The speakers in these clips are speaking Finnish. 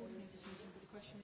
coordinators meeting, but the question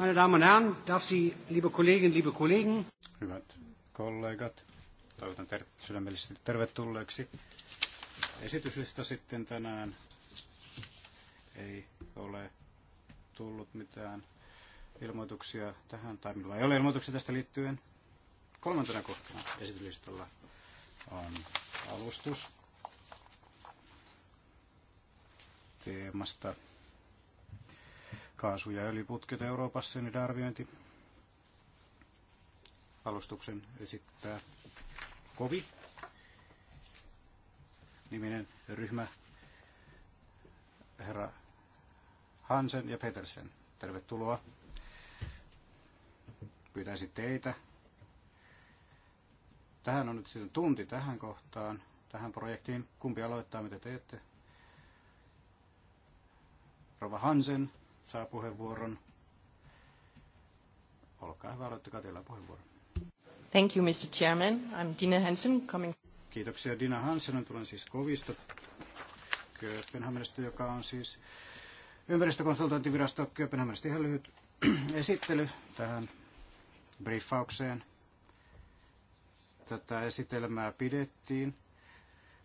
Meine Damen und Herren, darf Sie, liebe Kolleginnen, liebe Kollegen. Hyvät kollegat, toivotan ter- sydämellisesti tervetulleeksi. Esityslista sitten tänään ei ole tullut mitään ilmoituksia tähän, tai minulla ei ole ilmoituksia tästä liittyen. Kolmantena kohtana esityslistalla on alustus teemasta kaasu- ja öljyputket Euroopassa, niiden arviointi alustuksen esittää Kovi niminen ryhmä herra Hansen ja Petersen. Tervetuloa. Pyytäisin teitä. Tähän on nyt sitten siis tunti tähän kohtaan, tähän projektiin. Kumpi aloittaa, mitä teette? Rova Hansen saa puheenvuoron. Olkaa hyvä, aloittakaa teillä puheenvuoron. Thank you, Mr. Chairman. I'm Dina Hansen coming. Kiitoksia Dina Hansen. Tulen siis Kovista Kööpenhaminasta, joka on siis ympäristökonsultointivirasto Kööpenhaminasta. Ihan lyhyt esittely tähän briefaukseen. Tätä esitelmää pidettiin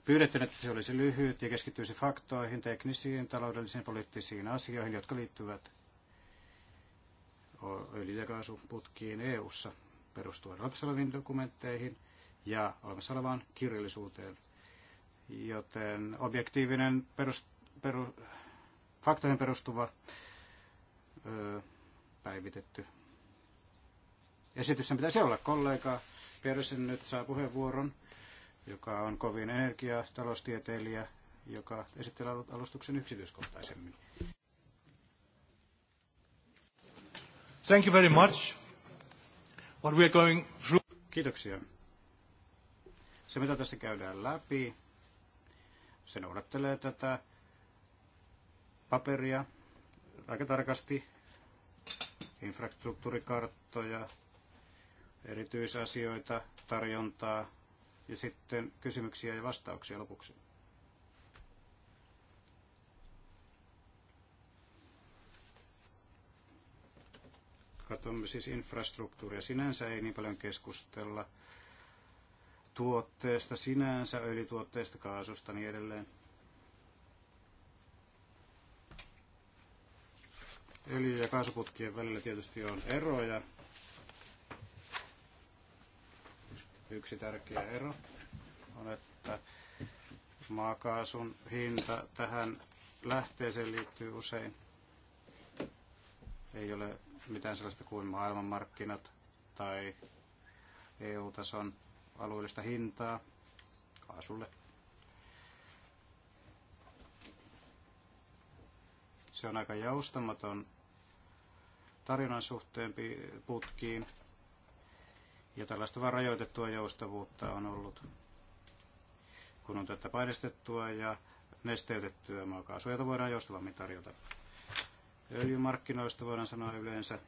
pyydetty, että se olisi lyhyt ja keskittyisi faktoihin, teknisiin, taloudellisiin, poliittisiin asioihin, jotka liittyvät öljy- ja kaasuputkiin EU-ssa perustuen olemassa oleviin dokumentteihin ja olemassa olevaan kirjallisuuteen. Joten objektiivinen perust, peru, faktoihin perustuva ö, päivitetty esitys sen pitäisi olla. Kollega Persen nyt saa puheenvuoron joka on kovin energiataloustieteilijä, joka esittelee alustuksen yksityiskohtaisemmin. Thank you very much. What we are going through... Kiitoksia. Se, mitä tässä käydään läpi, se noudattelee tätä paperia aika tarkasti, infrastruktuurikarttoja, erityisasioita, tarjontaa, ja sitten kysymyksiä ja vastauksia lopuksi. Katsomme siis infrastruktuuria. Sinänsä ei niin paljon keskustella tuotteesta sinänsä, öljytuotteesta, kaasusta niin edelleen. Öljy- ja kaasuputkien välillä tietysti on eroja, Yksi tärkeä ero on, että maakaasun hinta tähän lähteeseen liittyy usein. Ei ole mitään sellaista kuin maailmanmarkkinat tai EU-tason alueellista hintaa kaasulle. Se on aika joustamaton tarjonnan suhteen putkiin. Ja tällaista vaan rajoitettua joustavuutta on ollut, kun on tätä paidestettua ja nesteytettyä maakaasua, jota voidaan joustavammin tarjota. Öljymarkkinoista voidaan sanoa yleensä,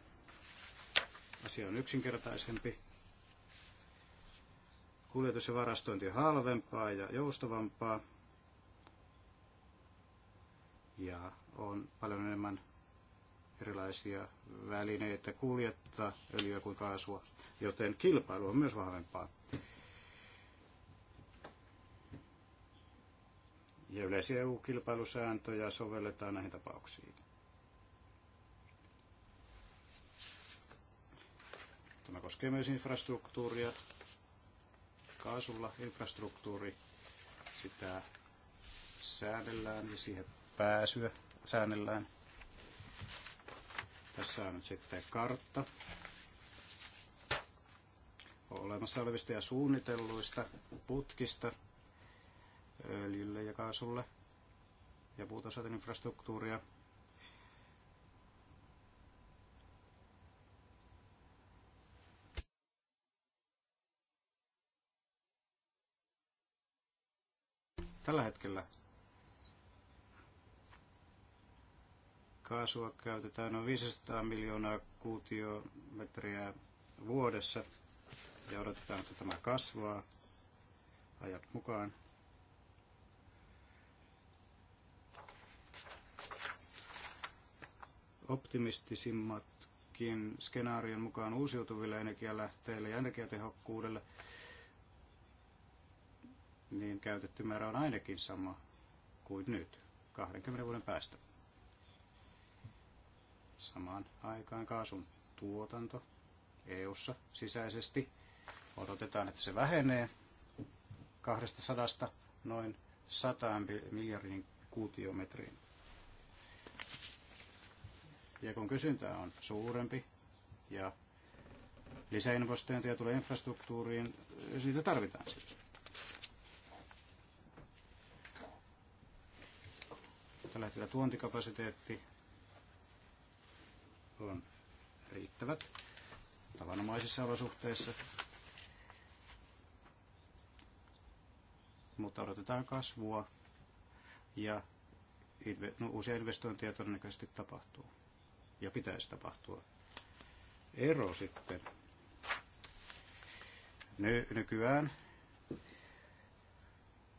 asia on yksinkertaisempi. Kuljetus ja varastointi on halvempaa ja joustavampaa. Ja on paljon enemmän erilaisia välineitä kuljettaa öljyä kuin kaasua, joten kilpailu on myös vahvempaa. Ja yleisiä EU-kilpailusääntöjä sovelletaan näihin tapauksiin. Tämä koskee myös infrastruktuuria. Kaasulla infrastruktuuri, sitä säännellään ja siihen pääsyä säännellään. Tässä on nyt sitten kartta olemassa olevista ja suunnitelluista putkista öljylle ja kaasulle ja puutosaten infrastruktuuria. Tällä hetkellä Kaasua käytetään noin 500 miljoonaa kuutiometriä vuodessa ja odotetaan, että tämä kasvaa ajat mukaan. Optimistisimmatkin skenaarion mukaan uusiutuville energialähteille ja energiatehokkuudelle niin käytetty määrä on ainakin sama kuin nyt 20 vuoden päästä. Samaan aikaan kaasun tuotanto EU-ssa sisäisesti odotetaan, että se vähenee 200 noin 100 miljardin kuutiometriin. Ja kun kysyntää on suurempi ja lisäinvestointeja tulee infrastruktuuriin, niitä tarvitaan sitten. Siis. Tällä hetkellä tuontikapasiteetti on riittävät tavanomaisissa olosuhteissa. Mutta odotetaan kasvua ja no, uusia investointeja todennäköisesti tapahtuu ja pitäisi tapahtua. Ero sitten ny- nykyään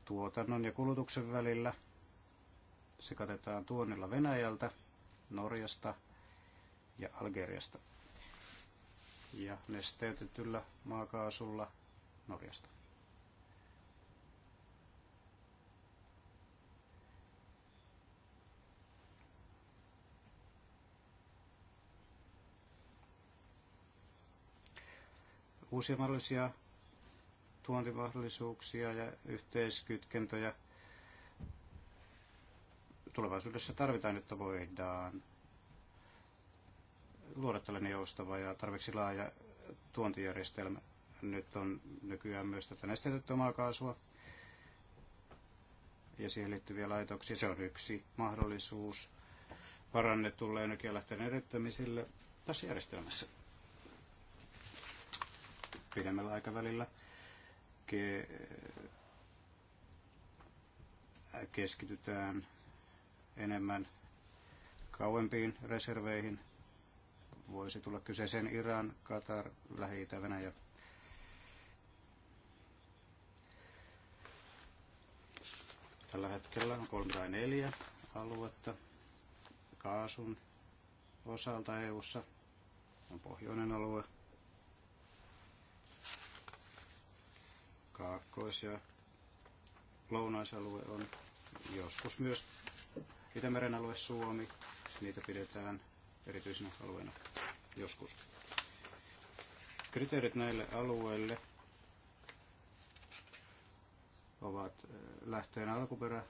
tuotannon ja kulutuksen välillä. Se katetaan tuonnilla Venäjältä, Norjasta – ja Algeriasta ja nesteytetyllä maakaasulla Norjasta. Uusia mahdollisia tuontimahdollisuuksia ja yhteiskytkentöjä tulevaisuudessa tarvitaan, jotta voidaan luoda tällainen joustava ja tarpeeksi laaja tuontijärjestelmä. Nyt on nykyään myös tätä nestetettyä maakaasua ja siihen liittyviä laitoksia. Se on yksi mahdollisuus parannetulle energialähteen edellyttämiselle tässä järjestelmässä pidemmällä aikavälillä ke- keskitytään enemmän kauempiin reserveihin voisi tulla kyseeseen Iran, Katar, lähi Venäjä. Tällä hetkellä on kolme tai neljä aluetta kaasun osalta EU:ssa on pohjoinen alue, kaakkois- ja lounaisalue on joskus myös Itämeren alue Suomi. Niitä pidetään erityisenä alueena joskus. Kriteerit näille alueille ovat lähteen alkuperä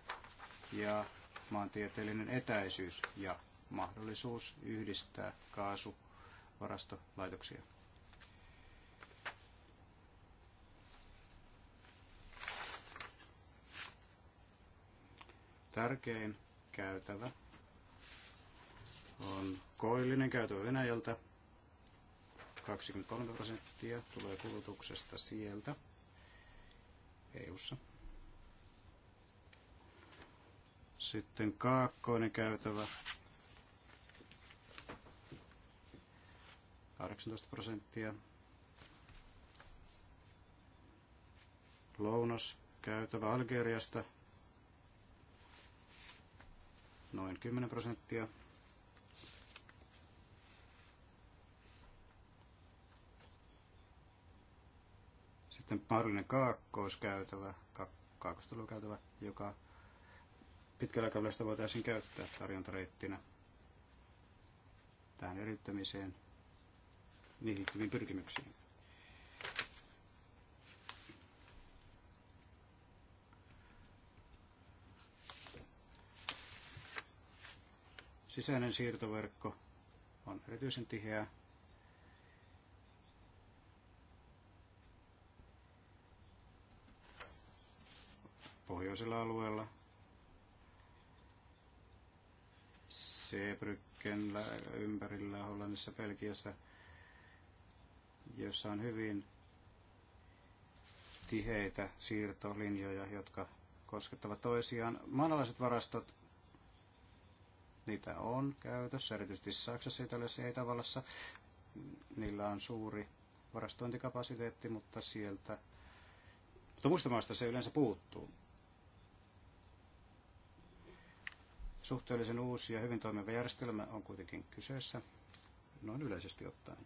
ja maantieteellinen etäisyys ja mahdollisuus yhdistää kaasuvarastolaitoksia. Tärkein käytävä on koillinen käytö Venäjältä. 23 prosenttia tulee kulutuksesta sieltä EU-ssa. Sitten kaakkoinen käytävä. 18 prosenttia. Lounas käytävä Algeriasta. Noin 10 prosenttia. sitten mahdollinen kaakkoiskäytävä, kaakkostelukäytävä, joka pitkällä aikavälillä sitä voitaisiin käyttää tarjontareittinä tähän eriyttämiseen, niihin liittyviin pyrkimyksiin. Sisäinen siirtoverkko on erityisen tiheä pohjoisella alueella, Seebrycken ympärillä Hollannissa, Belgiassa, jossa on hyvin tiheitä siirtolinjoja, jotka koskettavat toisiaan. Maanalaiset varastot, niitä on käytössä, erityisesti Saksassa, Italiassa ja Itävallassa. Niillä on suuri varastointikapasiteetti, mutta sieltä, mutta muista maista se yleensä puuttuu. Suhteellisen uusi ja hyvin toimiva järjestelmä on kuitenkin kyseessä noin yleisesti ottaen.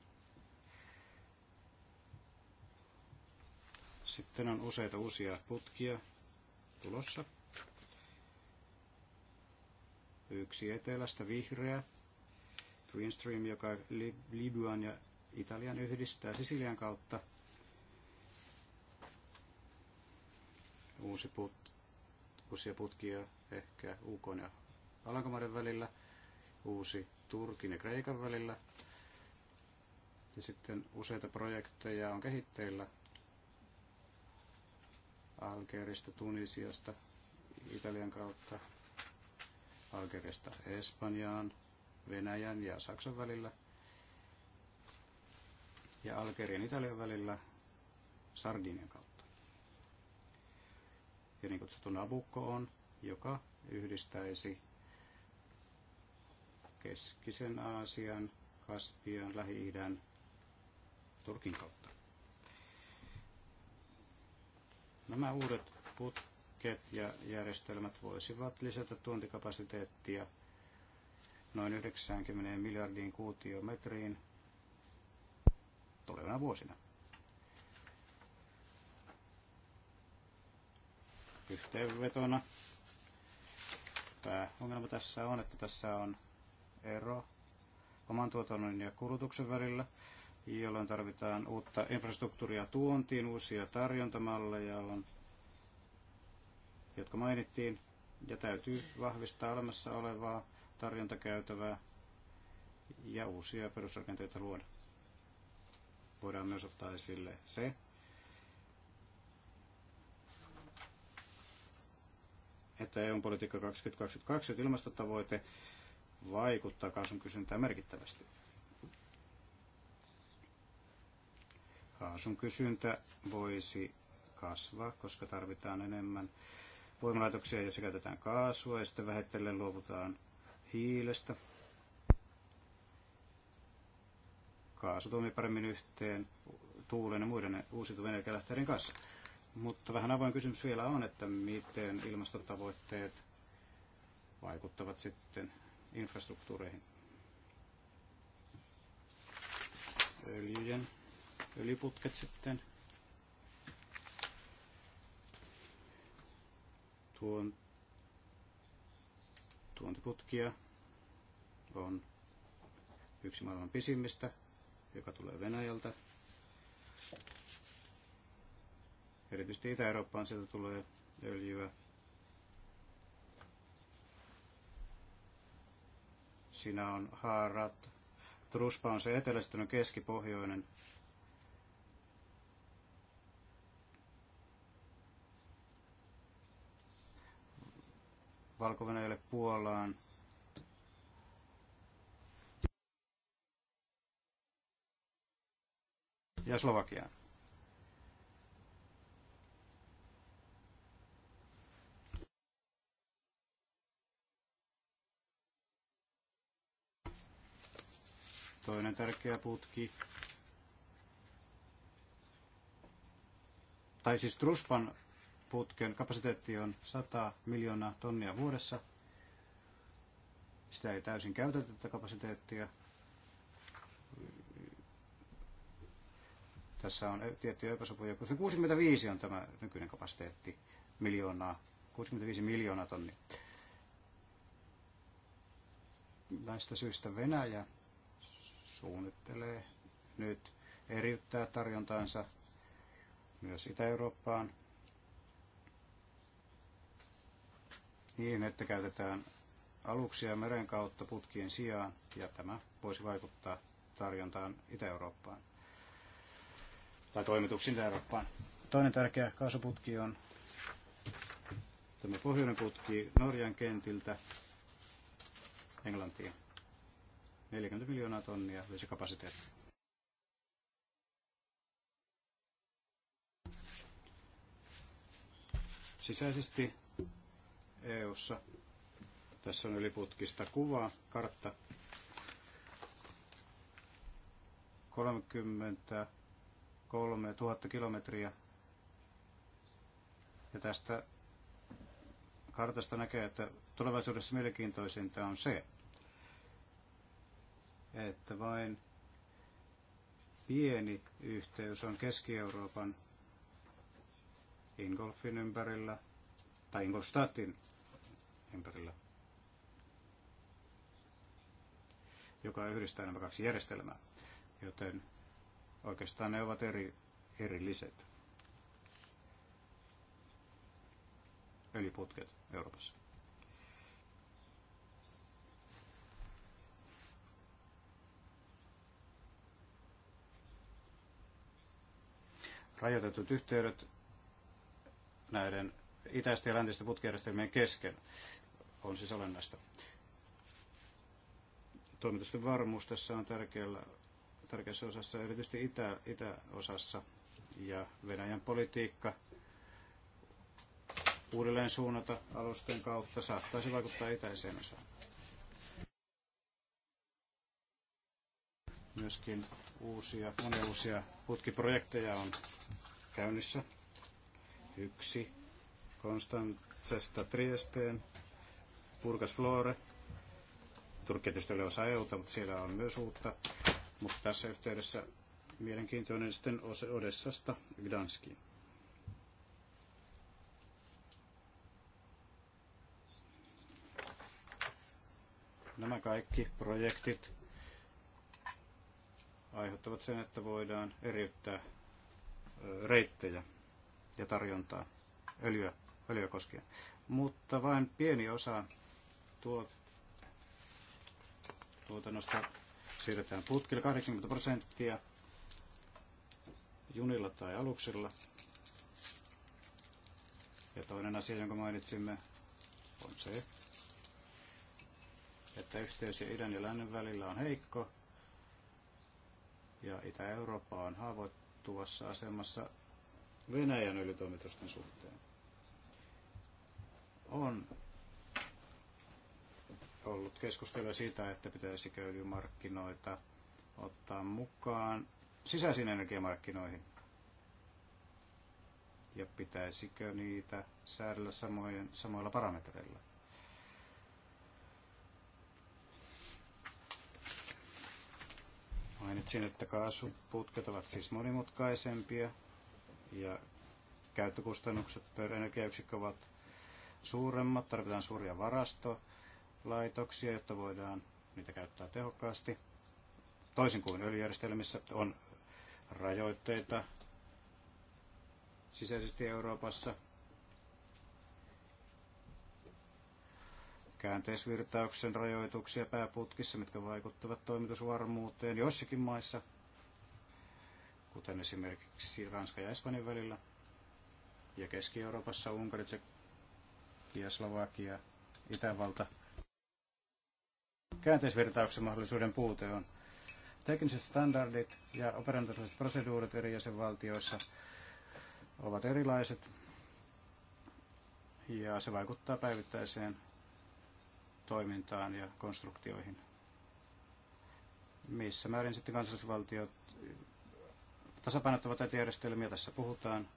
Sitten on useita uusia putkia tulossa. Yksi etelästä vihreä, Greenstream, joka Libyan ja Italian yhdistää Sisilian kautta. Uusi put, uusia putkia ehkä UK ja Alankomaiden välillä, uusi Turkin ja Kreikan välillä. Ja sitten useita projekteja on kehitteillä Algerista, Tunisiasta, Italian kautta, Algerista Espanjaan, Venäjän ja Saksan välillä ja Algerian Italian välillä Sardinian kautta. Ja niin kutsuttu Nabucco on, joka yhdistäisi Keskisen Aasian, Kaspian, Lähi-idän, Turkin kautta. Nämä uudet putket ja järjestelmät voisivat lisätä tuontikapasiteettia noin 90 miljardiin kuutiometriin tulevina vuosina. Yhteenvetona pääongelma tässä on, että tässä on ero oman tuotannon ja kulutuksen välillä, jolloin tarvitaan uutta infrastruktuuria tuontiin, uusia tarjontamalleja on, jotka mainittiin, ja täytyy vahvistaa olemassa olevaa tarjontakäytävää ja uusia perusrakenteita luoda. Voidaan myös ottaa esille se, että EU-politiikka 2022 ilmastotavoite vaikuttaa kaasun kysyntään merkittävästi. Kaasun kysyntä voisi kasvaa, koska tarvitaan enemmän voimalaitoksia, jos käytetään kaasua ja sitten vähitellen luovutaan hiilestä. Kaasu toimii paremmin yhteen tuulen ja muiden uusiutuvien energialähteiden kanssa. Mutta vähän avoin kysymys vielä on, että miten ilmastotavoitteet vaikuttavat sitten infrastruktuureihin. Öljyjen, öljyputket sitten. Tuon, tuontiputkia on yksi maailman pisimmistä, joka tulee Venäjältä. Erityisesti Itä-Eurooppaan sieltä tulee öljyä Siinä on haarat. Truspa on se etelästynyt keskipohjoinen. valko Puolaan. Ja Slovakiaan. Toinen tärkeä putki, tai siis Truspan putken kapasiteetti on 100 miljoonaa tonnia vuodessa. Sitä ei täysin käytetä tätä kapasiteettia. Tässä on tiettyjä epäsopuja. 65 on tämä nykyinen kapasiteetti miljoonaa, 65 miljoonaa tonnia. Näistä syistä Venäjä suunnittelee nyt eriyttää tarjontaansa myös Itä-Eurooppaan niin, että käytetään aluksia meren kautta putkien sijaan, ja tämä voisi vaikuttaa tarjontaan Itä-Eurooppaan tai toimituksiin Itä-Eurooppaan. Toinen tärkeä kaasuputki on tämä pohjoinen putki Norjan kentiltä Englantiin. 40 miljoonaa tonnia vesikapasiteettia. Sisäisesti EU:ssa tässä on yliputkista kuva, kartta. 33 000 kilometriä. Ja tästä kartasta näkee, että tulevaisuudessa mielenkiintoisinta on se, että vain pieni yhteys on Keski-Euroopan Ingolfin ympärillä tai Ingolstadtin ympärillä, joka yhdistää nämä kaksi järjestelmää, joten oikeastaan ne ovat eri, erilliset öljyputket Euroopassa. rajoitetut yhteydet näiden itäisten ja läntisten putkijärjestelmien kesken on siis olennaista. Toimitusten varmuus tässä on tärkeällä, tärkeässä osassa, erityisesti itä, itäosassa. Ja Venäjän politiikka uudelleen suunnata alusten kautta saattaisi vaikuttaa itäiseen osaan. Myöskin uusia, monia uusia putkiprojekteja on käynnissä. Yksi Konstantsesta Triesteen, Purkas Flore. Turkki tietysti oli osa EUta, mutta siellä on myös uutta. Mutta tässä yhteydessä mielenkiintoinen sitten Odessasta Gdanskiin. Nämä kaikki projektit aiheuttavat sen, että voidaan eriyttää reittejä ja tarjontaa öljyä, öljyä koskien. Mutta vain pieni osa tuot tuotannosta siirretään putkille, 80 prosenttia junilla tai aluksilla. Ja toinen asia, jonka mainitsimme, on se, että yhteys idän ja lännen välillä on heikko, ja Itä-Eurooppa on haavoittuvassa asemassa Venäjän öljytoimitusten suhteen. On ollut keskustelua siitä, että pitäisikö öljymarkkinoita ottaa mukaan sisäisiin energiamarkkinoihin. Ja pitäisikö niitä säädellä samoin, samoilla parametreilla. Mainitsin, että kaasuputket ovat siis monimutkaisempia ja käyttökustannukset per energiayksikkö ovat suuremmat. Tarvitaan suuria varastolaitoksia, jotta voidaan niitä käyttää tehokkaasti. Toisin kuin öljyjärjestelmissä on rajoitteita sisäisesti Euroopassa käänteisvirtauksen rajoituksia pääputkissa, mitkä vaikuttavat toimitusvarmuuteen joissakin maissa, kuten esimerkiksi Ranska ja Espanjan välillä, ja Keski-Euroopassa Unkari, Tsekki Slovakia, Itävalta. Käänteisvirtauksen mahdollisuuden puute on tekniset standardit ja operatiiviset proseduurit eri jäsenvaltioissa ovat erilaiset ja se vaikuttaa päivittäiseen toimintaan ja konstruktioihin. Missä määrin sitten kansallisvaltiot tasapainottavat näitä järjestelmiä. Tässä puhutaan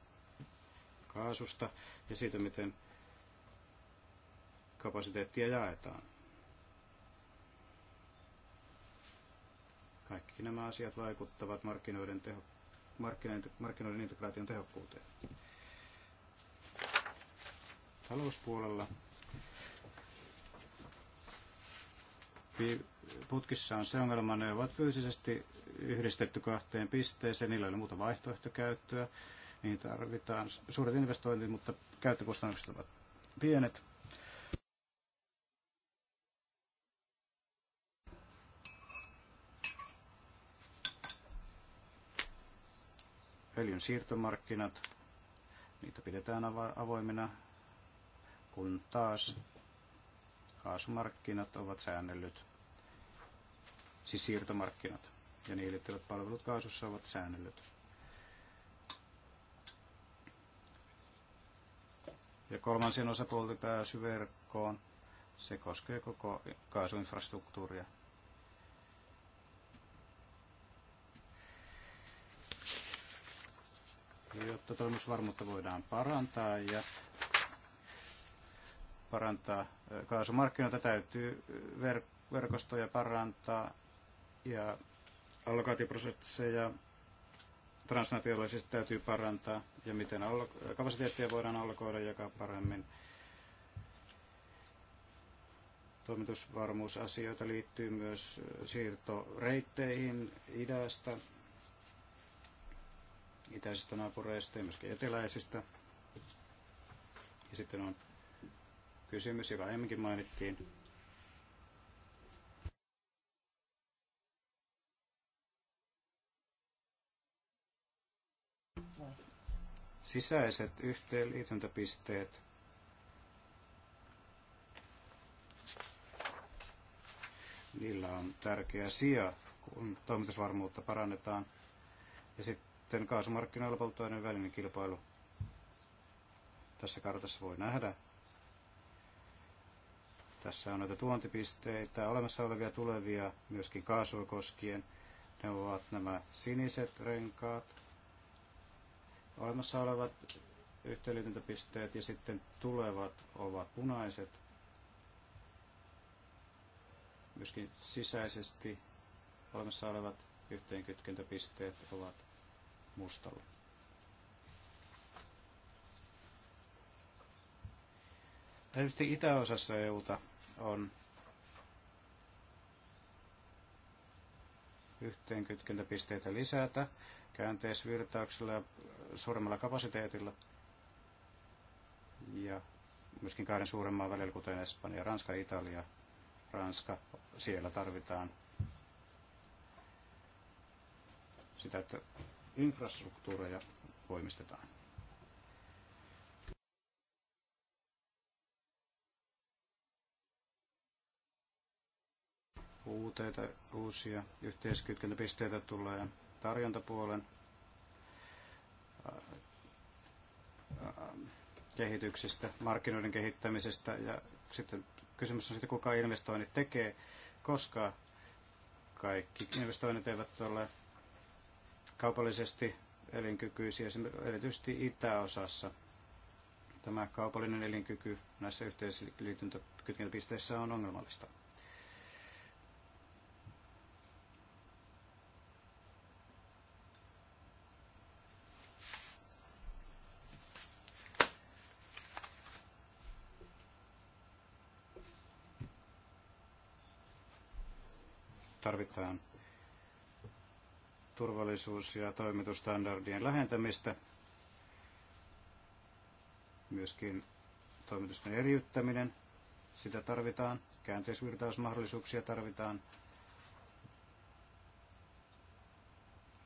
kaasusta ja siitä, miten kapasiteettia jaetaan. Kaikki nämä asiat vaikuttavat markkinoiden, teho, markkinoiden, markkinoiden integraation tehokkuuteen. Talouspuolella putkissaan se ongelma, ne ovat fyysisesti yhdistetty kahteen pisteeseen, niillä ei ole muuta vaihtoehtokäyttöä, niin tarvitaan suuret investoinnit, mutta käyttökustannukset ovat pienet. Öljyn siirtomarkkinat, niitä pidetään avoimina, kun taas kaasumarkkinat ovat säännellyt, siis siirtomarkkinat ja niihin liittyvät palvelut kaasussa ovat säännellyt. Ja kolmansien osapuolten pääsy verkkoon, se koskee koko kaasuinfrastruktuuria. jotta toimitusvarmuutta voidaan parantaa ja parantaa kaasumarkkinoita, täytyy verkostoja parantaa ja allokaatioprosesseja transnationaalisesti täytyy parantaa ja miten kapasiteettia voidaan allokoida ja jakaa paremmin. Toimitusvarmuusasioita liittyy myös siirtoreitteihin idästä, itäisistä naapureista ja myöskin eteläisistä. Ja sitten on kysymys, joka aiemminkin mainittiin. Sisäiset yhteenliityntäpisteet niillä on tärkeä sija, kun toimitusvarmuutta parannetaan. Ja sitten kaasumarkkinoilla polttoaineen välinen kilpailu. Tässä kartassa voi nähdä, tässä on näitä tuontipisteitä, olemassa olevia tulevia, myöskin kaasua koskien. Ne ovat nämä siniset renkaat, olemassa olevat yhteenliityntäpisteet ja sitten tulevat ovat punaiset. Myöskin sisäisesti olemassa olevat yhteenkytkentäpisteet ovat mustalla. Erityisesti itäosassa EUta on yhteenkytkentäpisteitä lisätä käänteisvirtauksella ja suuremmalla kapasiteetilla ja myöskin kahden suuremman välillä, kuten Espanja, Ranska, Italia. Ranska, siellä tarvitaan sitä, että infrastruktuureja voimistetaan. uuteita, uusia yhteiskytkentäpisteitä tulee tarjontapuolen kehityksestä, markkinoiden kehittämisestä ja sitten kysymys on siitä, kuka investoinnit tekee, koska kaikki investoinnit eivät ole kaupallisesti elinkykyisiä, erityisesti itäosassa. Tämä kaupallinen elinkyky näissä yhteisliityntäkytkentäpisteissä on ongelmallista. tarvitaan turvallisuus- ja toimitusstandardien lähentämistä, myöskin toimitusten eriyttäminen, sitä tarvitaan, käänteisvirtausmahdollisuuksia tarvitaan,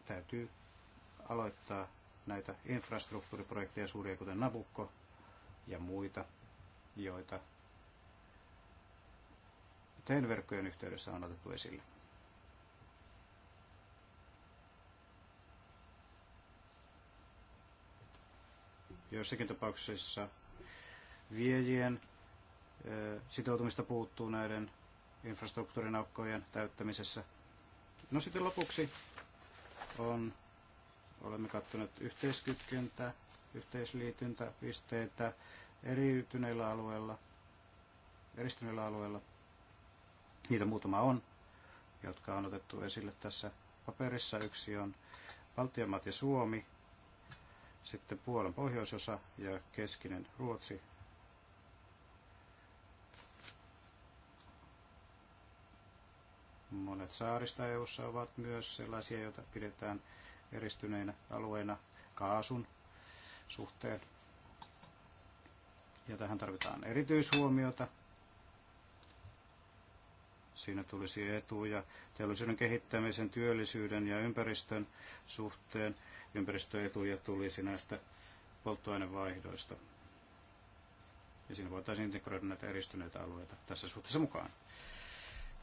täytyy aloittaa näitä infrastruktuuriprojekteja suuria kuten Nabukko ja muita, joita TEN-verkkojen yhteydessä on otettu esille. Joissakin tapauksissa viejien sitoutumista puuttuu näiden infrastruktuurin aukkojen täyttämisessä. No sitten lopuksi on, olemme katsoneet yhteiskytkentää, yhteisliityntäpisteitä eriytyneillä alueilla, eristyneillä alueilla. Niitä muutama on, jotka on otettu esille tässä paperissa. Yksi on Baltian ja Suomi, sitten Puolan pohjoisosa ja keskinen Ruotsi. Monet saarista EU:ssa ovat myös sellaisia, joita pidetään eristyneinä alueina kaasun suhteen. Ja tähän tarvitaan erityishuomiota. Siinä tulisi etuja teollisuuden kehittämisen, työllisyyden ja ympäristön suhteen ympäristöetuja tulisi näistä polttoainevaihdoista. Ja siinä voitaisiin integroida näitä eristyneitä alueita tässä suhteessa mukaan.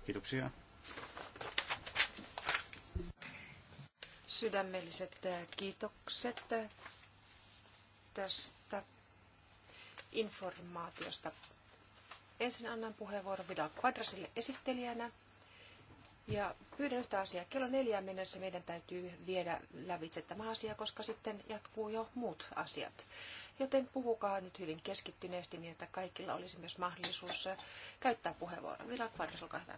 Kiitoksia. Sydämelliset kiitokset tästä informaatiosta. Ensin annan puheenvuoron Vidal Quadrasille esittelijänä. Ja pyydän yhtä asiaa. Kello neljään mennessä meidän täytyy viedä lävitse tämä asia, koska sitten jatkuu jo muut asiat. Joten puhukaa nyt hyvin keskittyneesti niin, että kaikilla olisi myös mahdollisuus käyttää puheenvuoron. Virat Parris, olkaa hyvä.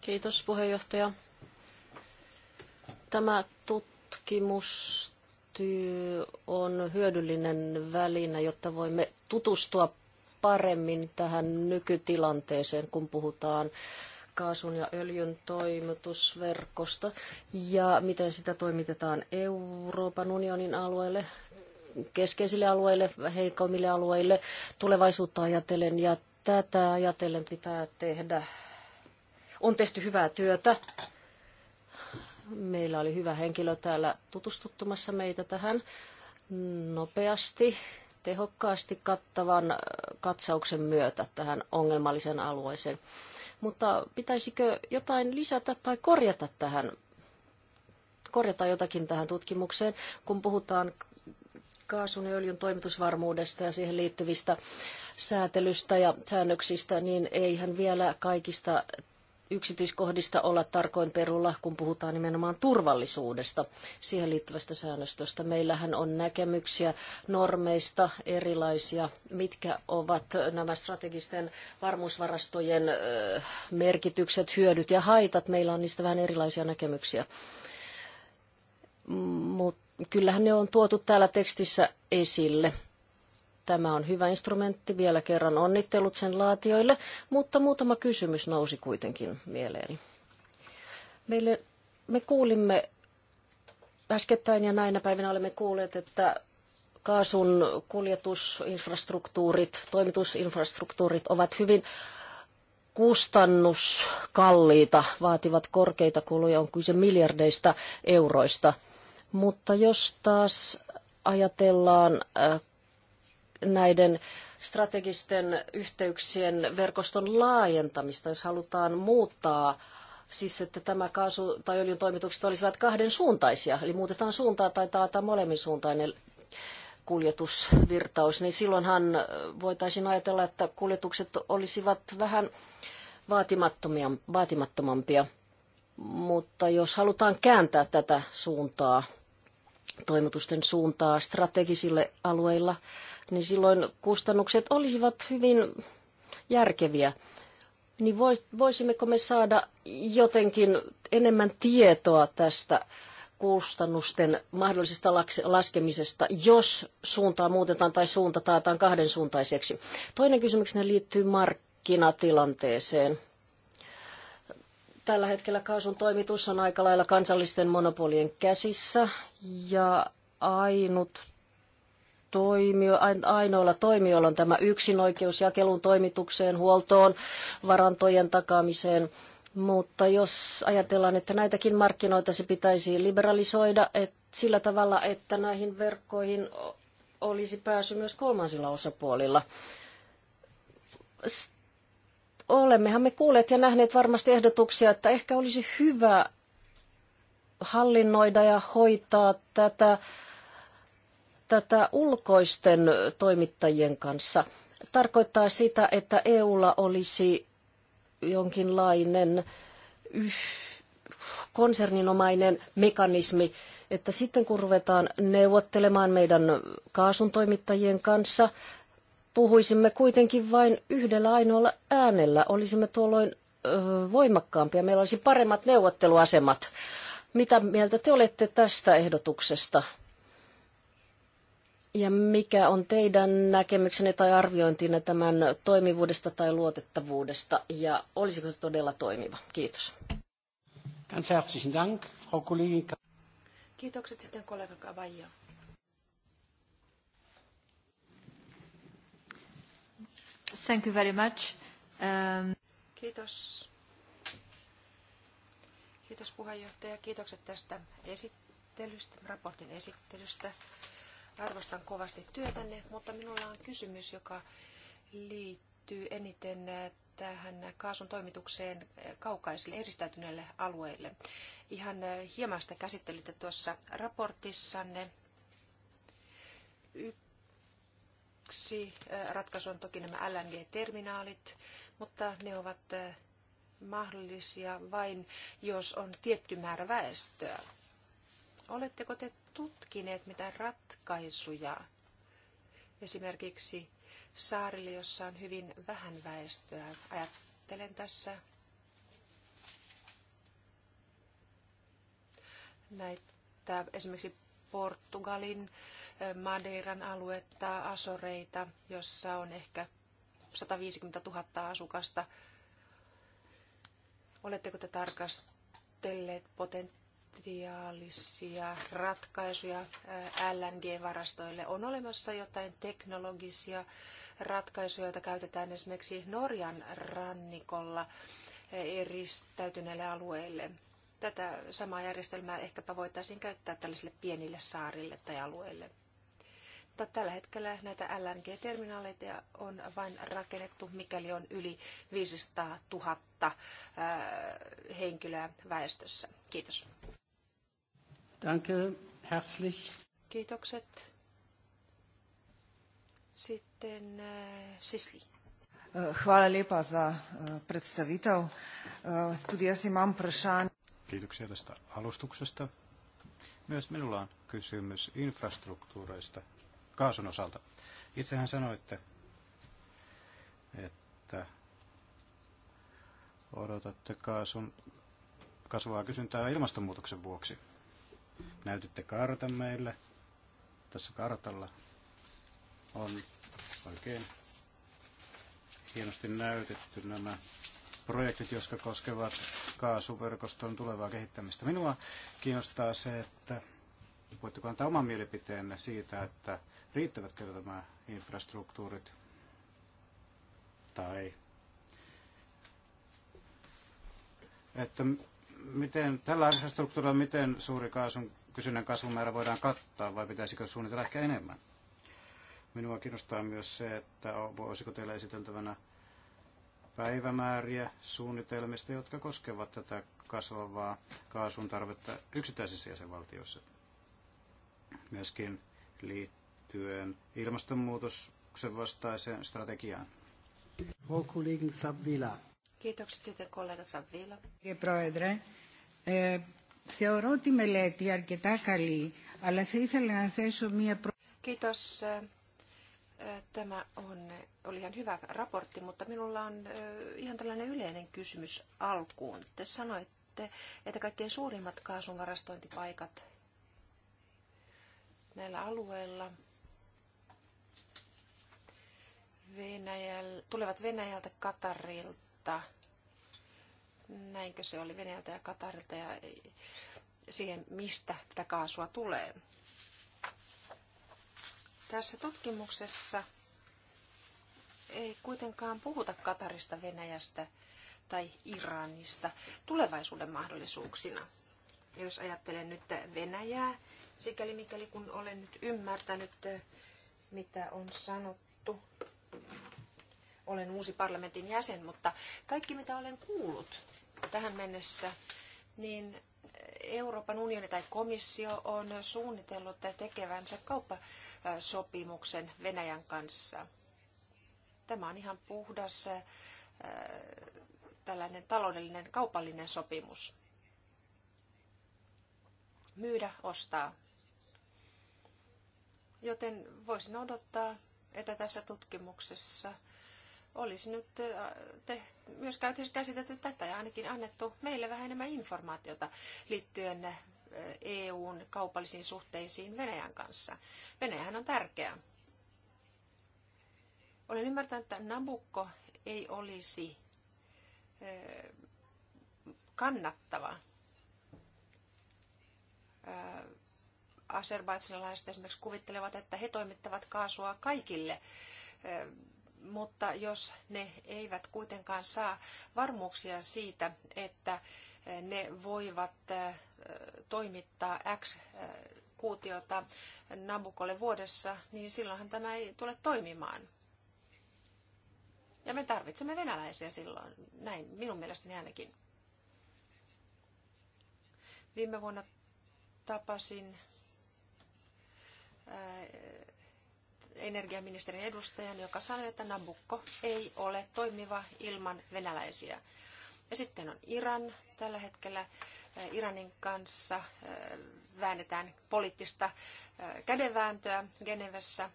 Kiitos puheenjohtaja. Tämä tutkimustyö on hyödyllinen väline, jotta voimme tutustua paremmin tähän nykytilanteeseen, kun puhutaan kaasun ja öljyn toimitusverkosto ja miten sitä toimitetaan Euroopan unionin alueelle, keskeisille alueille, heikoimmille alueille tulevaisuutta ajatellen ja tätä ajatellen pitää tehdä. On tehty hyvää työtä. Meillä oli hyvä henkilö täällä tutustuttamassa meitä tähän nopeasti, tehokkaasti kattavan katsauksen myötä tähän ongelmalliseen alueeseen mutta pitäisikö jotain lisätä tai korjata tähän, korjata jotakin tähän tutkimukseen, kun puhutaan kaasun ja öljyn toimitusvarmuudesta ja siihen liittyvistä säätelystä ja säännöksistä, niin eihän vielä kaikista yksityiskohdista olla tarkoin perulla, kun puhutaan nimenomaan turvallisuudesta, siihen liittyvästä säännöstöstä. Meillähän on näkemyksiä normeista erilaisia, mitkä ovat nämä strategisten varmuusvarastojen merkitykset, hyödyt ja haitat. Meillä on niistä vähän erilaisia näkemyksiä. Mutta kyllähän ne on tuotu täällä tekstissä esille Tämä on hyvä instrumentti. Vielä kerran onnittelut sen laatioille, mutta muutama kysymys nousi kuitenkin mieleeni. Meille, me kuulimme äskettäin ja näinä päivinä olemme kuulleet, että kaasun kuljetusinfrastruktuurit, toimitusinfrastruktuurit ovat hyvin kustannuskalliita, vaativat korkeita kuluja, on kyse miljardeista euroista. Mutta jos taas ajatellaan äh, näiden strategisten yhteyksien verkoston laajentamista, jos halutaan muuttaa siis että tämä kaasu- tai öljyn toimitukset olisivat kahden suuntaisia, eli muutetaan suuntaa tai taataan molemmin suuntainen kuljetusvirtaus, niin silloinhan voitaisiin ajatella, että kuljetukset olisivat vähän vaatimattomampia. Mutta jos halutaan kääntää tätä suuntaa, toimitusten suuntaa strategisille alueilla, niin silloin kustannukset olisivat hyvin järkeviä. Niin voisimmeko me saada jotenkin enemmän tietoa tästä kustannusten mahdollisesta laskemisesta, jos suuntaa muutetaan tai suunta taataan kahden suuntaiseksi. Toinen kysymys liittyy markkinatilanteeseen. Tällä hetkellä kaasun toimitus on aika lailla kansallisten monopolien käsissä ja ainut toimio, ainoilla toimijoilla on tämä yksinoikeus jakelun toimitukseen, huoltoon, varantojen takaamiseen. Mutta jos ajatellaan, että näitäkin markkinoita se pitäisi liberalisoida et, sillä tavalla, että näihin verkkoihin olisi pääsy myös kolmansilla osapuolilla. Olemmehan me kuulleet ja nähneet varmasti ehdotuksia, että ehkä olisi hyvä hallinnoida ja hoitaa tätä tätä ulkoisten toimittajien kanssa tarkoittaa sitä, että EUlla olisi jonkinlainen konserninomainen mekanismi, että sitten kun ruvetaan neuvottelemaan meidän kaasuntoimittajien kanssa, puhuisimme kuitenkin vain yhdellä ainoalla äänellä. Olisimme tuolloin voimakkaampia, meillä olisi paremmat neuvotteluasemat. Mitä mieltä te olette tästä ehdotuksesta? Ja mikä on teidän näkemyksenne tai arviointinne tämän toimivuudesta tai luotettavuudesta ja olisiko se todella toimiva? Kiitos. Ganz herzlichen Dank, Frau Kollegin. Kiitokset sitten kollega Kavaija. Thank you very much. Um... Kiitos. Kiitos puheenjohtaja. Kiitokset tästä esittelystä, raportin esittelystä. Arvostan kovasti työtänne, mutta minulla on kysymys, joka liittyy eniten äh, tähän kaasun toimitukseen äh, kaukaisille eristäytyneille alueille. Ihan äh, hieman sitä käsittelitte tuossa raportissanne. Yksi ratkaisu on toki nämä LNG-terminaalit, mutta ne ovat mahdollisia vain, jos on tietty määrä väestöä. Oletteko te tutkineet mitään ratkaisuja esimerkiksi saarille, jossa on hyvin vähän väestöä. Ajattelen tässä näitä esimerkiksi Portugalin, Madeiran aluetta, Asoreita, jossa on ehkä 150 000 asukasta. Oletteko te tarkastelleet potentiaalia? potentiaalisia ratkaisuja LNG-varastoille? On olemassa jotain teknologisia ratkaisuja, joita käytetään esimerkiksi Norjan rannikolla eristäytyneille alueille? Tätä samaa järjestelmää ehkäpä voitaisiin käyttää tällaisille pienille saarille tai alueille. Mutta tällä hetkellä näitä LNG-terminaaleita on vain rakennettu, mikäli on yli 500 000 henkilöä väestössä. Kiitos. Danke, herzlich. Kiitokset. Sitten äh, Sisli. Äh, hvala lepa za äh, predstavitev. Äh, tudi jaz imam vprašanje. Kiitoksia tästä alustuksesta. Myös minulla on kysymys infrastruktuureista kaasun osalta. Itsehän sanoitte, että odotatte kaasun kasvaa kysyntää ilmastonmuutoksen vuoksi. Näytitte kartan meille. Tässä kartalla on oikein hienosti näytetty nämä projektit, jotka koskevat kaasuverkoston tulevaa kehittämistä. Minua kiinnostaa se, että voitteko antaa oman mielipiteenne siitä, että riittävätkö nämä infrastruktuurit tai että miten, tällä infrastruktuurilla miten suuri kaasun kysynnän kasvun määrä voidaan kattaa vai pitäisikö suunnitella ehkä enemmän? Minua kiinnostaa myös se, että voisiko teillä esiteltävänä päivämääriä suunnitelmista, jotka koskevat tätä kasvavaa kaasun tarvetta yksittäisissä jäsenvaltioissa. Myöskin liittyen ilmastonmuutoksen vastaiseen strategiaan. Kiitokset sitten kollega Savvila. Kiitos Θεωρώ τη μελέτη αρκετά καλή, αλλά θα ήθελα να θέσω μία προ... Kiitos. Tämä on, oli ihan hyvä raportti, mutta minulla on ihan tällainen yleinen kysymys alkuun. Te sanoitte, että kaikkein suurimmat kaasun varastointipaikat näillä alueilla Venäjällä, tulevat Venäjältä, Katarilta – näinkö se oli Venäjältä ja Katarilta ja siihen, mistä tätä kaasua tulee. Tässä tutkimuksessa ei kuitenkaan puhuta Katarista, Venäjästä tai Iranista tulevaisuuden mahdollisuuksina. Jos ajattelen nyt Venäjää, sikäli mikäli kun olen nyt ymmärtänyt, mitä on sanottu, olen uusi parlamentin jäsen, mutta kaikki mitä olen kuullut tähän mennessä, niin Euroopan unioni tai komissio on suunnitellut tekevänsä kauppasopimuksen Venäjän kanssa. Tämä on ihan puhdas äh, tällainen taloudellinen kaupallinen sopimus. Myydä, ostaa. Joten voisin odottaa, että tässä tutkimuksessa – olisi nyt te, myös käsitelty tätä ja ainakin annettu meille vähän enemmän informaatiota liittyen EUn kaupallisiin suhteisiin Venäjän kanssa. Venäjähän on tärkeä. Olen ymmärtänyt, että Nabukko ei olisi kannattava aserbaidsanilaiset esimerkiksi kuvittelevat, että he toimittavat kaasua kaikille mutta jos ne eivät kuitenkaan saa varmuuksia siitä, että ne voivat toimittaa X kuutiota Nabukolle vuodessa, niin silloinhan tämä ei tule toimimaan. Ja me tarvitsemme venäläisiä silloin, näin minun mielestäni ainakin. Viime vuonna tapasin energiaministerin edustajan, joka sanoi, että Nabucco ei ole toimiva ilman venäläisiä. Ja sitten on Iran. Tällä hetkellä eh, Iranin kanssa eh, väännetään poliittista eh, kädenvääntöä Genevessä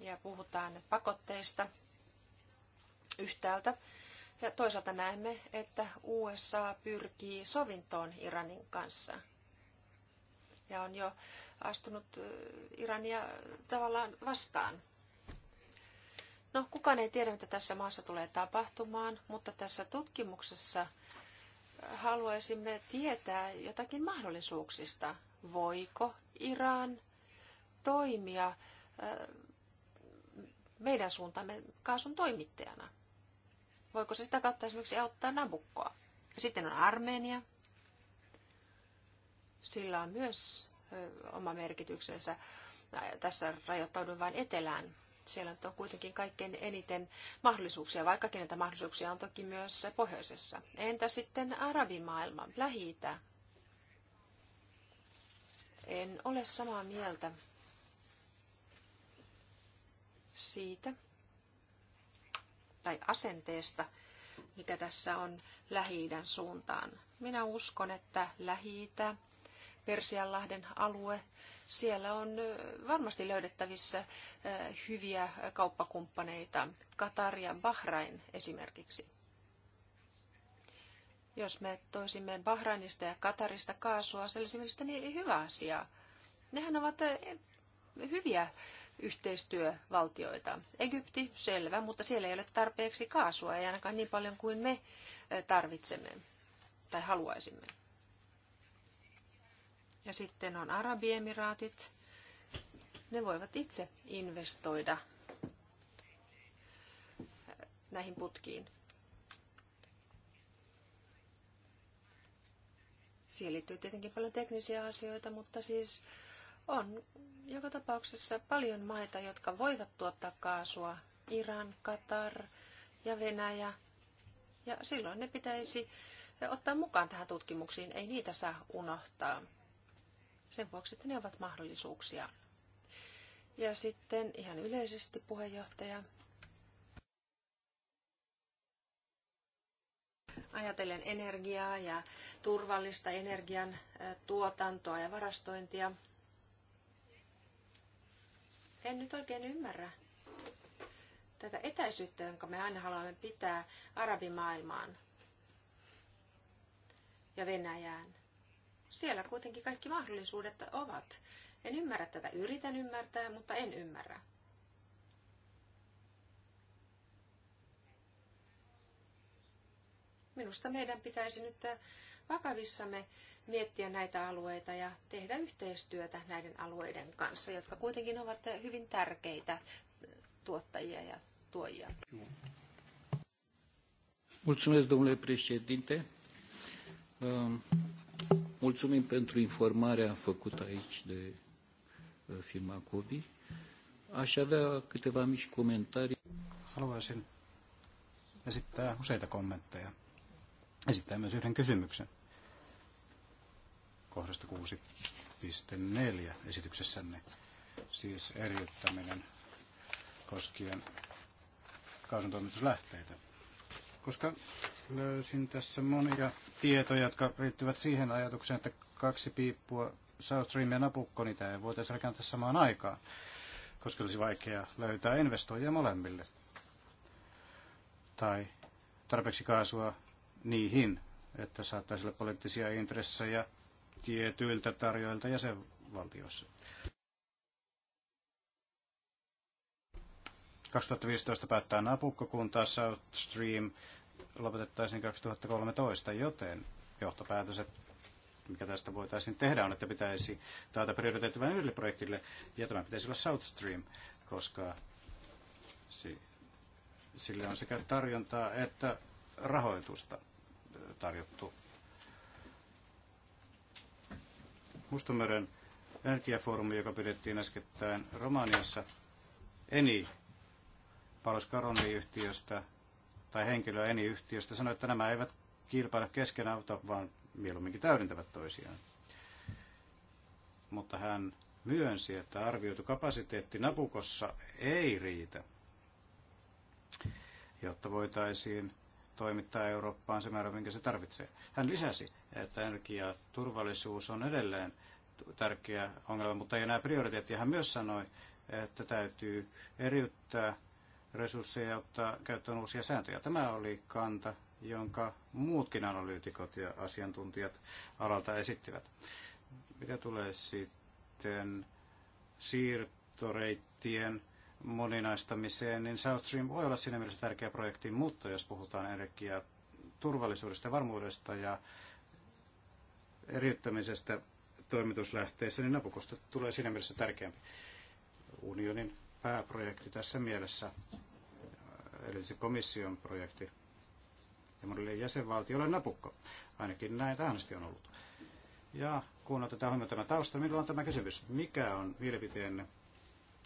ja puhutaan pakotteista yhtäältä. Ja toisaalta näemme, että USA pyrkii sovintoon Iranin kanssa ja on jo astunut Irania tavallaan vastaan. No, kukaan ei tiedä, mitä tässä maassa tulee tapahtumaan, mutta tässä tutkimuksessa haluaisimme tietää jotakin mahdollisuuksista. Voiko Iran toimia meidän suuntamme kaasun toimittajana? Voiko se sitä kautta esimerkiksi auttaa Nabukkoa? Sitten on Armenia, sillä on myös oma merkityksensä. Tässä rajoittaudun vain etelään. Siellä on kuitenkin kaikkein eniten mahdollisuuksia, vaikkakin näitä mahdollisuuksia on toki myös pohjoisessa. Entä sitten arabimaailma, lähi -Itä? En ole samaa mieltä siitä tai asenteesta, mikä tässä on lähi suuntaan. Minä uskon, että lähi Persianlahden alue. Siellä on varmasti löydettävissä hyviä kauppakumppaneita, Katar ja Bahrain esimerkiksi. Jos me toisimme Bahrainista ja Katarista kaasua, se olisi mielestäni hyvä asia. Nehän ovat hyviä yhteistyövaltioita. Egypti, selvä, mutta siellä ei ole tarpeeksi kaasua, ei ainakaan niin paljon kuin me tarvitsemme tai haluaisimme. Ja sitten on Arabiemiraatit. Ne voivat itse investoida näihin putkiin. Siihen liittyy tietenkin paljon teknisiä asioita, mutta siis on joka tapauksessa paljon maita, jotka voivat tuottaa kaasua. Iran, Katar ja Venäjä. Ja silloin ne pitäisi ottaa mukaan tähän tutkimuksiin. Ei niitä saa unohtaa sen vuoksi, että ne ovat mahdollisuuksia. Ja sitten ihan yleisesti puheenjohtaja. Ajatellen energiaa ja turvallista energian tuotantoa ja varastointia. En nyt oikein ymmärrä tätä etäisyyttä, jonka me aina haluamme pitää arabimaailmaan ja Venäjään siellä kuitenkin kaikki mahdollisuudet ovat. En ymmärrä tätä, yritän ymmärtää, mutta en ymmärrä. Minusta meidän pitäisi nyt vakavissamme miettiä näitä alueita ja tehdä yhteistyötä näiden alueiden kanssa, jotka kuitenkin ovat hyvin tärkeitä tuottajia ja tuojia. Mulțumesc, domnule președinte. Um, Mulțumim pentru informarea făcută aici de uh, firma Covi. Aș avea câteva mici comentarii. Haluaisin esittää useita kommentteja. Esittää myös yhden kysymyksen kohdasta 6.4 esityksessänne, siis eriyttäminen koskien kaasuntoimituslähteitä koska löysin tässä monia tietoja, jotka liittyvät siihen ajatukseen, että kaksi piippua South Stream ja Napukko, niitä ei voitaisiin rakentaa samaan aikaan, koska olisi vaikea löytää investoijia molemmille. Tai tarpeeksi kaasua niihin, että saattaisi olla poliittisia intressejä tietyiltä tarjoilta jäsenvaltioissa. 2015 päättää Napukko, kun taas South Stream lopetettaisiin 2013, joten johtopäätös, mikä tästä voitaisiin tehdä, on, että pitäisi taata prioriteetti vain yhdelle projektille, ja tämä pitäisi olla South Stream, koska sille on sekä tarjontaa että rahoitusta tarjottu. Mustameren energiafoorumi, joka pidettiin äskettäin Romaniassa, Eni Paulus Karolli-yhtiöstä tai henkilö Eni-yhtiöstä sanoi, että nämä eivät kilpaile keskenään, vaan mieluumminkin täydentävät toisiaan. Mutta hän myönsi, että arvioitu kapasiteetti Napukossa ei riitä, jotta voitaisiin toimittaa Eurooppaan se määrä, minkä se tarvitsee. Hän lisäsi, että energiaturvallisuus on edelleen tärkeä ongelma, mutta ei enää prioriteetti. Hän myös sanoi, että täytyy eriyttää resursseja ja ottaa käyttöön uusia sääntöjä. Tämä oli kanta, jonka muutkin analyytikot ja asiantuntijat alalta esittivät. Mitä tulee sitten siirtoreittien moninaistamiseen, niin South Stream voi olla siinä mielessä tärkeä projekti, mutta jos puhutaan energiaa turvallisuudesta ja varmuudesta ja eriyttämisestä toimituslähteissä, niin napukosta tulee siinä mielessä tärkeämpi unionin pääprojekti tässä mielessä eli komission projekti, ja monille jäsenvaltioille napukko. Ainakin näin tähän asti on ollut. Ja kun otetaan huomioon tämä tausta, minulla on tämä kysymys. Mikä on mielipiteenne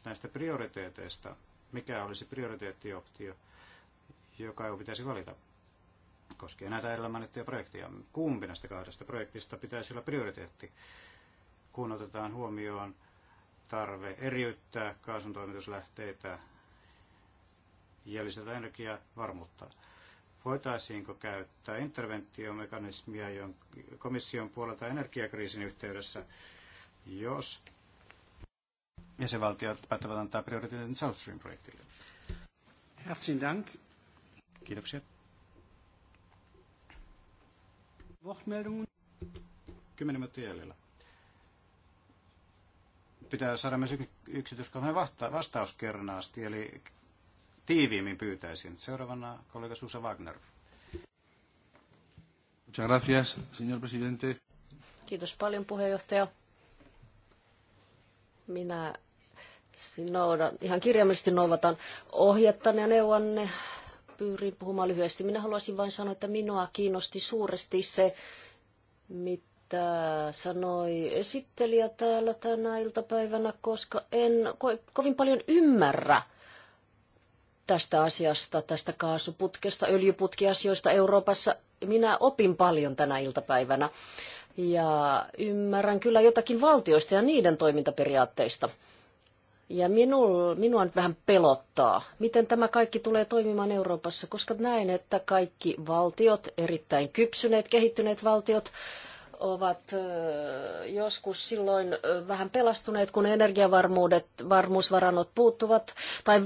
näistä prioriteeteista? Mikä olisi prioriteettioptio, joka jo pitäisi valita? Koskien näitä edellä mainittuja projekteja. Kumpi näistä kahdesta projektista pitäisi olla prioriteetti, kun otetaan huomioon tarve eriyttää kaasuntoimituslähteitä ja lisätä energiavarmuutta. Voitaisiinko käyttää interventiomekanismia komission puolelta energiakriisin yhteydessä, jos jäsenvaltiot päättävät antaa prioriteetin South Stream-projektille? Herzlichen Dank. Kiitoksia. Kymmenen minuuttia jäljellä. Pitää saada myös yksityiskohtainen vasta- vastaus kernaasti, eli tiiviimmin pyytäisin. Seuraavana kollega Susa Wagner. Muchas gracias, señor presidente. Kiitos paljon puheenjohtaja. Minä noudan, ihan kirjaimellisesti noudatan ohjettanne ja neuvonne. Pyrin puhumaan lyhyesti. Minä haluaisin vain sanoa, että minua kiinnosti suuresti se, mitä sanoi esittelijä täällä tänä iltapäivänä, koska en ko- kovin paljon ymmärrä – tästä asiasta, tästä kaasuputkesta, öljyputkiasioista Euroopassa. Minä opin paljon tänä iltapäivänä ja ymmärrän kyllä jotakin valtioista ja niiden toimintaperiaatteista. Ja minul, minua nyt vähän pelottaa, miten tämä kaikki tulee toimimaan Euroopassa, koska näen, että kaikki valtiot, erittäin kypsyneet, kehittyneet valtiot, ovat joskus silloin vähän pelastuneet, kun energiavarmuudet, varmuusvarannot puuttuvat tai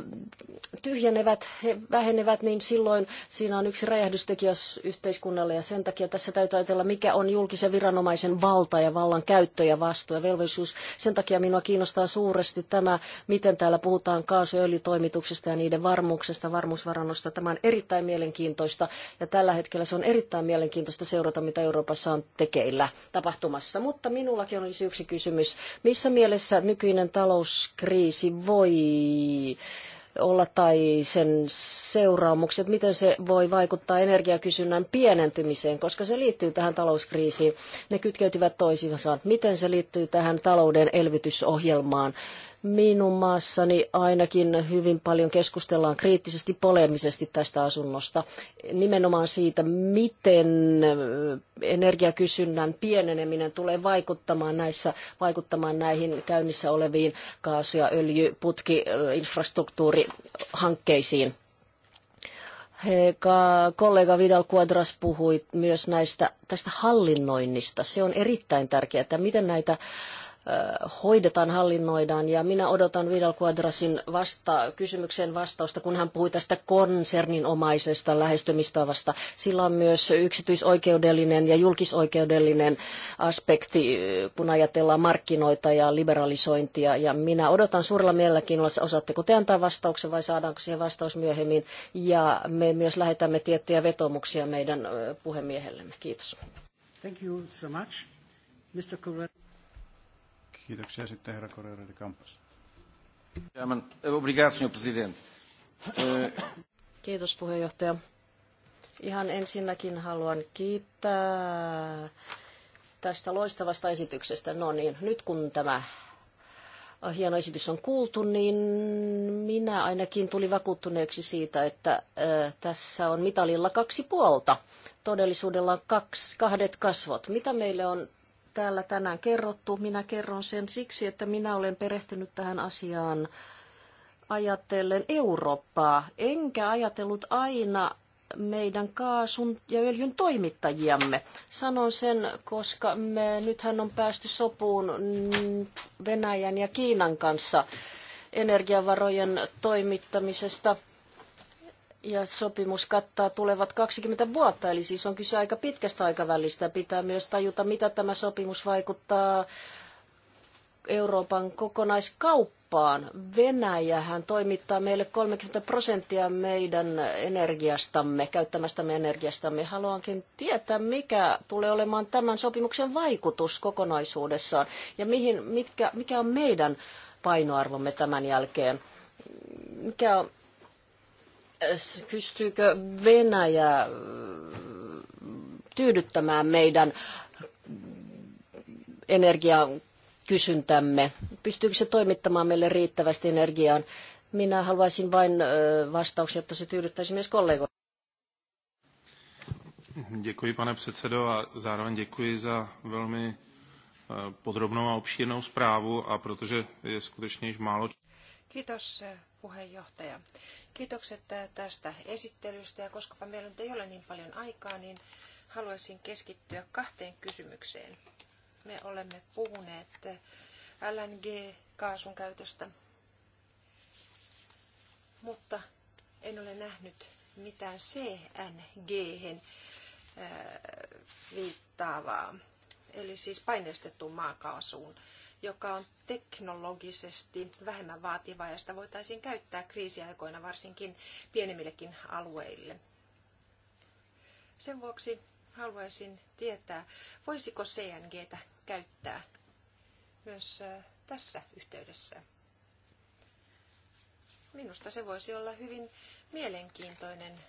tyhjenevät, he vähenevät, niin silloin siinä on yksi räjähdystekijä yhteiskunnalle ja sen takia tässä täytyy ajatella, mikä on julkisen viranomaisen valta ja vallan käyttö ja vastuu ja velvollisuus. Sen takia minua kiinnostaa suuresti tämä, miten täällä puhutaan kaasu- ja öljytoimituksesta ja niiden varmuuksesta, varmuusvarannosta. Tämä on erittäin mielenkiintoista ja tällä hetkellä se on erittäin mielenkiintoista seurata, mitä Euroopassa on tekeillä siellä tapahtumassa. Mutta minullakin olisi yksi kysymys. Missä mielessä nykyinen talouskriisi voi olla tai sen seuraamukset, miten se voi vaikuttaa energiakysynnän pienentymiseen, koska se liittyy tähän talouskriisiin. Ne kytkeytyvät toisiinsa. Miten se liittyy tähän talouden elvytysohjelmaan? Minun maassani ainakin hyvin paljon keskustellaan kriittisesti, polemisesti tästä asunnosta. Nimenomaan siitä, miten eh, energiakysynnän pieneneminen tulee vaikuttamaan, näissä, vaikuttamaan näihin käynnissä oleviin kaasu- ja öljyputki infrastruktuurihankkeisiin. Heka, kollega Vidal Quadras puhui myös näistä, tästä hallinnoinnista. Se on erittäin tärkeää, että miten näitä hoidetaan, hallinnoidaan. Ja minä odotan Vidal Quadrasin vasta, kysymykseen vastausta, kun hän puhui tästä konserninomaisesta lähestymistavasta. Sillä on myös yksityisoikeudellinen ja julkisoikeudellinen aspekti, kun ajatellaan markkinoita ja liberalisointia. Ja minä odotan suurella mielenkiinnolla, osaatteko te antaa vastauksen vai saadaanko siihen vastaus myöhemmin. Ja me myös lähetämme tiettyjä vetomuksia meidän puhemiehellemme. Kiitos. Thank you so much. Mr. Kiitoksia sitten herra Correa de Campos. Eh, eh, Kiitos puheenjohtaja. Ihan ensinnäkin haluan kiittää tästä loistavasta esityksestä. No niin, nyt kun tämä hieno esitys on kuultu, niin minä ainakin tuli vakuuttuneeksi siitä, että eh, tässä on mitalilla kaksi puolta. Todellisuudella on kaksi, kahdet kasvot. Mitä meille on täällä tänään kerrottu. Minä kerron sen siksi, että minä olen perehtynyt tähän asiaan ajatellen Eurooppaa, enkä ajatellut aina meidän kaasun ja öljyn toimittajiamme. Sanon sen, koska me, nythän on päästy sopuun Venäjän ja Kiinan kanssa energiavarojen toimittamisesta – ja sopimus kattaa tulevat 20 vuotta, eli siis on kyse aika pitkästä aikavälistä. Pitää myös tajuta, mitä tämä sopimus vaikuttaa Euroopan kokonaiskauppaan. Venäjähän toimittaa meille 30 prosenttia meidän energiastamme, käyttämästämme energiastamme. Haluankin tietää, mikä tulee olemaan tämän sopimuksen vaikutus kokonaisuudessaan ja mihin, mitkä, mikä on meidän painoarvomme tämän jälkeen. Mikä on Äh, pystyykö Venäjä äh, tyydyttämään meidän energian kysyntämme? Pystyykö se toimittamaan meille riittävästi energiaa? Minä haluaisin vain äh, vastauksia, jotta se tyydyttäisi myös kollegoita. Děkuji, pane předsedo, a zároveň děkuji za velmi eh, podrobnou a obšírnou zprávu a protože je skutečně již málo. Kiitos eh, puheenjohtaja. Kiitokset äh, tästä esittelystä ja koska meillä ei ole niin paljon aikaa, niin haluaisin keskittyä kahteen kysymykseen. Me olemme puhuneet äh, LNG-kaasun käytöstä, mutta en ole nähnyt mitään CNG-hen äh, viittaavaa, eli siis paineistettuun maakaasuun joka on teknologisesti vähemmän vaativaa ja sitä voitaisiin käyttää kriisiaikoina varsinkin pienemmillekin alueille. Sen vuoksi haluaisin tietää, voisiko CNGtä käyttää myös tässä yhteydessä. Minusta se voisi olla hyvin mielenkiintoinen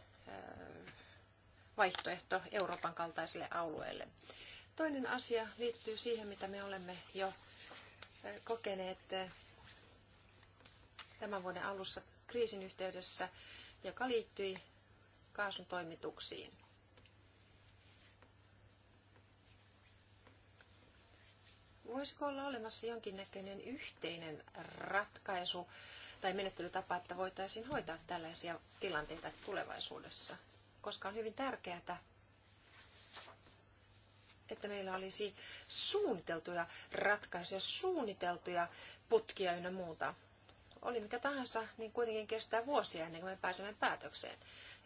vaihtoehto Euroopan kaltaisille alueille. Toinen asia liittyy siihen, mitä me olemme jo kokeneet eh, tämän vuoden alussa kriisin yhteydessä, joka liittyi kaasun toimituksiin. Voisiko olla olemassa jonkinnäköinen yhteinen ratkaisu tai menettelytapa, että voitaisiin hoitaa tällaisia tilanteita tulevaisuudessa? Koska on hyvin tärkeää, että meillä olisi suunniteltuja ratkaisuja, suunniteltuja putkia ynnä muuta. Oli mikä tahansa, niin kuitenkin kestää vuosia ennen kuin me pääsemme päätökseen.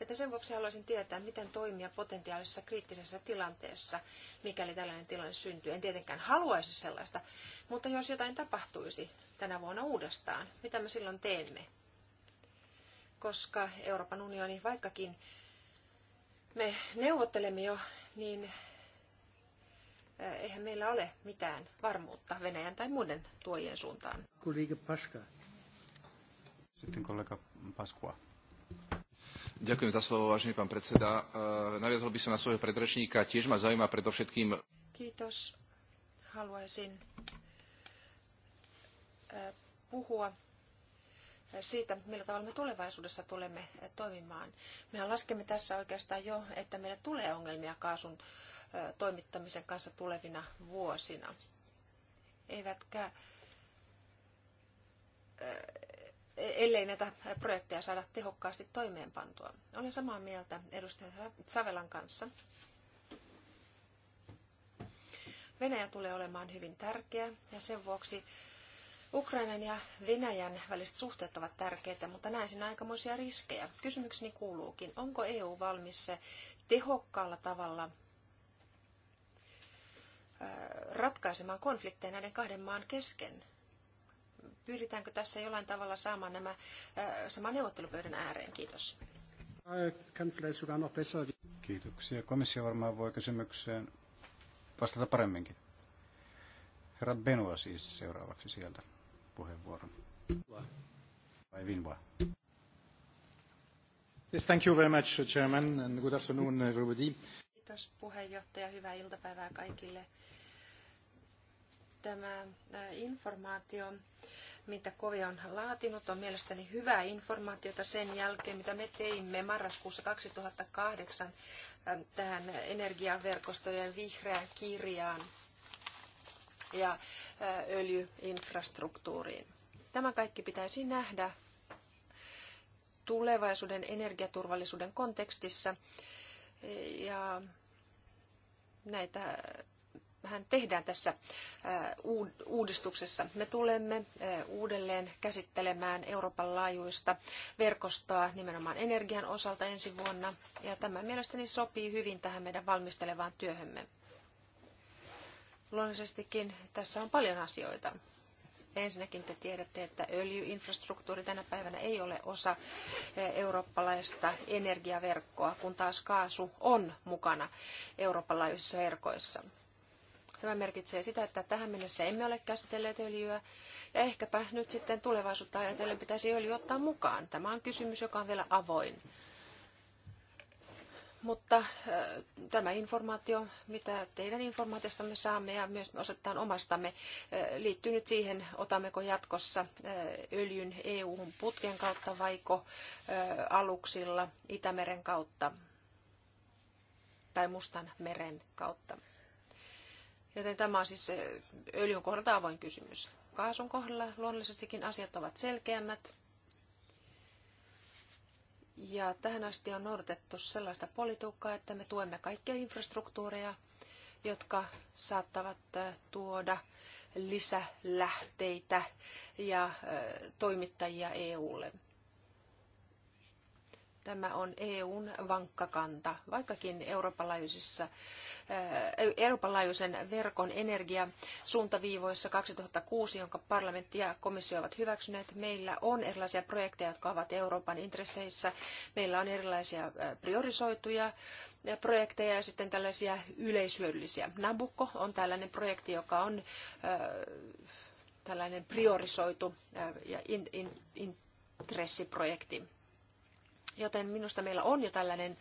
Että sen vuoksi haluaisin tietää, miten toimia potentiaalisessa kriittisessä tilanteessa, mikäli tällainen tilanne syntyy. En tietenkään haluaisi sellaista, mutta jos jotain tapahtuisi tänä vuonna uudestaan, mitä me silloin teemme? Koska Euroopan unioni, vaikkakin me neuvottelemme jo, niin Äh, eihän meillä ole mitään varmuutta Venäjän tai muiden tuojien suuntaan. Kollega Paska. Sitten kollega Paskua. Ďakujem za slovo, vážený pán predseda. Äh, Naviazol by som na svojho predrečníka. Tiež ma zaujíma predovšetkým... Kiitos. Haluaisin äh, puhua siitä, millä tavalla me tulevaisuudessa tulemme toimimaan. Mehän laskemme tässä oikeastaan jo, että meillä tulee ongelmia kaasun toimittamisen kanssa tulevina vuosina. Eivätkä, e- ellei näitä projekteja saada tehokkaasti toimeenpantua. Olen samaa mieltä edustaja Savelan kanssa. Venäjä tulee olemaan hyvin tärkeä ja sen vuoksi Ukrainan ja Venäjän väliset suhteet ovat tärkeitä, mutta näen siinä aikamoisia riskejä. Kysymykseni kuuluukin, onko EU valmis tehokkaalla tavalla ratkaisemaan konflikteja näiden kahden maan kesken? Pyritäänkö tässä jollain tavalla saamaan nämä saman neuvottelupöydän ääreen? Kiitos. Kiitoksia. Komissio varmaan voi kysymykseen vastata paremminkin. Herra Benua siis seuraavaksi sieltä puheenvuoron. Vai Vinva? Yes, thank you very much, Chairman, and good afternoon, everybody. Kiitos puheenjohtaja. Hyvää iltapäivää kaikille tämä informaatio, mitä Kovi on laatinut, on mielestäni hyvää informaatiota sen jälkeen, mitä me teimme marraskuussa 2008 tähän energiaverkostojen vihreään kirjaan ja öljyinfrastruktuuriin. Tämä kaikki pitäisi nähdä tulevaisuuden energiaturvallisuuden kontekstissa ja näitä hän tehdään tässä uudistuksessa. Me tulemme uudelleen käsittelemään Euroopan laajuista verkostoa nimenomaan energian osalta ensi vuonna, ja tämä mielestäni sopii hyvin tähän meidän valmistelevaan työhömme. Luonnollisestikin tässä on paljon asioita. Ensinnäkin te tiedätte, että öljyinfrastruktuuri tänä päivänä ei ole osa eurooppalaista energiaverkkoa, kun taas kaasu on mukana eurooppalaisissa verkoissa. Tämä merkitsee sitä, että tähän mennessä emme ole käsitelleet öljyä, ja ehkäpä nyt sitten tulevaisuutta ajatellen pitäisi öljy ottaa mukaan. Tämä on kysymys, joka on vielä avoin. Mutta tämä informaatio, mitä teidän informaatiostamme saamme ja myös osittain omastamme, liittyy nyt siihen, otammeko jatkossa öljyn EU-hun putken kautta vaiko aluksilla Itämeren kautta tai Mustan meren kautta. Joten tämä on siis öljyn kohdalta avoin kysymys. Kaasun kohdalla luonnollisestikin asiat ovat selkeämmät. Ja tähän asti on noudatettu sellaista politiikkaa, että me tuemme kaikkia infrastruktuureja, jotka saattavat äh, tuoda lisälähteitä ja äh, toimittajia EUlle. Tämä on EUn vankka kanta, vaikkakin Euroopan, laajuisessa, eh, Euroopan laajuisen verkon energia suuntaviivoissa 2006, jonka parlamentti ja komissio ovat hyväksyneet. Meillä on erilaisia projekteja, jotka ovat Euroopan intresseissä. Meillä on erilaisia eh, priorisoituja eh, projekteja ja sitten tällaisia yleishyödyllisiä. Nabucco on tällainen projekti, joka on tällainen priorisoitu ja in, in, intressiprojekti. Joten minusta meillä on jo tällainen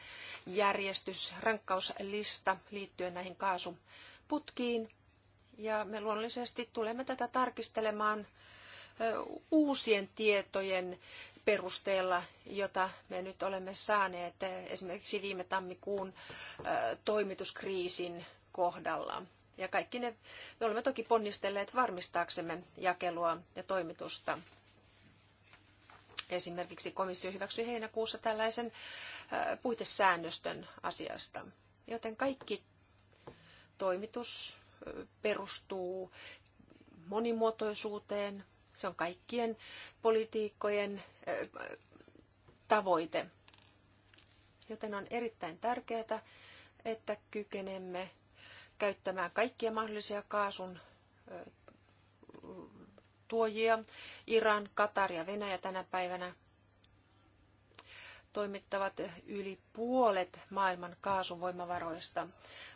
järjestys, rankkauslista liittyen näihin kaasuputkiin. Ja me luonnollisesti tulemme tätä tarkistelemaan uusien tietojen perusteella, jota me nyt olemme saaneet esimerkiksi viime tammikuun toimituskriisin kohdalla. Ja kaikki ne, me olemme toki ponnistelleet varmistaaksemme jakelua ja toimitusta. Esimerkiksi komissio hyväksyi heinäkuussa tällaisen puitesäännöstön asiasta. Joten kaikki toimitus perustuu monimuotoisuuteen. Se on kaikkien politiikkojen tavoite. Joten on erittäin tärkeää, että kykenemme käyttämään kaikkia mahdollisia kaasun tuojia, Iran, Katar ja Venäjä tänä päivänä toimittavat yli puolet maailman kaasuvoimavaroista.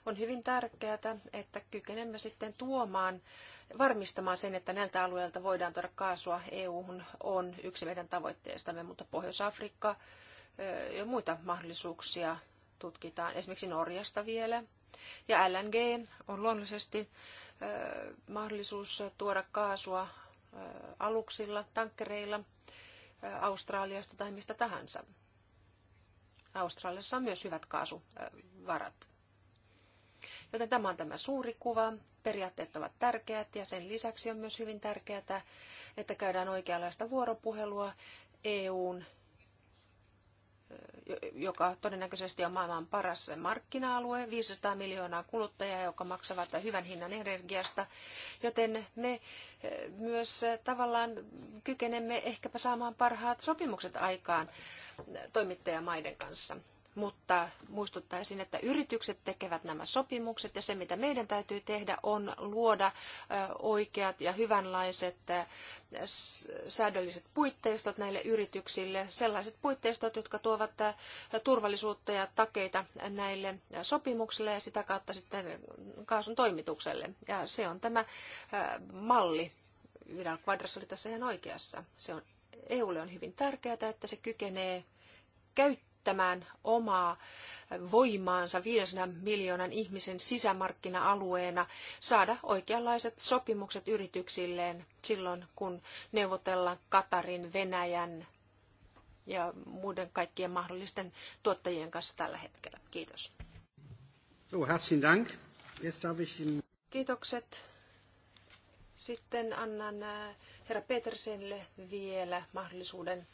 On hyvin tärkeää, että kykenemme sitten tuomaan, varmistamaan sen, että näiltä alueilta voidaan tuoda kaasua eu on yksi meidän tavoitteistamme, mutta Pohjois-Afrikka ja muita mahdollisuuksia tutkitaan, esimerkiksi Norjasta vielä. Ja LNG on luonnollisesti mahdollisuus tuoda kaasua aluksilla, tankkereilla Australiasta tai mistä tahansa. Australiassa on myös hyvät kaasuvarat. Joten tämä on tämä suuri kuva. Periaatteet ovat tärkeät ja sen lisäksi on myös hyvin tärkeää, että käydään oikeanlaista vuoropuhelua EUn joka todennäköisesti on maailman paras markkina-alue, 500 miljoonaa kuluttajaa, joka maksavat hyvän hinnan energiasta, joten me eh, myös eh, tavallaan kykenemme ehkäpä saamaan parhaat sopimukset aikaan eh, toimittajamaiden kanssa mutta muistuttaisin, että yritykset tekevät nämä sopimukset ja se, mitä meidän täytyy tehdä, on luoda oikeat ja hyvänlaiset säädölliset puitteistot näille yrityksille, sellaiset puitteistot, jotka tuovat turvallisuutta ja takeita näille sopimuksille ja sitä kautta sitten kaasun toimitukselle. Ja se on tämä malli. Vidal Quadras oli tässä ihan oikeassa. Se on, EUlle on hyvin tärkeää, että se kykenee käyttämään käyttämään omaa voimaansa 500 miljoonan ihmisen sisämarkkina-alueena saada oikeanlaiset sopimukset yrityksilleen silloin, kun neuvotellaan Katarin, Venäjän ja muiden kaikkien mahdollisten tuottajien kanssa tällä hetkellä. Kiitos. So, oh, herzlichen Dank. Jetzt ich Kiitokset. Sitten annan äh, herra Petersenille vielä mahdollisuuden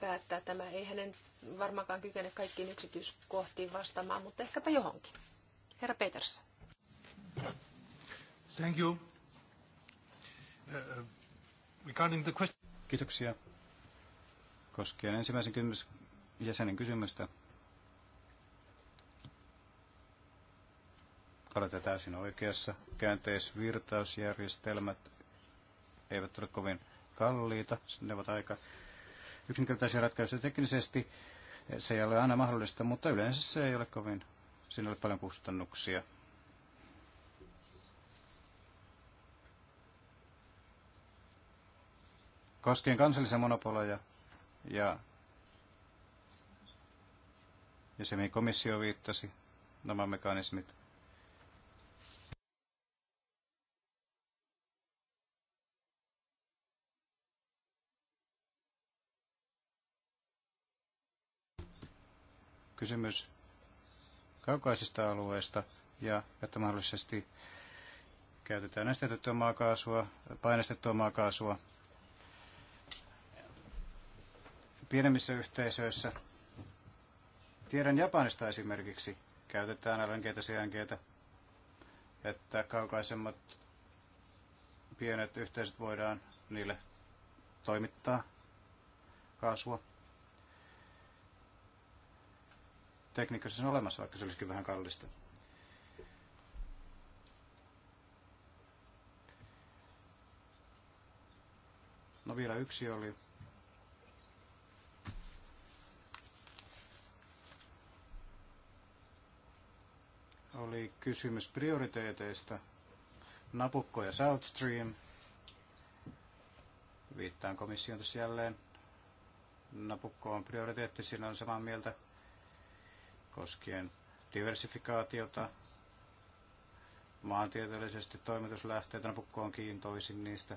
päättää tämä. Ei hänen varmaankaan kykene kaikkiin yksityiskohtiin vastaamaan, mutta ehkäpä johonkin. Herra Peters. Thank you. Uh, uh the question... Kiitoksia. Koskien ensimmäisen kysymys, jäsenen kysymystä. Olette täysin oikeassa. Käänteisvirtausjärjestelmät eivät ole kovin kalliita. Ne ovat aika yksinkertaisia ratkaisuja teknisesti se ei ole aina mahdollista, mutta yleensä se ei ole kovin, siinä ole paljon kustannuksia. Koskien kansallisia monopoleja ja, ja se, mihin komissio viittasi, nämä mekanismit – kysymys kaukaisista alueista ja että mahdollisesti käytetään nestetettyä maakaasua, painestettua maakaasua pienemmissä yhteisöissä. Tiedän Japanista esimerkiksi käytetään LNGtä, cng että kaukaisemmat pienet yhteisöt voidaan niille toimittaa kaasua. tekniikassa sen olemassa, vaikka se olisikin vähän kallista. No vielä yksi oli. Oli kysymys prioriteeteista. Napukko ja South Stream. Viittaan komission tässä jälleen. Napukko on prioriteetti, siinä on samaa mieltä koskien diversifikaatiota, maantieteellisesti toimituslähteitä, Napukko no on kiintoisin niistä.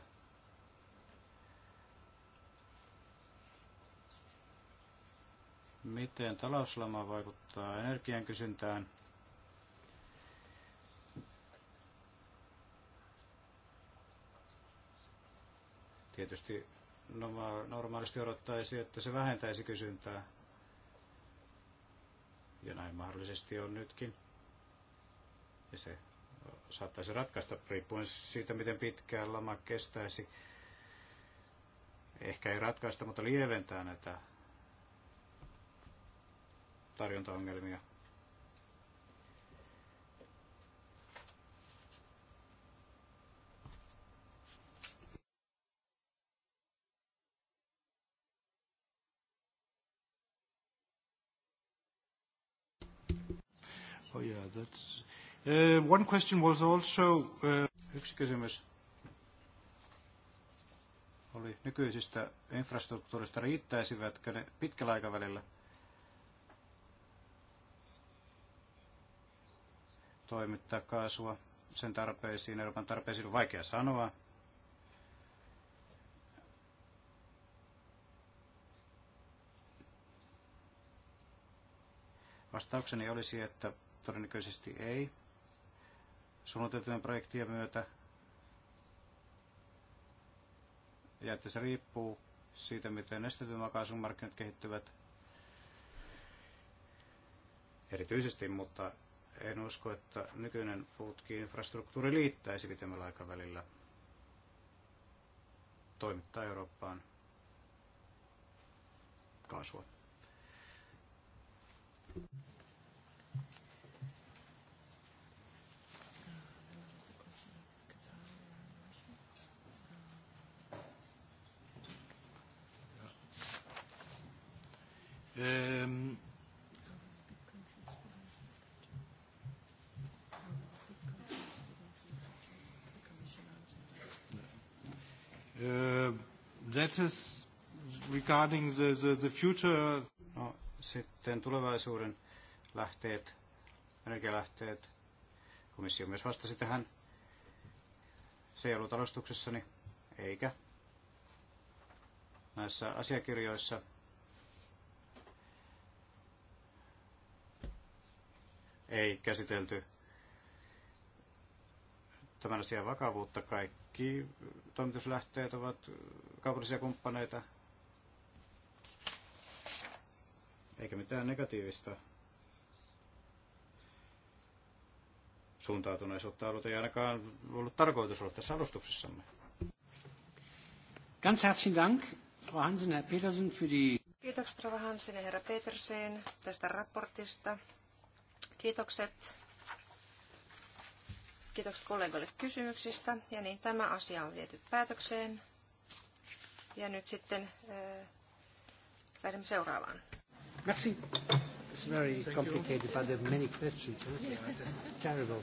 Miten talouslama vaikuttaa energian kysyntään? Tietysti normaalisti odottaisi, että se vähentäisi kysyntää ja näin mahdollisesti on nytkin. Ja se saattaisi ratkaista riippuen siitä, miten pitkään lama kestäisi. Ehkä ei ratkaista, mutta lieventää näitä tarjontaongelmia Oh yeah, that's... Uh, one question was also... Uh... Yksi kysymys oli nykyisistä infrastruktuurista, riittäisivätkö ne pitkällä aikavälillä? toimittaa kaasua sen tarpeisiin, Euroopan tarpeisiin on vaikea sanoa. Vastaukseni olisi, että todennäköisesti ei suunniteltujen projektien myötä. Ja että se riippuu siitä, miten nestetyn markkinat kehittyvät erityisesti, mutta en usko, että nykyinen putki-infrastruktuuri liittäisi pitemmällä aikavälillä toimittaa Eurooppaan kaasua. Um, uh, that is regarding the, the, the future. No, sitten tulevaisuuden lähteet, energialähteet. Komissio myös vastasi tähän. CLU-talostuksessani, eikä näissä asiakirjoissa – ei käsitelty tämän asian vakavuutta. Kaikki toimituslähteet ovat kaupallisia kumppaneita, eikä mitään negatiivista suuntautuneisuutta ollut, ei ainakaan ollut tarkoitus olla tässä alustuksessamme. Ganz herzlichen Dank, Frau Hansen, Herr Petersen, für die... Kiitokset, Rova Hansen ja herra Petersen tästä raportista. Kiitokset. Kiitokset kollegoille kysymyksistä. Ja niin tämä asia on viety päätökseen. Ja nyt sitten äh, lähdemme seuraavaan. Merci. It's very complicated, but there are many questions. Terrible.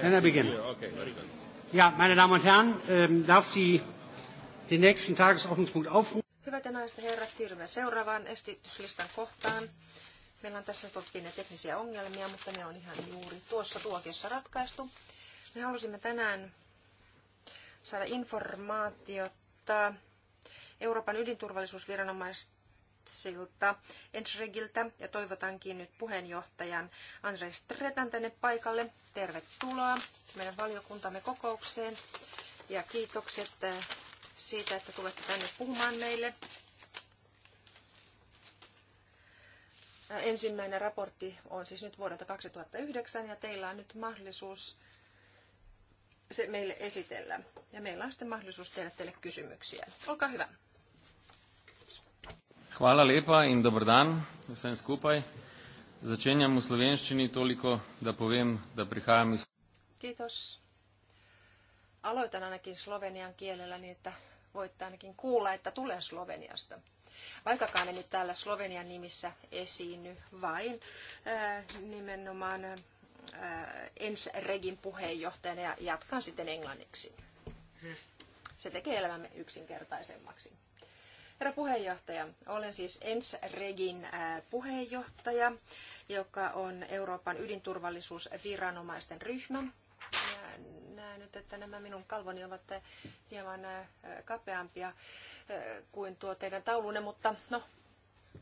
Then I begin? Ja, meine Damen und Herren, ähm, darf Sie den nächsten Tagesordnungspunkt aufrufen? Hyvät ja naiset herrat, siirrymme seuraavaan esityslistan kohtaan. Meillä on tässä toki ne teknisiä ongelmia, mutta ne on ihan juuri tuossa tuokiossa ratkaistu. Me halusimme tänään saada informaatiota Euroopan ydinturvallisuusviranomaista Silta Entrigiltä ja toivotankin nyt puheenjohtajan Andrei Stretan tänne paikalle. Tervetuloa meidän valiokuntamme kokoukseen ja kiitokset eh, siitä, että tulette tänne puhumaan meille. Eh, ensimmäinen raportti on siis nyt vuodelta 2009 ja teillä on nyt mahdollisuus se meille esitellä. Ja meillä on sitten mahdollisuus tehdä teille kysymyksiä. Olkaa hyvä. Hvala lepa in dober dan vsem skupaj. Začenjam v slovenščini toliko, da povem, da prihajam iz... Kiitos. Aloitan ainakin slovenian kielellä niin, että voitte ainakin kuulla, että tulee Sloveniasta. Vaikkakaan en nyt täällä Slovenian nimissä esiinny, vain äh, nimenomaan äh, regin puheenjohtajana ja jatkan sitten englanniksi. Se tekee elämämme yksinkertaisemmaksi. Herra puheenjohtaja, olen siis ENSREGin puheenjohtaja, joka on Euroopan ydinturvallisuusviranomaisten ryhmä. Ja näen nyt, että nämä minun kalvoni ovat hieman kapeampia kuin tuo teidän taulunne, mutta no,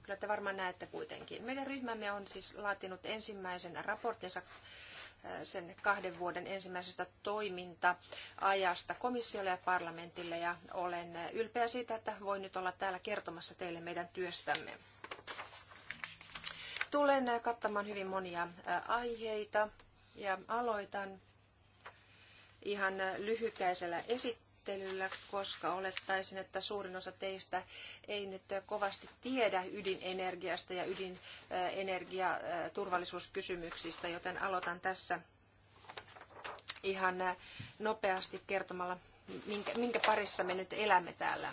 kyllä te varmaan näette kuitenkin. Meidän ryhmämme on siis laatinut ensimmäisen raporttinsa sen kahden vuoden ensimmäisestä toiminta-ajasta komissiolle ja parlamentille ja olen ylpeä siitä, että voin nyt olla täällä kertomassa teille meidän työstämme. Tulen kattamaan hyvin monia aiheita ja aloitan ihan lyhykäisellä esittelyllä esittelyllä, koska olettaisin, että suurin osa teistä ei nyt kovasti tiedä ydinenergiasta ja ydinenergiaturvallisuuskysymyksistä, joten aloitan tässä ihan nopeasti kertomalla, minkä, minkä parissa me nyt elämme täällä.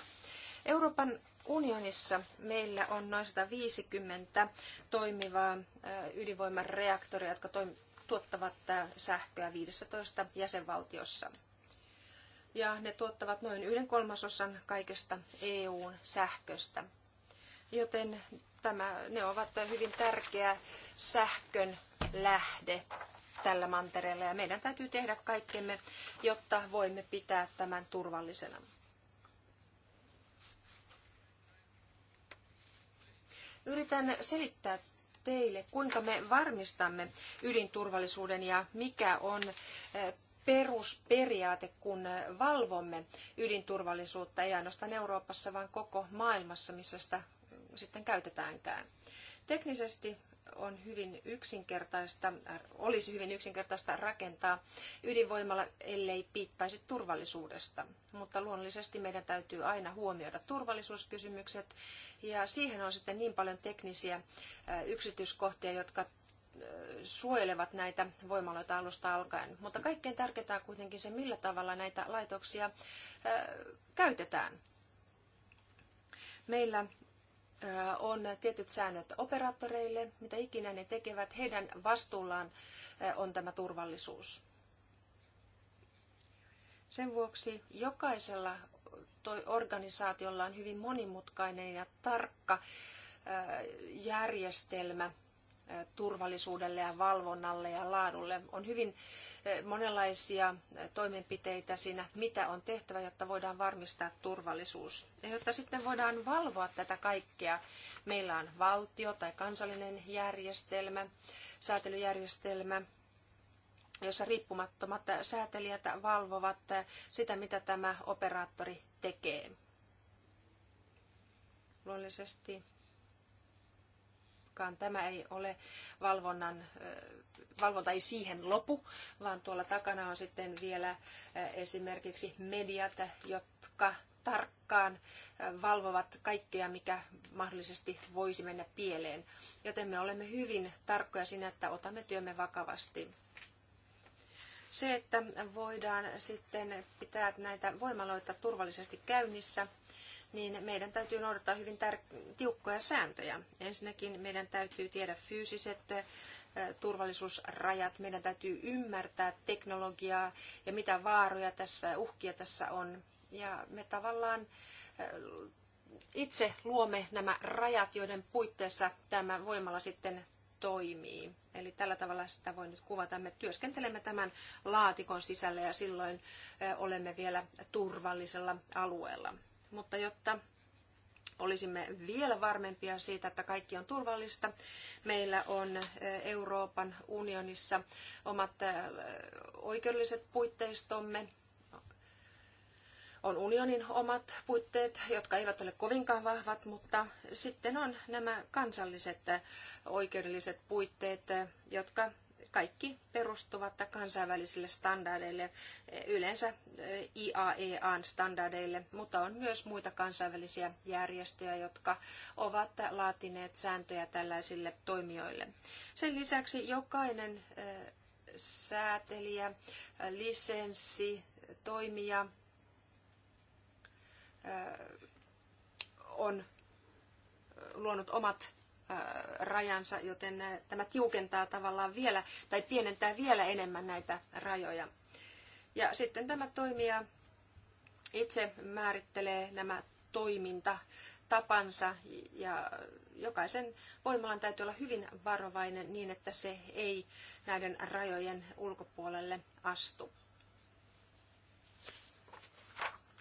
Euroopan unionissa meillä on noin 150 toimivaa ydinvoimareaktoria, jotka tuottavat sähköä 15 jäsenvaltiossa ja ne tuottavat noin yhden kolmasosan kaikesta EUn sähköstä. Joten tämä, ne ovat hyvin tärkeä sähkön lähde tällä mantereella ja meidän täytyy tehdä kaikkemme, jotta voimme pitää tämän turvallisena. Yritän selittää teille, kuinka me varmistamme ydinturvallisuuden ja mikä on eh, perusperiaate, kun valvomme ydinturvallisuutta, ei ainoastaan Euroopassa, vaan koko maailmassa, missä sitä sitten käytetäänkään. Teknisesti on hyvin yksinkertaista, olisi hyvin yksinkertaista rakentaa ydinvoimalla, ellei piittaisi turvallisuudesta. Mutta luonnollisesti meidän täytyy aina huomioida turvallisuuskysymykset ja siihen on sitten niin paljon teknisiä yksityiskohtia, jotka suojelevat näitä voimaloita alusta alkaen. Mutta kaikkein tärkeintä on kuitenkin se, millä tavalla näitä laitoksia käytetään. Meillä on tietyt säännöt operaattoreille, mitä ikinä ne tekevät, heidän vastuullaan on tämä turvallisuus. Sen vuoksi jokaisella organisaatiolla on hyvin monimutkainen ja tarkka järjestelmä turvallisuudelle ja valvonnalle ja laadulle. On hyvin monenlaisia toimenpiteitä siinä, mitä on tehtävä, jotta voidaan varmistaa turvallisuus. Ja jotta sitten voidaan valvoa tätä kaikkea, meillä on valtio tai kansallinen järjestelmä, säätelyjärjestelmä, jossa riippumattomat säätelijät valvovat sitä, mitä tämä operaattori tekee. Luonnollisesti vaikkakaan tämä ei ole valvonnan, valvonta ei siihen lopu, vaan tuolla takana on sitten vielä esimerkiksi mediat, jotka tarkkaan valvovat kaikkea, mikä mahdollisesti voisi mennä pieleen. Joten me olemme hyvin tarkkoja siinä, että otamme työmme vakavasti. Se, että voidaan sitten pitää näitä voimaloita turvallisesti käynnissä, niin meidän täytyy noudattaa hyvin tiukkoja sääntöjä. Ensinnäkin meidän täytyy tiedä fyysiset turvallisuusrajat, meidän täytyy ymmärtää teknologiaa ja mitä vaaroja tässä, uhkia tässä on. Ja me tavallaan itse luomme nämä rajat, joiden puitteissa tämä voimalla sitten toimii. Eli tällä tavalla sitä voi nyt kuvata. Me työskentelemme tämän laatikon sisällä ja silloin olemme vielä turvallisella alueella mutta jotta olisimme vielä varmempia siitä, että kaikki on turvallista. Meillä on Euroopan unionissa omat oikeudelliset puitteistomme, on unionin omat puitteet, jotka eivät ole kovinkaan vahvat, mutta sitten on nämä kansalliset oikeudelliset puitteet, jotka kaikki perustuvat kansainvälisille standardeille, yleensä IAEAn standardeille, mutta on myös muita kansainvälisiä järjestöjä, jotka ovat laatineet sääntöjä tällaisille toimijoille. Sen lisäksi jokainen säätelijä, lisenssi, toimija on luonut omat Äh, rajansa, joten äh, tämä tiukentaa tavallaan vielä tai pienentää vielä enemmän näitä rajoja. Ja sitten tämä toimija itse määrittelee nämä toimintatapansa ja jokaisen voimalan täytyy olla hyvin varovainen niin, että se ei näiden rajojen ulkopuolelle astu.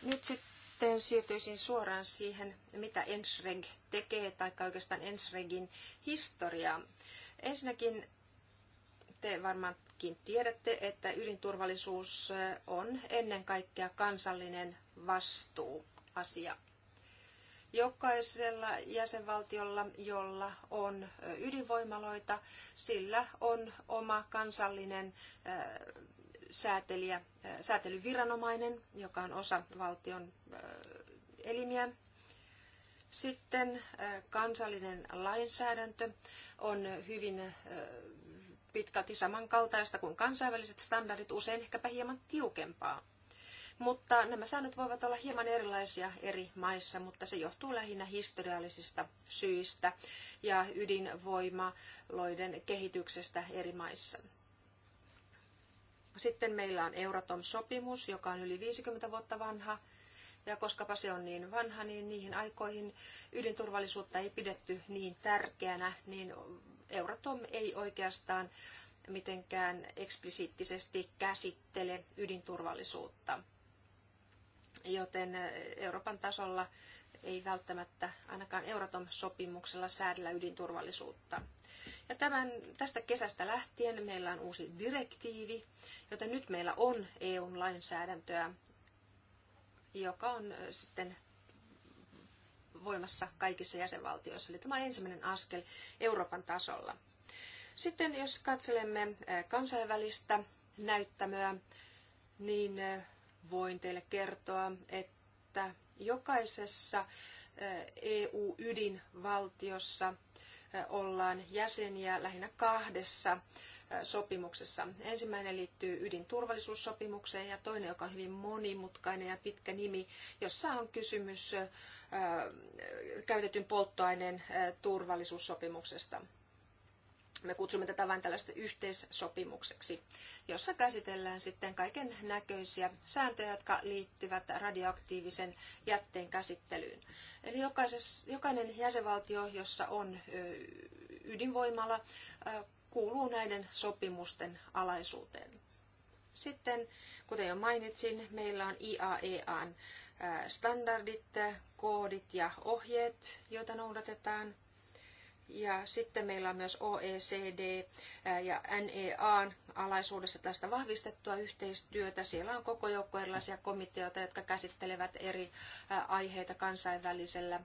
Nyt sitten sitten siirtyisin suoraan siihen, mitä Ensreg tekee, tai oikeastaan Ensregin historiaa. Ensinnäkin te varmaankin tiedätte, että ydinturvallisuus on ennen kaikkea kansallinen vastuuasia. Jokaisella jäsenvaltiolla, jolla on ydinvoimaloita, sillä on oma kansallinen äh, säätelijä, säätelyviranomainen, joka on osa valtion elimiä. Sitten kansallinen lainsäädäntö on hyvin pitkälti samankaltaista kuin kansainväliset standardit, usein ehkäpä hieman tiukempaa. Mutta nämä säännöt voivat olla hieman erilaisia eri maissa, mutta se johtuu lähinnä historiallisista syistä ja ydinvoimaloiden kehityksestä eri maissa. Sitten meillä on Euratom-sopimus, joka on yli 50 vuotta vanha. Ja koskapa se on niin vanha, niin niihin aikoihin ydinturvallisuutta ei pidetty niin tärkeänä, niin Euratom ei oikeastaan mitenkään eksplisiittisesti käsittele ydinturvallisuutta. Joten Euroopan tasolla ei välttämättä ainakaan Euratom-sopimuksella säädellä ydinturvallisuutta. Ja tämän, tästä kesästä lähtien meillä on uusi direktiivi, joten nyt meillä on eu lainsäädäntöä, joka on sitten voimassa kaikissa jäsenvaltioissa. Eli tämä on ensimmäinen askel Euroopan tasolla. Sitten jos katselemme kansainvälistä näyttämöä, niin voin teille kertoa, että jokaisessa EU-ydinvaltiossa ollaan jäseniä lähinnä kahdessa sopimuksessa. Ensimmäinen liittyy ydinturvallisuussopimukseen ja toinen, joka on hyvin monimutkainen ja pitkä nimi, jossa on kysymys käytetyn polttoaineen turvallisuussopimuksesta. Me kutsumme tätä vain tällaista yhteissopimukseksi, jossa käsitellään sitten kaiken näköisiä sääntöjä, jotka liittyvät radioaktiivisen jätteen käsittelyyn. Eli jokainen jäsenvaltio, jossa on ydinvoimala, kuuluu näiden sopimusten alaisuuteen. Sitten, kuten jo mainitsin, meillä on IAEAn standardit, koodit ja ohjeet, joita noudatetaan. Ja sitten meillä on myös OECD ja NEA alaisuudessa tästä vahvistettua yhteistyötä. Siellä on koko joukko erilaisia komiteoita, jotka käsittelevät eri aiheita kansainvälisellä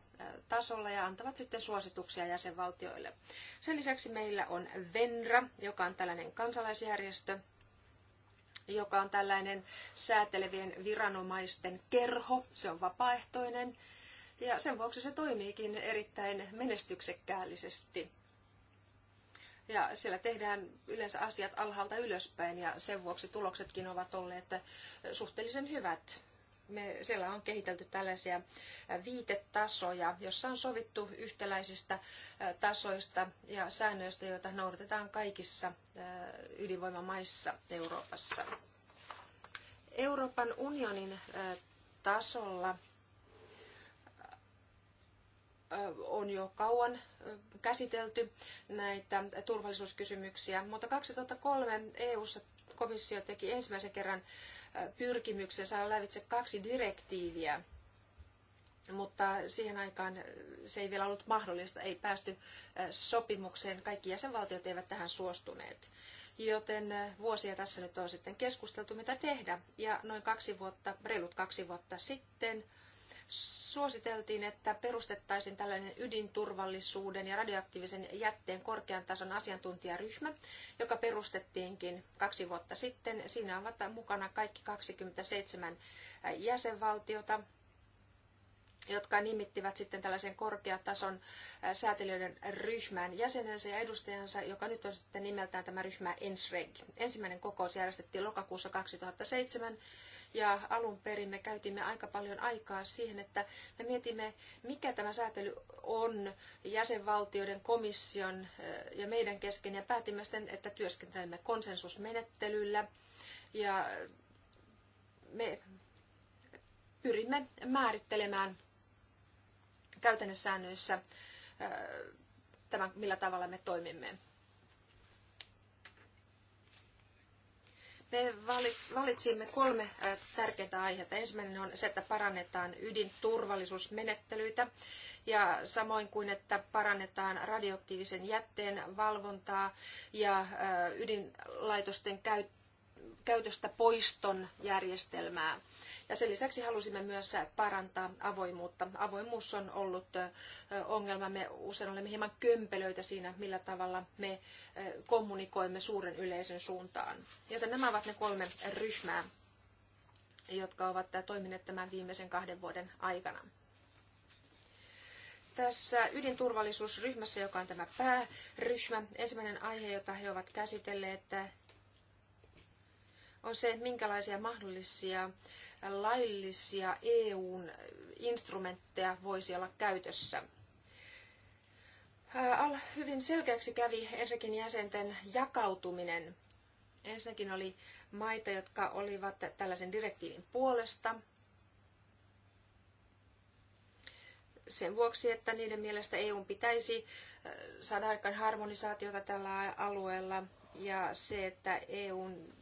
tasolla ja antavat sitten suosituksia jäsenvaltioille. Sen lisäksi meillä on VENRA, joka on tällainen kansalaisjärjestö, joka on tällainen säätelevien viranomaisten kerho. Se on vapaaehtoinen ja sen vuoksi se toimiikin erittäin menestyksekkäällisesti. Ja siellä tehdään yleensä asiat alhaalta ylöspäin ja sen vuoksi tuloksetkin ovat olleet suhteellisen hyvät. Me, siellä on kehitelty tällaisia viitetasoja, jossa on sovittu yhtäläisistä tasoista ja säännöistä, joita noudatetaan kaikissa ydinvoimamaissa Euroopassa. Euroopan unionin tasolla on jo kauan käsitelty näitä turvallisuuskysymyksiä, mutta 2003 EU:ssa komissio teki ensimmäisen kerran pyrkimyksen saada lävitse kaksi direktiiviä, mutta siihen aikaan se ei vielä ollut mahdollista, ei päästy sopimukseen, kaikki jäsenvaltiot eivät tähän suostuneet. Joten vuosia tässä nyt on sitten keskusteltu, mitä tehdä. Ja noin kaksi vuotta, reilut kaksi vuotta sitten, suositeltiin, että perustettaisiin tällainen ydinturvallisuuden ja radioaktiivisen jätteen korkean tason asiantuntijaryhmä, joka perustettiinkin kaksi vuotta sitten. Siinä ovat mukana kaikki 27 jäsenvaltiota, jotka nimittivät sitten tällaisen korkeatason säätelijöiden ryhmään jäsenensä ja edustajansa, joka nyt on sitten nimeltään tämä ryhmä ENSREG. Ensimmäinen kokous järjestettiin lokakuussa 2007 ja alun perin me käytimme aika paljon aikaa siihen, että me mietimme, mikä tämä säätely on jäsenvaltioiden, komission eh, ja meidän kesken. Ja päätimme sitten, että työskentelemme konsensusmenettelyllä. Ja me pyrimme määrittelemään käytännössäännöissä eh, tämän, millä tavalla me toimimme. Me valitsimme kolme tärkeintä aihetta. Ensimmäinen on se, että parannetaan ydinturvallisuusmenettelyitä ja samoin kuin, että parannetaan radioaktiivisen jätteen valvontaa ja ydinlaitosten käytöstä poiston järjestelmää. Ja sen lisäksi halusimme myös parantaa avoimuutta. Avoimuus on ollut ongelma. Me usein olemme hieman kömpelöitä siinä, millä tavalla me kommunikoimme suuren yleisön suuntaan. Joten nämä ovat ne kolme ryhmää, jotka ovat toimineet tämän viimeisen kahden vuoden aikana tässä ydinturvallisuusryhmässä, joka on tämä pääryhmä. Ensimmäinen aihe, jota he ovat käsitelleet, on se, minkälaisia mahdollisia laillisia EUn instrumentteja voisi olla käytössä. Hyvin selkeäksi kävi ensinnäkin jäsenten jakautuminen. Ensinnäkin oli maita, jotka olivat tällaisen direktiivin puolesta. Sen vuoksi, että niiden mielestä EUn pitäisi saada aikaan harmonisaatiota tällä alueella ja se, että EUn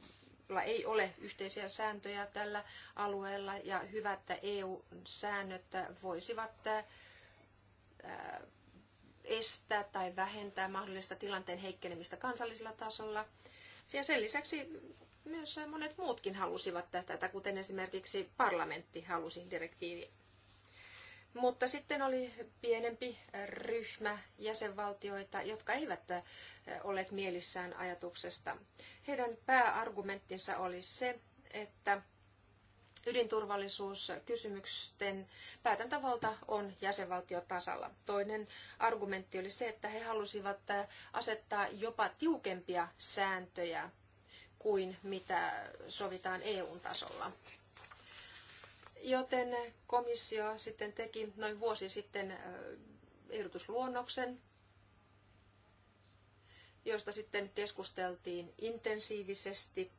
jolla ei ole yhteisiä sääntöjä tällä alueella ja hyvä, että EU-säännöt voisivat äh, estää tai vähentää mahdollista tilanteen heikkenemistä kansallisella tasolla. Ja sen lisäksi myös monet muutkin halusivat tätä, kuten esimerkiksi parlamentti halusi direktiivi. Mutta sitten oli pienempi ryhmä jäsenvaltioita, jotka eivät eh, olleet mielissään ajatuksesta. Heidän pääargumenttinsa oli se, että ydinturvallisuuskysymysten päätäntävalta on jäsenvaltiotasalla. Toinen argumentti oli se, että he halusivat eh, asettaa jopa tiukempia sääntöjä kuin mitä sovitaan EU-tasolla. Joten komissio sitten teki noin vuosi sitten ehdotusluonnoksen, josta sitten keskusteltiin intensiivisesti.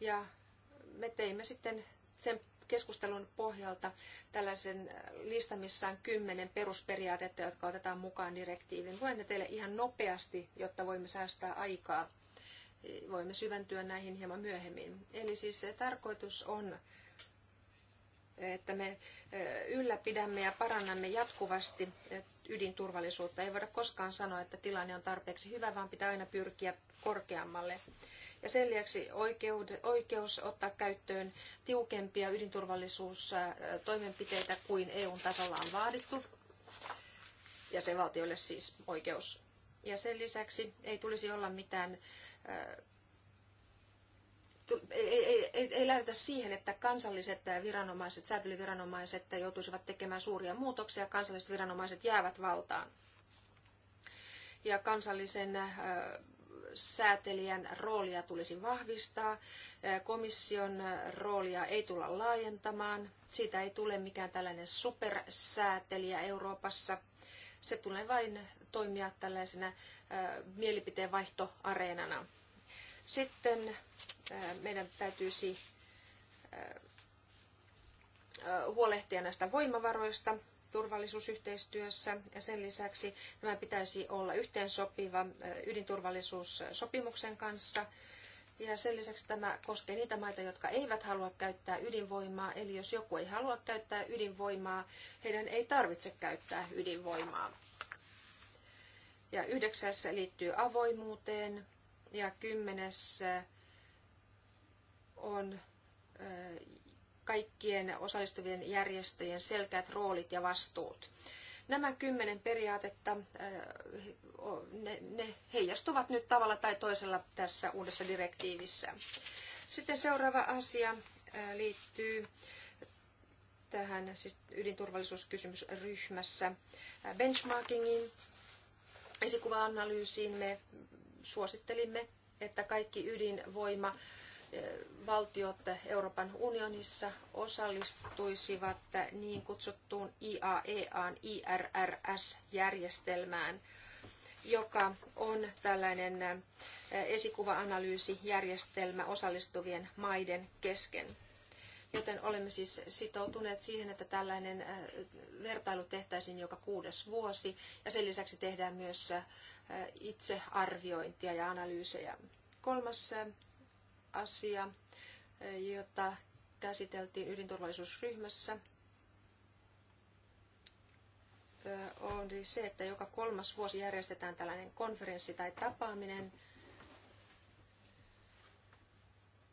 Ja me teimme sitten sen keskustelun pohjalta tällaisen listan, missä on kymmenen perusperiaatetta, jotka otetaan mukaan direktiivin. Luen ne teille ihan nopeasti, jotta voimme säästää aikaa voimme syventyä näihin hieman myöhemmin. Eli siis se tarkoitus on, että me ylläpidämme ja parannamme jatkuvasti ydinturvallisuutta. Ei voida koskaan sanoa, että tilanne on tarpeeksi hyvä, vaan pitää aina pyrkiä korkeammalle. Ja sen lisäksi oikeus ottaa käyttöön tiukempia ydinturvallisuustoimenpiteitä kuin EUn tasolla on vaadittu. Ja se valtiolle siis oikeus. Ja sen lisäksi ei tulisi olla mitään ei, ei, ei, ei lähdetä siihen, että kansalliset viranomaiset, säätelyviranomaiset joutuisivat tekemään suuria muutoksia, kansalliset viranomaiset jäävät valtaan. Ja kansallisen säätelijän roolia tulisi vahvistaa, komission roolia ei tulla laajentamaan, siitä ei tule mikään tällainen supersäätelijä Euroopassa. Se tulee vain toimia tällaisena mielipiteen vaihtoareenana. Sitten meidän täytyisi huolehtia näistä voimavaroista turvallisuusyhteistyössä ja sen lisäksi tämä pitäisi olla yhteensopiva ydinturvallisuussopimuksen kanssa. Ja sen lisäksi tämä koskee niitä maita, jotka eivät halua käyttää ydinvoimaa. Eli jos joku ei halua käyttää ydinvoimaa, heidän ei tarvitse käyttää ydinvoimaa ja yhdeksäs liittyy avoimuuteen ja kymmenes eh, on eh, kaikkien osallistuvien järjestöjen selkeät roolit ja vastuut. Nämä kymmenen periaatetta, eh, ne, ne heijastuvat nyt tavalla tai toisella tässä uudessa direktiivissä. Sitten seuraava asia liittyy tähän siis ydinturvallisuuskysymysryhmässä benchmarkingiin esikuva-analyysiin me suosittelimme, että kaikki ydinvoima eh, valtiot Euroopan unionissa osallistuisivat niin kutsuttuun IAEAn IRRS-järjestelmään, joka on tällainen eh, esikuva-analyysijärjestelmä osallistuvien maiden kesken. Joten olemme siis sitoutuneet siihen, että tällainen äh, vertailu tehtäisiin joka kuudes vuosi ja sen lisäksi tehdään myös äh, itsearviointia ja analyysejä. Kolmas äh, asia, jota käsiteltiin ydinturvallisuusryhmässä, on siis se, että joka kolmas vuosi järjestetään tällainen konferenssi tai tapaaminen,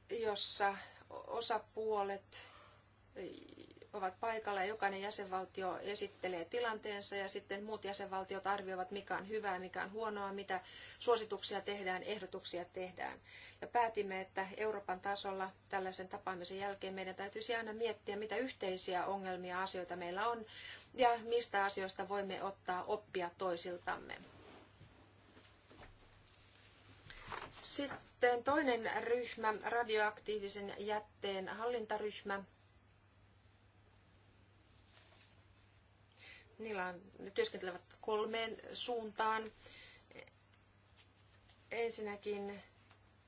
jossa osapuolet ovat paikalla ja jokainen jäsenvaltio esittelee tilanteensa ja sitten muut jäsenvaltiot arvioivat, mikä on hyvää, mikä on huonoa, mitä suosituksia tehdään, ehdotuksia tehdään. Ja päätimme, että Euroopan tasolla tällaisen tapaamisen jälkeen meidän täytyisi aina miettiä, mitä yhteisiä ongelmia asioita meillä on ja mistä asioista voimme ottaa oppia toisiltamme. Sitten sitten toinen ryhmä, radioaktiivisen jätteen hallintaryhmä. Niillä on, ne työskentelevät kolmeen suuntaan. Ensinnäkin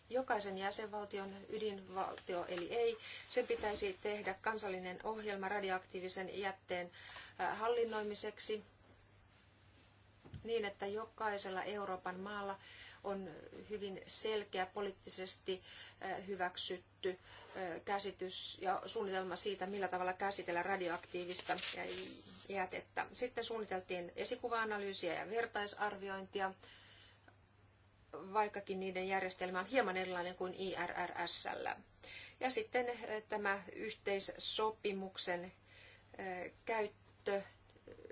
jokaisen jäsenvaltion ydinvaltio eli ei, sen pitäisi tehdä kansallinen ohjelma radioaktiivisen jätteen hallinnoimiseksi niin, että jokaisella Euroopan maalla on hyvin selkeä poliittisesti hyväksytty käsitys ja suunnitelma siitä, millä tavalla käsitellä radioaktiivista jätettä. Sitten suunniteltiin esikuva-analyysiä ja vertaisarviointia, vaikkakin niiden järjestelmä on hieman erilainen kuin IRRSllä. Ja sitten tämä yhteissopimuksen käyttö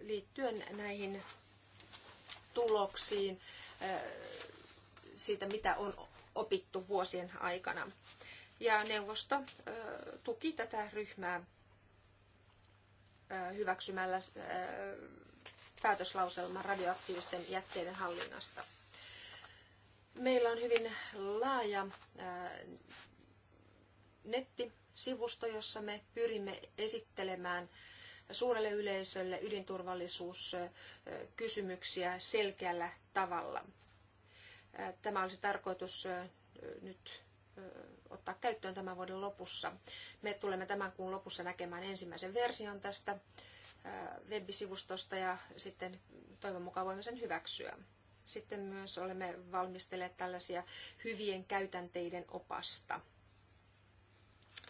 liittyen näihin tuloksiin siitä, mitä on opittu vuosien aikana. Ja neuvosto tuki tätä ryhmää hyväksymällä päätöslauselman radioaktiivisten jätteiden hallinnasta. Meillä on hyvin laaja nettisivusto, jossa me pyrimme esittelemään suurelle yleisölle ydinturvallisuuskysymyksiä selkeällä tavalla. Tämä olisi tarkoitus nyt ottaa käyttöön tämän vuoden lopussa. Me tulemme tämän kuun lopussa näkemään ensimmäisen version tästä webisivustosta ja sitten toivon mukaan voimme sen hyväksyä. Sitten myös olemme valmistelleet tällaisia hyvien käytänteiden opasta –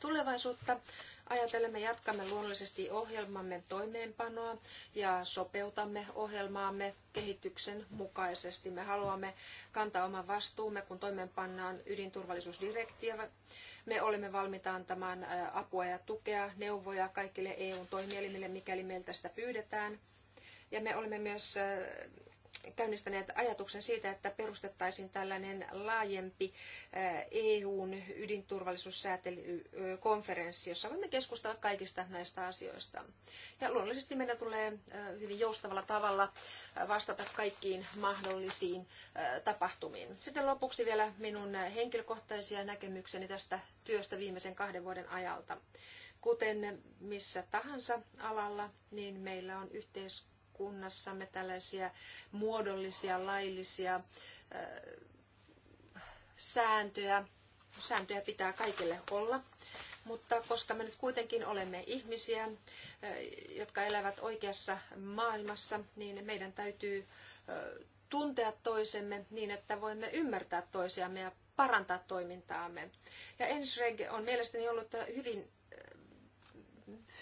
Tulevaisuutta ajatellen me jatkamme luonnollisesti ohjelmamme toimeenpanoa ja sopeutamme ohjelmaamme kehityksen mukaisesti. Me haluamme kantaa oman vastuumme, kun toimeenpannaan ydinturvallisuusdirektiivi. Me olemme valmiita antamaan apua ja tukea, neuvoja kaikille eu toimielimille, mikäli meiltä sitä pyydetään. Ja me olemme myös käynnistäneet ajatuksen siitä, että perustettaisiin tällainen laajempi EUn eh, e ydinturvallisuussäätelykonferenssi, jossa voimme keskustella kaikista näistä asioista. Ja luonnollisesti meidän tulee eh, hyvin joustavalla tavalla eh, vastata kaikkiin mahdollisiin tapahtumiin. Sitten lopuksi vielä minun henkilökohtaisia näkemykseni tästä työstä viimeisen kahden vuoden ajalta. Kuten missä tahansa alalla, niin meillä on yhteiskunta kunnassamme tällaisia muodollisia, laillisia sääntöjä. Sääntöjä pitää kaikille olla, mutta koska me nyt kuitenkin olemme ihmisiä, jotka elävät oikeassa maailmassa, niin meidän täytyy tuntea toisemme niin, että voimme ymmärtää toisiamme ja parantaa toimintaamme. Ja Ensreg on mielestäni ollut hyvin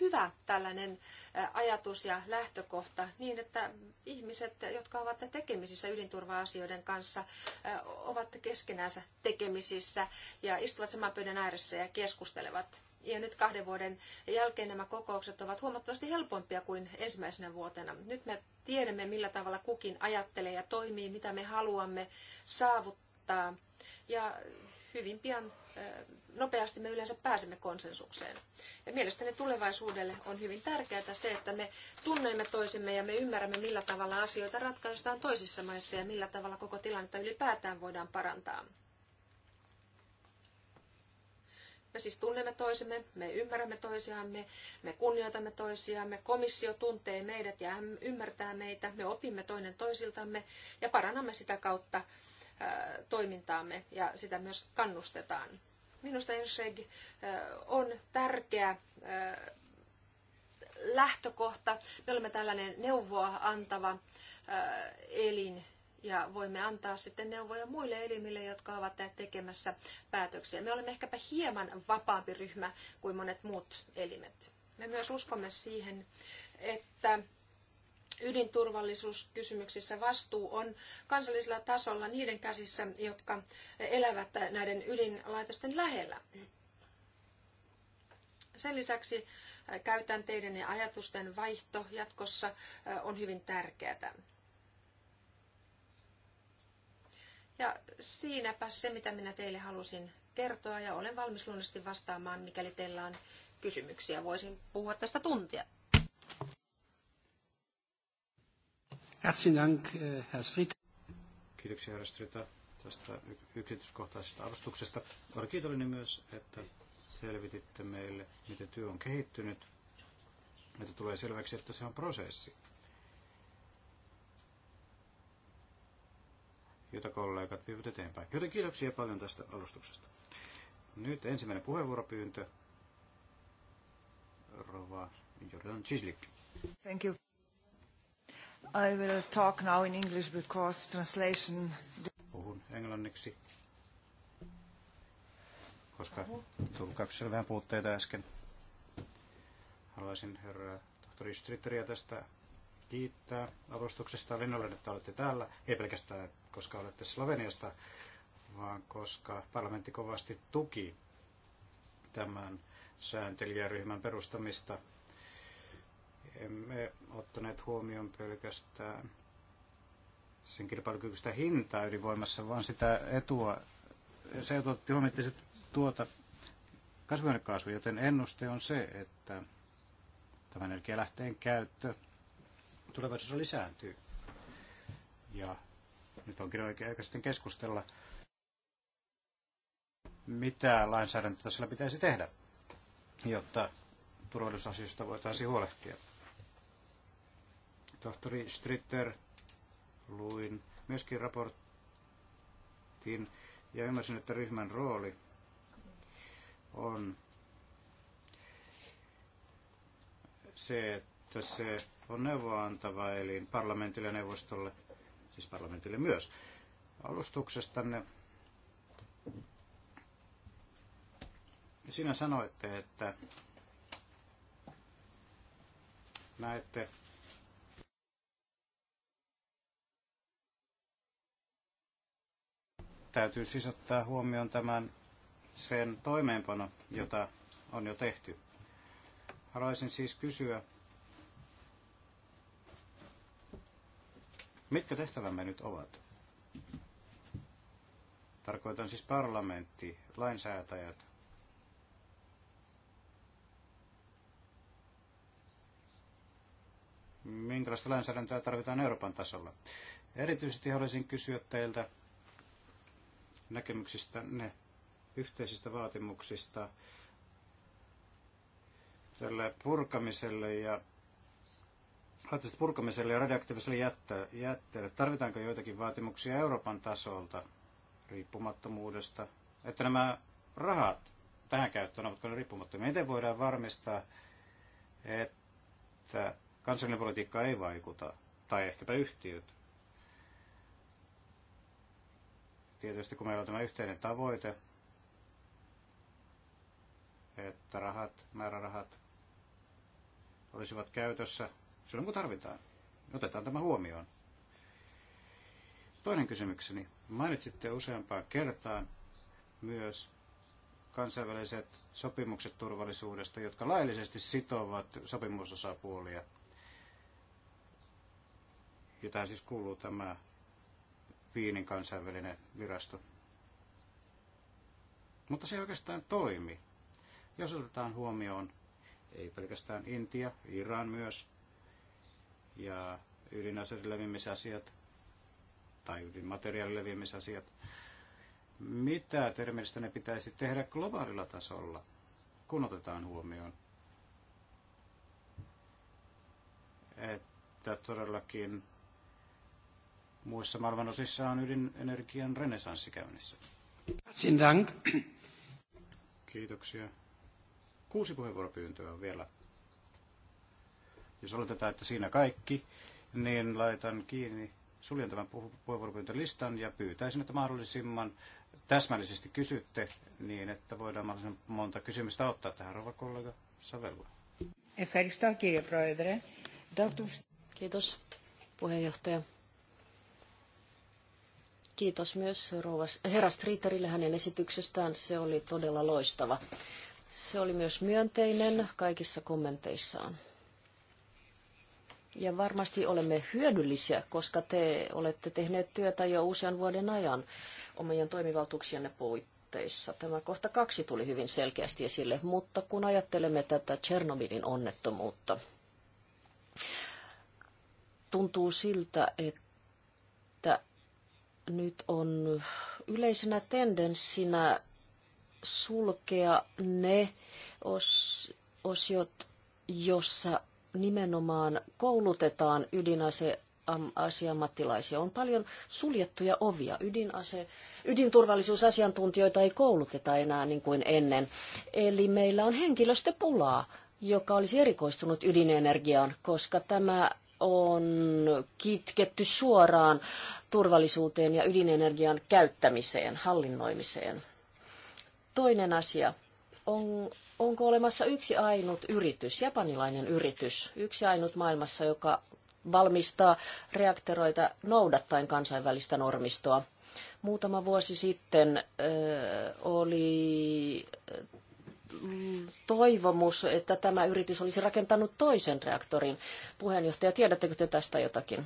hyvä tällainen ajatus ja lähtökohta niin, että ihmiset, jotka ovat tekemisissä ydinturva-asioiden kanssa, ovat keskenänsä tekemisissä ja istuvat saman pöydän ääressä ja keskustelevat. Ja nyt kahden vuoden jälkeen nämä kokoukset ovat huomattavasti helpompia kuin ensimmäisenä vuotena. Nyt me tiedämme, millä tavalla kukin ajattelee ja toimii, mitä me haluamme saavuttaa. Ja hyvin pian nopeasti me yleensä pääsemme konsensukseen. Ja mielestäni tulevaisuudelle on hyvin tärkeää se, että me tunnemme toisemme ja me ymmärrämme, millä tavalla asioita ratkaistaan toisissa maissa ja millä tavalla koko tilannetta ylipäätään voidaan parantaa. Me siis tunnemme toisemme, me ymmärrämme toisiamme, me kunnioitamme toisiamme, komissio tuntee meidät ja ymmärtää meitä, me opimme toinen toisiltamme ja parannamme sitä kautta toimintaamme ja sitä myös kannustetaan. Minusta Ersheg on tärkeä lähtökohta. Me olemme tällainen neuvoa antava elin ja voimme antaa sitten neuvoja muille elimille, jotka ovat tekemässä päätöksiä. Me olemme ehkäpä hieman vapaampi ryhmä kuin monet muut elimet. Me myös uskomme siihen, että ydinturvallisuuskysymyksissä vastuu on kansallisella tasolla niiden käsissä, jotka elävät näiden ydinlaitosten lähellä. Sen lisäksi käytänteiden ja ajatusten vaihto jatkossa on hyvin tärkeää. Ja siinäpä se, mitä minä teille halusin kertoa ja olen valmis luonnollisesti vastaamaan, mikäli teillä on kysymyksiä. Voisin puhua tästä tuntia. Herzlichen Dank, äh, Herr Kiitoksia, herra Strita, tästä yksityiskohtaisesta arvostuksesta. Olen kiitollinen myös, että selvititte meille, miten työ on kehittynyt, että tulee selväksi, että se on prosessi, jota kollegat vievät eteenpäin. Joten kiitoksia paljon tästä alustuksesta. Nyt ensimmäinen puheenvuoropyyntö. Rova Jordan Chislik. Thank you. I will talk now in English because translation... Puhun englanniksi, koska tuli kaksi vähän puutteita äsken. Haluaisin herra tohtori Stritteriä tästä kiittää avustuksesta. Olen iloinen, että olette täällä, ei pelkästään koska olette Sloveniasta, vaan koska parlamentti kovasti tuki tämän sääntelijäryhmän perustamista emme ottaneet huomioon pelkästään sen kilpailukykyistä hintaa ydinvoimassa, vaan sitä etua, se otti huomioon, että tuota kasvihuonekaasu, joten ennuste on se, että tämän energialähteen käyttö tulevaisuudessa lisääntyy. Ja nyt onkin oikea aika sitten keskustella, mitä lainsäädäntötasolla pitäisi tehdä, jotta turvallisuusasioista voitaisiin huolehtia. Tohtori Stritter luin myöskin raportin ja ymmärsin, että ryhmän rooli on se, että se on neuvoantava elin parlamentille ja neuvostolle, siis parlamentille myös. Alustuksestanne sinä sanoitte, että näette Täytyy siis ottaa huomioon tämän sen toimeenpano, jota on jo tehty. Haluaisin siis kysyä, mitkä tehtävämme nyt ovat? Tarkoitan siis parlamentti, lainsäätäjät, minkälaista lainsäädäntöä tarvitaan Euroopan tasolla. Erityisesti haluaisin kysyä teiltä näkemyksistä ne yhteisistä vaatimuksista tälle purkamiselle ja haitallisesti purkamiselle ja radioaktiiviselle jätteelle. Tarvitaanko joitakin vaatimuksia Euroopan tasolta riippumattomuudesta, että nämä rahat tähän käyttöön ovatko ne riippumattomia? Miten voidaan varmistaa, että kansallinen politiikka ei vaikuta, tai ehkäpä yhtiöt tietysti kun meillä on tämä yhteinen tavoite, että rahat, määrärahat olisivat käytössä silloin kun tarvitaan. Otetaan tämä huomioon. Toinen kysymykseni. Mainitsitte useampaan kertaan myös kansainväliset sopimukset turvallisuudesta, jotka laillisesti sitovat sopimusosapuolia. Ja tähän siis kuuluu tämä Viinin kansainvälinen virasto. Mutta se ei oikeastaan toimi. Jos otetaan huomioon ei pelkästään Intia, Iran myös, ja ydinaseiden leviämisasiat tai ydinmateriaalin leviämisasiat. Mitä termistä ne pitäisi tehdä globaalilla tasolla, kun otetaan huomioon? Että todellakin Muissa maailmanosissa on ydinenergian renesanssi käynnissä. Kiitoksia. Kuusi puheenvuoropyyntöä on vielä. Jos oletetaan, että siinä kaikki, niin laitan kiinni suljen tämän puheenvuoropyyntölistan ja pyytäisin, että mahdollisimman täsmällisesti kysytte niin, että voidaan mahdollisimman monta kysymystä ottaa tähän rouva kollega Savella. Kiitos puheenjohtaja. Kiitos myös herra Streeterille hänen esityksestään. Se oli todella loistava. Se oli myös myönteinen kaikissa kommenteissaan. Ja varmasti olemme hyödyllisiä, koska te olette tehneet työtä jo usean vuoden ajan omien toimivaltuuksienne puitteissa. Tämä kohta kaksi tuli hyvin selkeästi esille, mutta kun ajattelemme tätä Tchernobylin onnettomuutta, tuntuu siltä, että nyt on yleisenä tendenssinä sulkea ne os, osiot, jossa nimenomaan koulutetaan ydinase asiamattilaisia. On paljon suljettuja ovia. Ydinase, ydinturvallisuusasiantuntijoita ei kouluteta enää niin kuin ennen. Eli meillä on henkilöstöpulaa, joka olisi erikoistunut ydinenergiaan, koska tämä on kitketty suoraan turvallisuuteen ja ydinenergian käyttämiseen, hallinnoimiseen. Toinen asia. On, onko olemassa yksi ainut yritys, japanilainen yritys, yksi ainut maailmassa, joka valmistaa reaktoreita noudattaen kansainvälistä normistoa? Muutama vuosi sitten ö, oli toivomus, että tämä yritys olisi rakentanut toisen reaktorin. Puheenjohtaja, tiedättekö te tästä jotakin?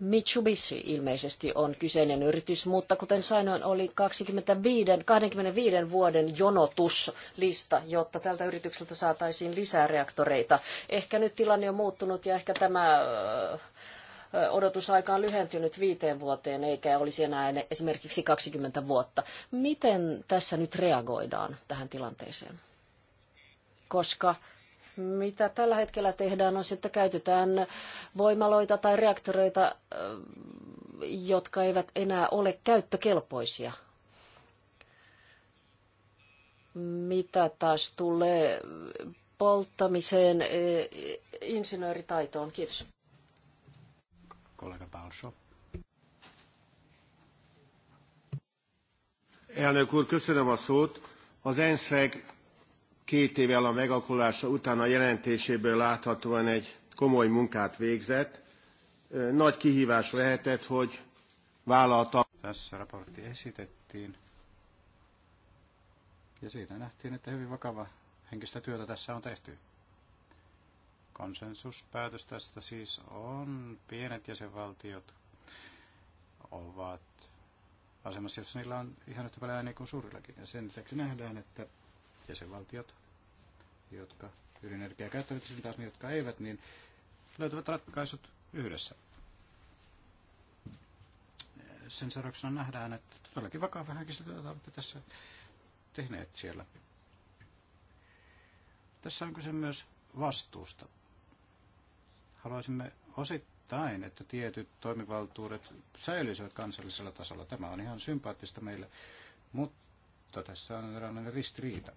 Mitsubishi ilmeisesti on kyseinen yritys, mutta kuten sanoin, oli 25, 25 vuoden jonotuslista, jotta tältä yritykseltä saataisiin lisää reaktoreita. Ehkä nyt tilanne on muuttunut ja ehkä tämä odotusaika on lyhentynyt viiteen vuoteen, eikä olisi enää esimerkiksi 20 vuotta. Miten tässä nyt reagoidaan tähän tilanteeseen? Koska mitä tällä hetkellä tehdään on se, että käytetään voimaloita tai reaktoreita, jotka eivät enää ole käyttökelpoisia mitä taas tulee polttamiseen e, e, insinööritaitoon. Kiitos kollega Balso. Elnök úr, köszönöm a szót. Az ENSZEG két évvel a megakulása után a jelentéséből láthatóan egy komoly munkát végzett. Nagy kihívás lehetett, hogy vállalta. Tässä raportti esitettiin. Ja siitä nähtiin, että hyvin vakava henkistä työtä tässä on tehty. Konsensuspäätös tästä siis on. Pienet jäsenvaltiot ovat asemassa, jossa niillä on ihan yhtä paljon ääniä kuin suurillakin. Ja sen lisäksi nähdään, että jäsenvaltiot, jotka ydinenergiaa käyttävät, sen taas ne, jotka eivät, niin löytävät ratkaisut yhdessä. Sen seurauksena nähdään, että todellakin vakava hankistutyötä olette tässä tehneet siellä. Tässä on kyse myös vastuusta haluaisimme osittain, että tietyt toimivaltuudet säilyisivät kansallisella tasolla. Tämä on ihan sympaattista meille, mutta tässä on eräänlainen ristiriita.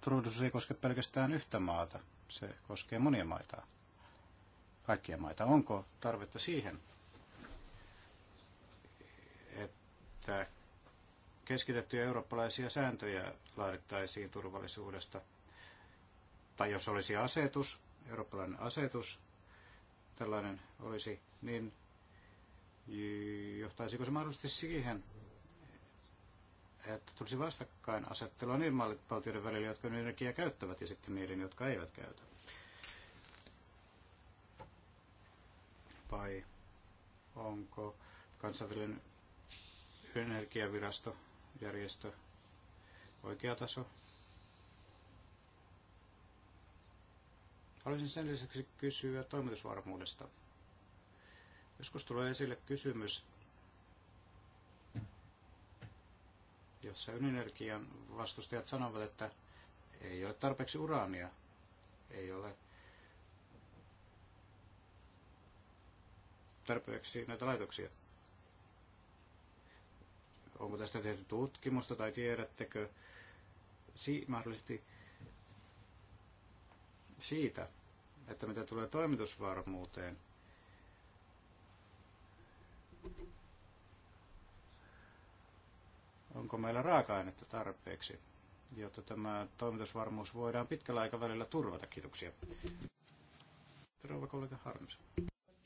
Turvallisuus ei koske pelkästään yhtä maata, se koskee monia maita, kaikkia maita. Onko tarvetta siihen, että keskitettyjä eurooppalaisia sääntöjä laadittaisiin turvallisuudesta. Tai jos olisi asetus, eurooppalainen asetus, tällainen olisi, niin johtaisiko se mahdollisesti siihen, että tulisi vastakkain asettelua niin valtioiden välillä, jotka energiaa käyttävät ja sitten niiden, jotka eivät käytä? Vai onko kansainvälinen energiavirasto järjestö oikea taso. Haluaisin sen lisäksi kysyä toimitusvarmuudesta. Joskus tulee esille kysymys, jossa ydinenergian vastustajat sanovat, että ei ole tarpeeksi uraania, ei ole tarpeeksi näitä laitoksia. Onko tästä tehty tutkimusta tai tiedättekö si- mahdollisesti siitä, että mitä tulee toimitusvarmuuteen, onko meillä raaka-ainetta tarpeeksi, jotta tämä toimitusvarmuus voidaan pitkällä aikavälillä turvata. Kiitoksia. Rouva kollega Harms.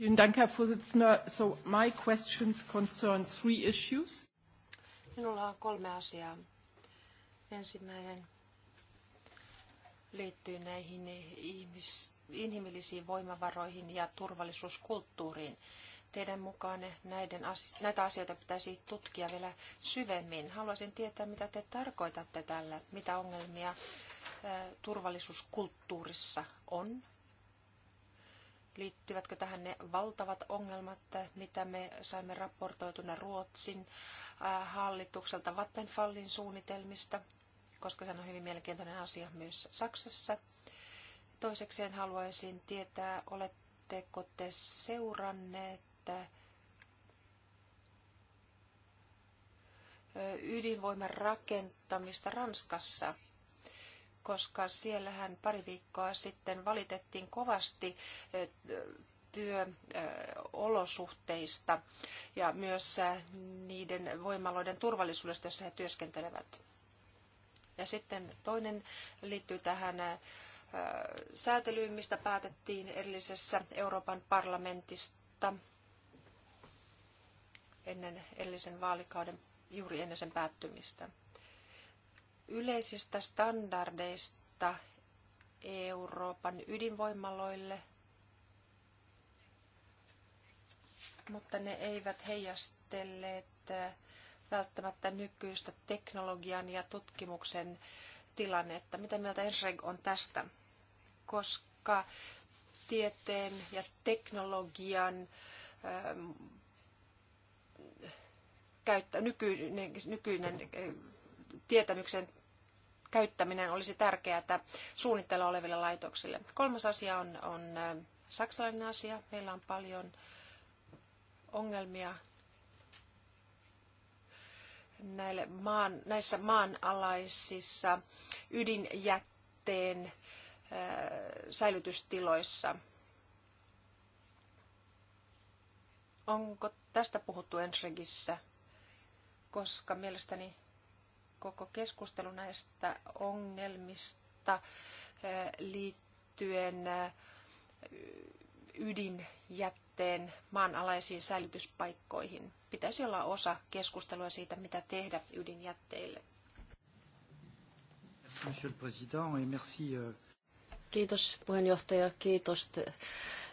Vielen Dank, Herr Vorsitzender. So my questions concern three issues. Minulla on kolme asiaa. Ensimmäinen liittyy näihin ihmis, inhimillisiin voimavaroihin ja turvallisuuskulttuuriin. Teidän mukaan näiden as, näitä asioita pitäisi tutkia vielä syvemmin. Haluaisin tietää, mitä te tarkoitatte tällä, mitä ongelmia turvallisuuskulttuurissa on liittyvätkö tähän ne valtavat ongelmat, mitä me saimme raportoituna Ruotsin hallitukselta Vattenfallin suunnitelmista, koska se on hyvin mielenkiintoinen asia myös Saksassa. Toisekseen haluaisin tietää, oletteko te seuranneet ydinvoiman rakentamista Ranskassa – koska siellähän pari viikkoa sitten valitettiin kovasti työolosuhteista ja myös niiden voimaloiden turvallisuudesta, jossa he työskentelevät. Ja sitten toinen liittyy tähän säätelyyn, mistä päätettiin erillisessä Euroopan parlamentista ennen edellisen vaalikauden, juuri ennen sen päättymistä yleisistä standardeista Euroopan ydinvoimaloille, mutta ne eivät heijastelleet eh, välttämättä nykyistä teknologian ja tutkimuksen tilannetta. Mitä mieltä Ensreg on tästä? Koska tieteen ja teknologian ähm, käyttä, nykyinen, nykyinen äh, tietämyksen käyttäminen olisi tärkeää suunnitteilla oleville laitoksille. Kolmas asia on, on saksalainen asia. Meillä on paljon ongelmia näille maan, näissä maanalaisissa ydinjätteen säilytystiloissa. Onko tästä puhuttu Enregissä? Koska mielestäni koko keskustelu näistä ongelmista eh, liittyen eh, ydinjätteen maanalaisiin säilytyspaikkoihin. Pitäisi olla osa keskustelua siitä, mitä tehdä ydinjätteille. Euh, kiitos puheenjohtaja, kiitos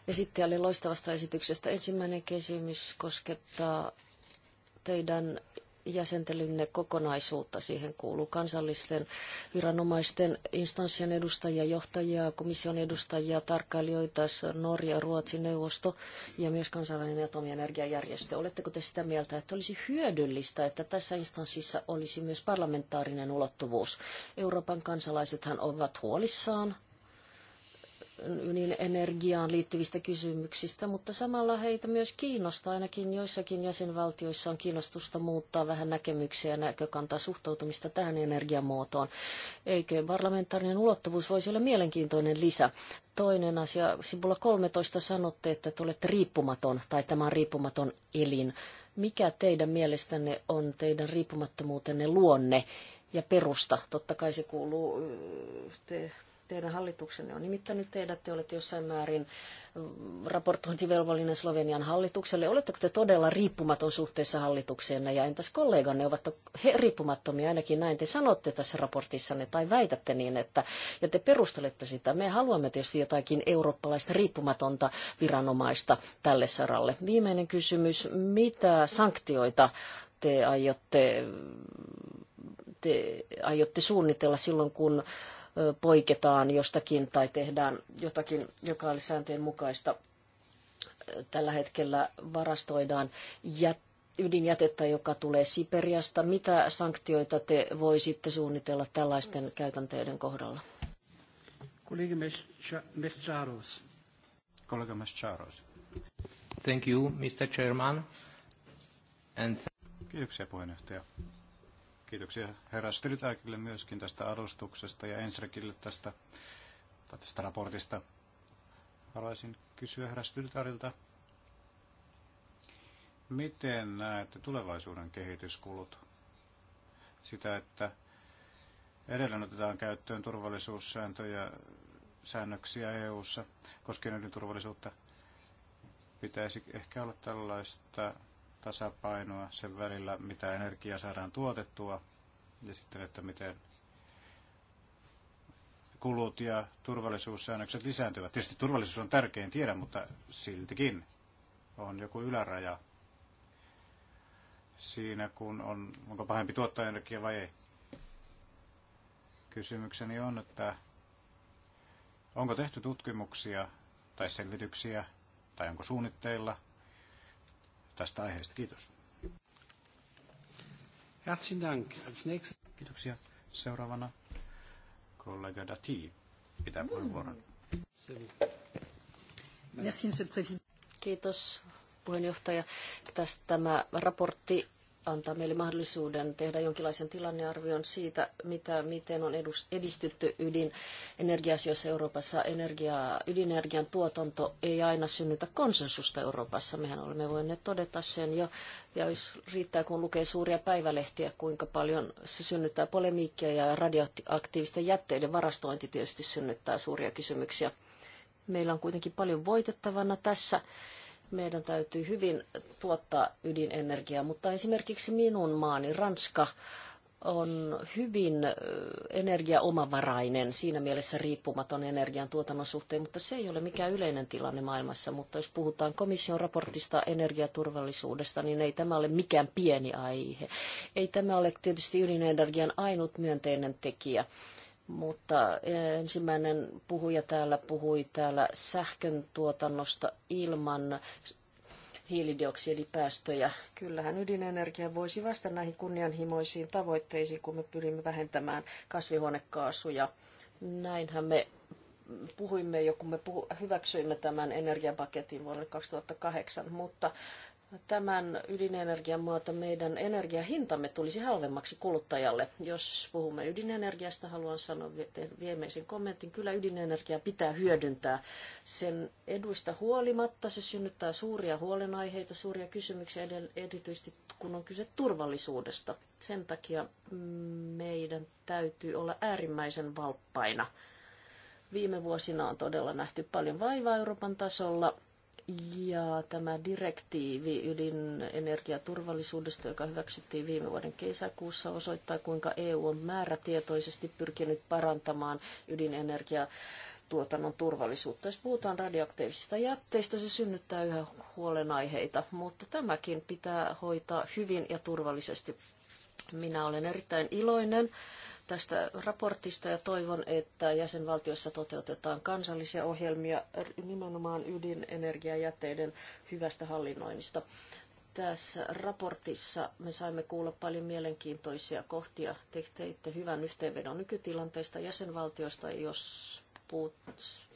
esittäjälle loistavasta esityksestä. Ensimmäinen kysymys koskettaa teidän jäsentelynne kokonaisuutta. Siihen kuuluu kansallisten viranomaisten instanssien edustajia, johtajia, komission edustajia, tarkkailijoita, Norja, Ruotsi, neuvosto ja myös kansainvälinen atomienergiajärjestö. Oletteko te sitä mieltä, että olisi hyödyllistä, että tässä instanssissa olisi myös parlamentaarinen ulottuvuus? Euroopan kansalaisethan ovat huolissaan niin energiaan liittyvistä kysymyksistä, mutta samalla heitä myös kiinnostaa, ainakin joissakin jäsenvaltioissa on kiinnostusta muuttaa vähän näkemyksiä ja näkökantaa suhtautumista tähän energiamuotoon. Eikö parlamentaarinen ulottuvuus voisi olla mielenkiintoinen lisä? Toinen asia, sivulla 13 sanotte, että te olette riippumaton tai tämä on riippumaton elin. Mikä teidän mielestänne on teidän riippumattomuutenne luonne ja perusta? Totta kai se kuuluu te teidän hallituksenne on nimittänyt teidät, te olette jossain määrin raportointivelvollinen Slovenian hallitukselle. Oletteko te todella riippumaton suhteessa hallitukseenne ja entäs kolleganne, ovat he riippumattomia ainakin näin te sanotte tässä raportissanne tai väitätte niin, että ja te perustelette sitä. Me haluamme tietysti jotakin eurooppalaista riippumatonta viranomaista tälle saralle. Viimeinen kysymys, mitä sanktioita te aiotte, te aiotte suunnitella silloin, kun poiketaan jostakin tai tehdään jotakin, joka oli sääntöjen mukaista. Tällä hetkellä varastoidaan ydinjätettä, joka tulee Siperiasta. Mitä sanktioita te voisitte suunnitella tällaisten käytänteiden kohdalla? Kollega Mescharos. Kollega Mescharos. Thank you, Mr. Chairman. And Kiitoksia puheenjohtaja. Kiitoksia herra Strytäkille myöskin tästä alustuksesta ja Ensrekille tästä, tästä raportista. Haluaisin kysyä herra Strytäriltä, miten näette tulevaisuuden kehityskulut? Sitä, että edelleen otetaan käyttöön turvallisuussääntöjä, säännöksiä EU-ssa koskien ydinturvallisuutta. Pitäisi ehkä olla tällaista tasapainoa sen välillä, mitä energiaa saadaan tuotettua ja sitten, että miten kulut ja turvallisuussäännökset lisääntyvät. Tietysti turvallisuus on tärkein tiedä, mutta siltikin on joku yläraja siinä, kun on, onko pahempi tuottaa energiaa vai ei. Kysymykseni on, että onko tehty tutkimuksia tai selvityksiä tai onko suunnitteilla – tästä aiheesta. Kiitos. Herzlichen Dank. Als nächstes... Kiitoksia. Seuraavana kollega Dati pitää puheenvuoron. Merci, Kiitos puheenjohtaja. Tästä tämä raportti antaa meille mahdollisuuden tehdä jonkinlaisen tilannearvion siitä, mitä, miten on edus, edistytty ydinenergiasioissa Euroopassa. Energia, ydinenergian tuotanto ei aina synnytä konsensusta Euroopassa. Mehän olemme voineet todeta sen jo. Ja jos riittää, kun lukee suuria päivälehtiä, kuinka paljon se synnyttää polemiikkia ja radioaktiivisten jätteiden varastointi tietysti synnyttää suuria kysymyksiä. Meillä on kuitenkin paljon voitettavana tässä meidän täytyy hyvin tuottaa ydinenergiaa, mutta esimerkiksi minun maani Ranska on hyvin energiaomavarainen, siinä mielessä riippumaton energian tuotannon suhteen, mutta se ei ole mikään yleinen tilanne maailmassa. Mutta jos puhutaan komission raportista energiaturvallisuudesta, niin ei tämä ole mikään pieni aihe. Ei tämä ole tietysti ydinenergian ainut myönteinen tekijä. Mutta eh, ensimmäinen puhuja täällä puhui täällä sähkön tuotannosta ilman hiilidioksidipäästöjä. Kyllähän ydinenergia voisi vastata näihin kunnianhimoisiin tavoitteisiin, kun me pyrimme vähentämään kasvihuonekaasuja. Näinhän me puhuimme jo, kun me puhu, hyväksyimme tämän energiapaketin vuonna 2008, mutta tämän ydinenergian maata meidän energiahintamme tulisi halvemmaksi kuluttajalle. Jos puhumme ydinenergiasta, haluan sanoa viimeisen kommentin. Kyllä ydinenergiaa pitää hyödyntää. Sen eduista huolimatta se synnyttää suuria huolenaiheita, suuria kysymyksiä, erityisesti kun on kyse turvallisuudesta. Sen takia mm, meidän täytyy olla äärimmäisen valppaina. Viime vuosina on todella nähty paljon vaivaa Euroopan tasolla ja tämä direktiivi ydinenergiaturvallisuudesta, joka hyväksyttiin viime vuoden kesäkuussa, osoittaa, kuinka EU on määrätietoisesti pyrkinyt parantamaan ydinenergiatuotannon tuotannon turvallisuutta. Jos puhutaan radioaktiivisista jätteistä, se synnyttää yhä huolenaiheita, mutta tämäkin pitää hoitaa hyvin ja turvallisesti. Minä olen erittäin iloinen tästä raportista ja toivon, että jäsenvaltiossa toteutetaan kansallisia ohjelmia nimenomaan ydinenergiajätteiden hyvästä hallinnoinnista. Tässä raportissa me saimme kuulla paljon mielenkiintoisia kohtia. Te teitte hyvän yhteenvedon nykytilanteesta jäsenvaltiosta, jos puhut,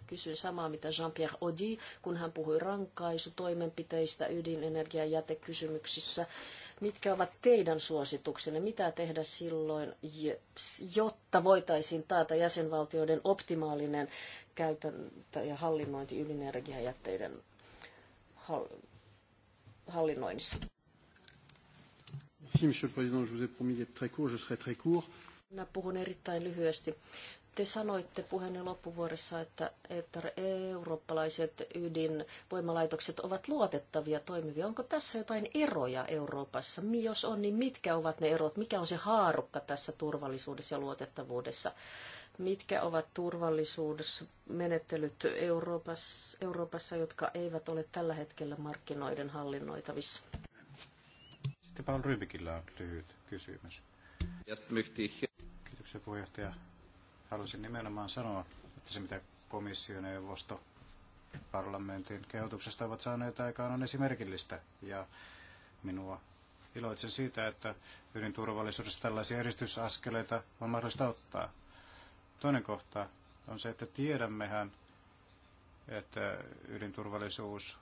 kysyn samaa, mitä Jean-Pierre Audi, kun hän puhui rankaisutoimenpiteistä ydinenergiajätekysymyksissä. jätekysymyksissä Mitkä ovat teidän suosituksenne? Mitä tehdä silloin, jotta voitaisiin taata jäsenvaltioiden optimaalinen käytäntö ja hallinnointi ydinenergiajätteiden hallinnoinnissa? Merci, Monsieur le Président. Je vous ai promis d'être très court. Je serai très court. Minä puhun erittäin lyhyesti. Te sanoitte puheenne loppuvuodessa, että, että eurooppalaiset ydinvoimalaitokset ovat luotettavia toimivia. Onko tässä jotain eroja Euroopassa? Jos on, niin mitkä ovat ne erot? Mikä on se haarukka tässä turvallisuudessa ja luotettavuudessa? Mitkä ovat turvallisuudessa menettelyt Euroopassa, Euroopassa, jotka eivät ole tällä hetkellä markkinoiden hallinnoitavissa? Sitten Paul Rybikillä on lyhyt kysymys. Kiitoksia puheenjohtaja. Halusin nimenomaan sanoa, että se mitä komission ja neuvosto parlamentin kehotuksesta ovat saaneet aikaan on esimerkillistä ja minua iloitsen siitä, että ydinturvallisuudessa tällaisia edistysaskeleita on mahdollista ottaa. Toinen kohta on se, että tiedämmehän, että ydinturvallisuus,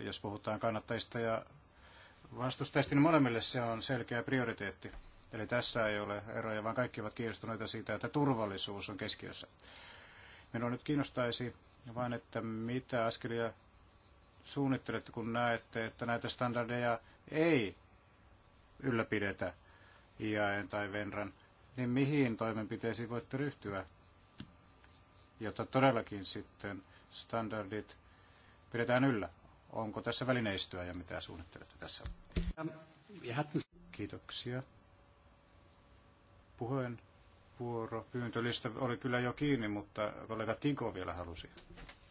jos puhutaan kannattajista ja vastustajista, niin molemmille se on selkeä prioriteetti. Eli tässä ei ole eroja, vaan kaikki ovat kiinnostuneita siitä, että turvallisuus on keskiössä. Minua nyt kiinnostaisi vain, että mitä askelia suunnittelette, kun näette, että näitä standardeja ei ylläpidetä IAEn tai Venran, niin mihin toimenpiteisiin voitte ryhtyä, jotta todellakin sitten standardit pidetään yllä? Onko tässä välineistöä ja mitä suunnittelette tässä? Kiitoksia puheen vuoro. Pyyntölistä oli kyllä jo kiinni, mutta kollega Tinko vielä halusi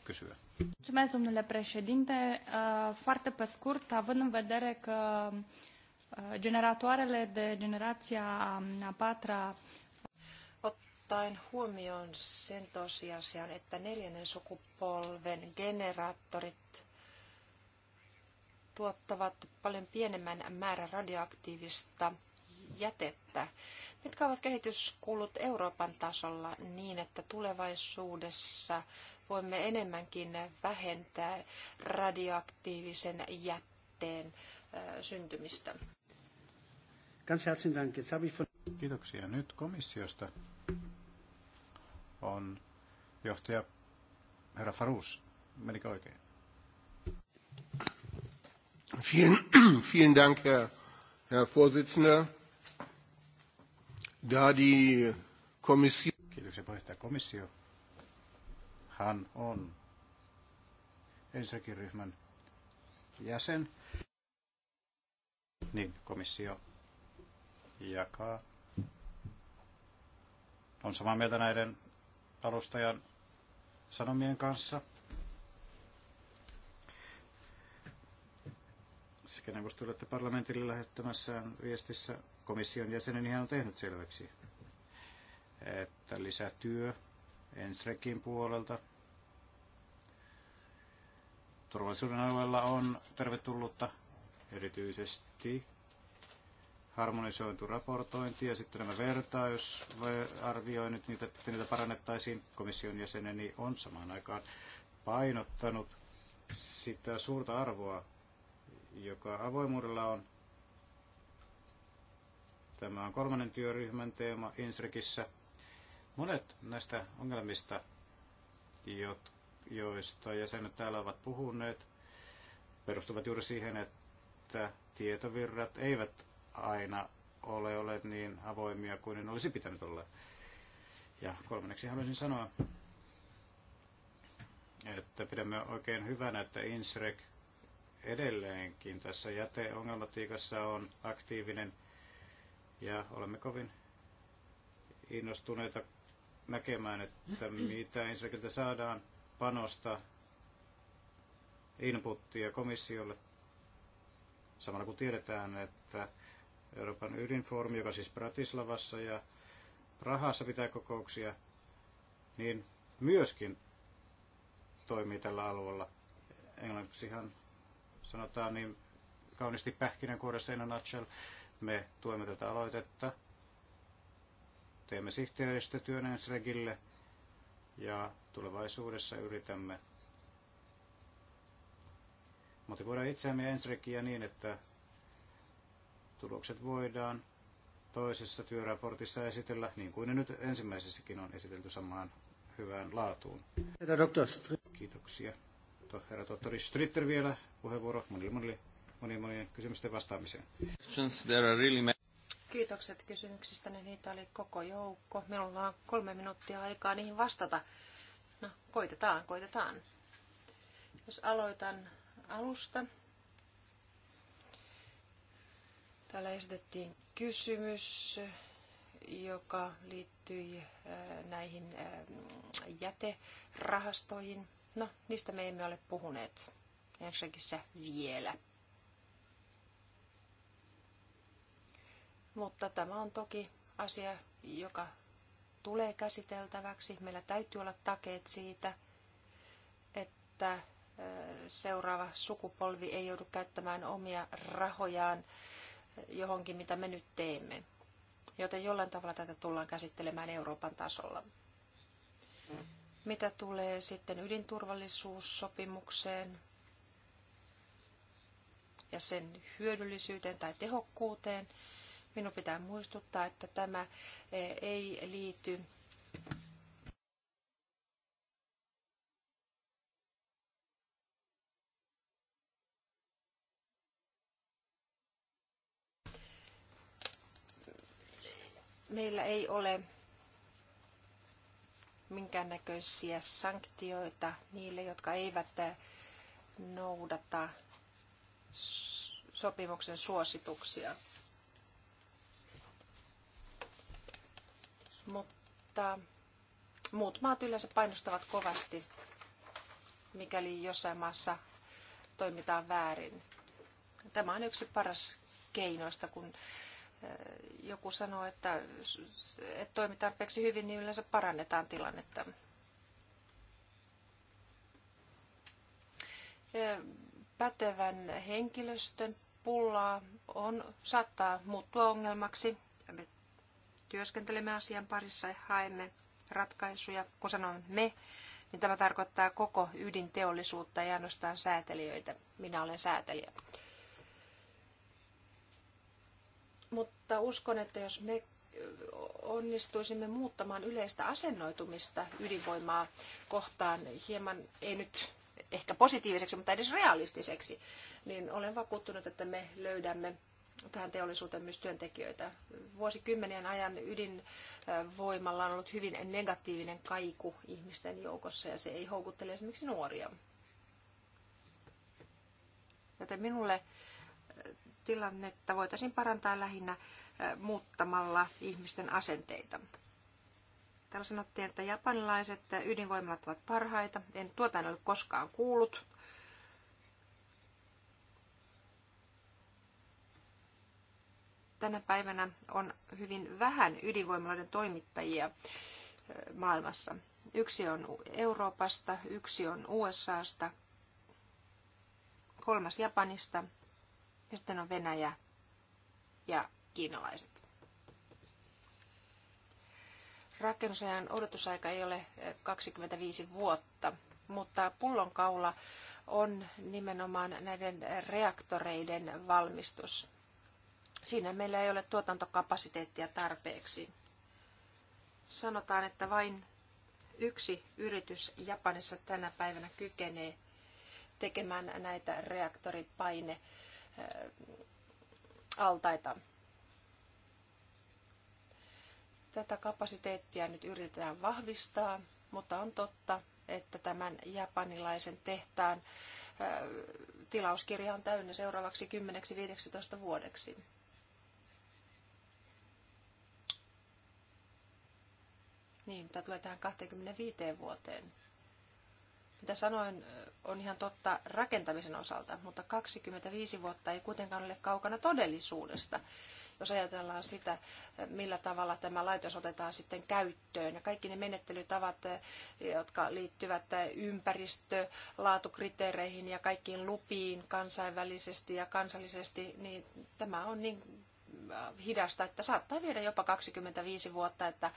kysyä. Mulțumesc, domnule președinte. Uh, foarte pe scurt, având în vedere că uh, generatoarele de generația um, a patra ottaen huomioon sen tosiasian, että neljännen sukupolven generaattorit tuottavat paljon pienemmän määrän radioaktiivista jätettä. Mitkä ovat kehityskulut Euroopan tasolla niin, että tulevaisuudessa voimme enemmänkin vähentää radioaktiivisen jätteen syntymistä? Kiitoksia. Nyt komissiosta on johtaja herra Farus. Menikö oikein? Vielen, vielen Dank, Herr, Herr Vorsitzender. Da die komissio... Kiitoksia puheenjohtaja. Komissio hän on ensinnäkin ryhmän jäsen. Niin, komissio jakaa. On samaa mieltä näiden alustajan sanomien kanssa. Sekä neuvostolle että parlamentille lähettämässään viestissä komission jäseneni on tehnyt selväksi, että lisätyö Ensrekin puolelta turvallisuuden alueella on tervetullutta erityisesti harmonisointu raportointi ja sitten nämä vertausarvioinnit, niitä, että niitä parannettaisiin. Komission jäseneni on samaan aikaan painottanut sitä suurta arvoa, joka avoimuudella on Tämä on kolmannen työryhmän teema Insrekissä. Monet näistä ongelmista, joista jäsenet täällä ovat puhuneet, perustuvat juuri siihen, että tietovirrat eivät aina ole olleet niin avoimia kuin ne olisi pitänyt olla. Ja kolmanneksi haluaisin sanoa, että pidämme oikein hyvänä, että insrek edelleenkin tässä jäteongelmatiikassa on aktiivinen ja olemme kovin innostuneita näkemään, että mitä ensinnäkin saadaan panosta inputtia komissiolle. Samalla kun tiedetään, että Euroopan ydinfoorumi, joka siis Bratislavassa ja Rahassa pitää kokouksia, niin myöskin toimii tällä alueella. Englanniksi ihan sanotaan niin kauniisti pähkinänkuoressa in a nutshell. Me tuemme tätä aloitetta. Teemme työn Ensregille ja tulevaisuudessa yritämme motivoida itseämme Ensregiä niin, että tulokset voidaan toisessa työraportissa esitellä, niin kuin ne nyt ensimmäisessäkin on esitelty samaan hyvään laatuun. Herra Kiitoksia. Herra tohtori Stritter vielä puheenvuoro monille monille monien monien kysymysten vastaamiseen. Kiitokset kysymyksistä, niitä oli koko joukko. Minulla on kolme minuuttia aikaa niihin vastata. No, koitetaan, koitetaan. Jos aloitan alusta. Täällä esitettiin kysymys, joka liittyi äh, näihin äh, jäterahastoihin. No, niistä me emme ole puhuneet. Ensinnäkin se vielä. Mutta tämä on toki asia, joka tulee käsiteltäväksi. Meillä täytyy olla takeet siitä, että seuraava sukupolvi ei joudu käyttämään omia rahojaan johonkin, mitä me nyt teemme. Joten jollain tavalla tätä tullaan käsittelemään Euroopan tasolla. Mitä tulee sitten ydinturvallisuussopimukseen ja sen hyödyllisyyteen tai tehokkuuteen, Minun pitää muistuttaa, että tämä e, ei liity meillä ei ole minkäännäköisiä sanktioita niille, jotka eivät e, noudata sopimuksen suosituksia. mutta muut maat yleensä painostavat kovasti, mikäli jossain maassa toimitaan väärin. Tämä on yksi paras keinoista, kun joku sanoo, että, että toimi tarpeeksi hyvin, niin yleensä parannetaan tilannetta. Pätevän henkilöstön pullaa on, saattaa muuttua ongelmaksi työskentelemme asian parissa ja haemme ratkaisuja. Kun sanon me, niin tämä tarkoittaa koko ydinteollisuutta ja ainoastaan säätelijöitä. Minä olen säätelijä. Mutta uskon, että jos me onnistuisimme muuttamaan yleistä asennoitumista ydinvoimaa kohtaan hieman, ei nyt ehkä positiiviseksi, mutta edes realistiseksi, niin olen vakuuttunut, että me löydämme tähän teollisuuteen myös työntekijöitä. Vuosikymmenien ajan ydinvoimalla on ollut hyvin negatiivinen kaiku ihmisten joukossa ja se ei houkuttele esimerkiksi nuoria. Joten minulle tilannetta voitaisiin parantaa lähinnä muuttamalla ihmisten asenteita. Täällä sanottiin, että japanilaiset ydinvoimalat ovat parhaita. En tuota en ole koskaan kuullut. tänä päivänä on hyvin vähän ydinvoimaloiden toimittajia maailmassa. Yksi on Euroopasta, yksi on USAsta, kolmas Japanista ja sitten on Venäjä ja kiinalaiset. Rakennusajan odotusaika ei ole 25 vuotta, mutta pullonkaula on nimenomaan näiden reaktoreiden valmistus. Siinä meillä ei ole tuotantokapasiteettia tarpeeksi. Sanotaan, että vain yksi yritys Japanissa tänä päivänä kykenee tekemään näitä reaktoripaine altaita. Tätä kapasiteettia nyt yritetään vahvistaa, mutta on totta, että tämän japanilaisen tehtaan tilauskirja on täynnä seuraavaksi 10-15 vuodeksi. Niin, mitä tulee tähän 25 vuoteen. Mitä sanoin, on ihan totta rakentamisen osalta, mutta 25 vuotta ei kuitenkaan ole kaukana todellisuudesta, jos ajatellaan sitä, millä tavalla tämä laitos otetaan sitten käyttöön. Ja kaikki ne menettelytavat, jotka liittyvät ympäristölaatukriteereihin ja kaikkiin lupiin kansainvälisesti ja kansallisesti, niin tämä on niin hidasta, että saattaa viedä jopa 25 vuotta, että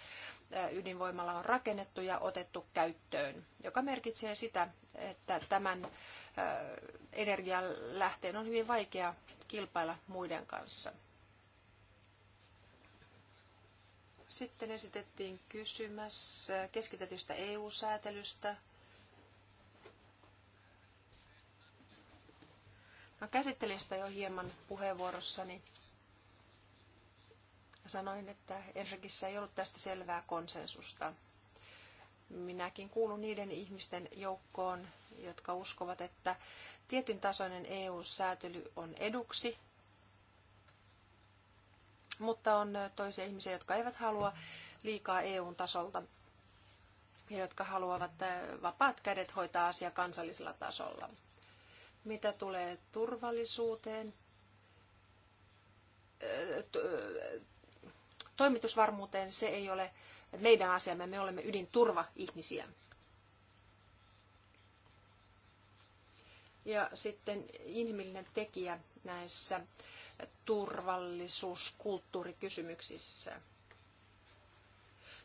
ydinvoimalla on rakennettu ja otettu käyttöön, joka merkitsee sitä, että tämän energialähteen on hyvin vaikea kilpailla muiden kanssa. Sitten esitettiin kysymys keskitetystä EU-säätelystä. Mä käsittelin sitä jo hieman puheenvuorossani sanoin, että Enrikissä ei ollut tästä selvää konsensusta. Minäkin kuulun niiden ihmisten joukkoon, jotka uskovat, että tietyn tasoinen EU-säätely on eduksi, mutta on toisia ihmisiä, jotka eivät halua liikaa EU-tasolta ja jotka haluavat äh, vapaat kädet hoitaa asia kansallisella tasolla. Mitä tulee turvallisuuteen, äh, toimitusvarmuuteen, se ei ole meidän asiamme, me olemme ydinturva-ihmisiä. Ja sitten inhimillinen tekijä näissä turvallisuuskulttuurikysymyksissä.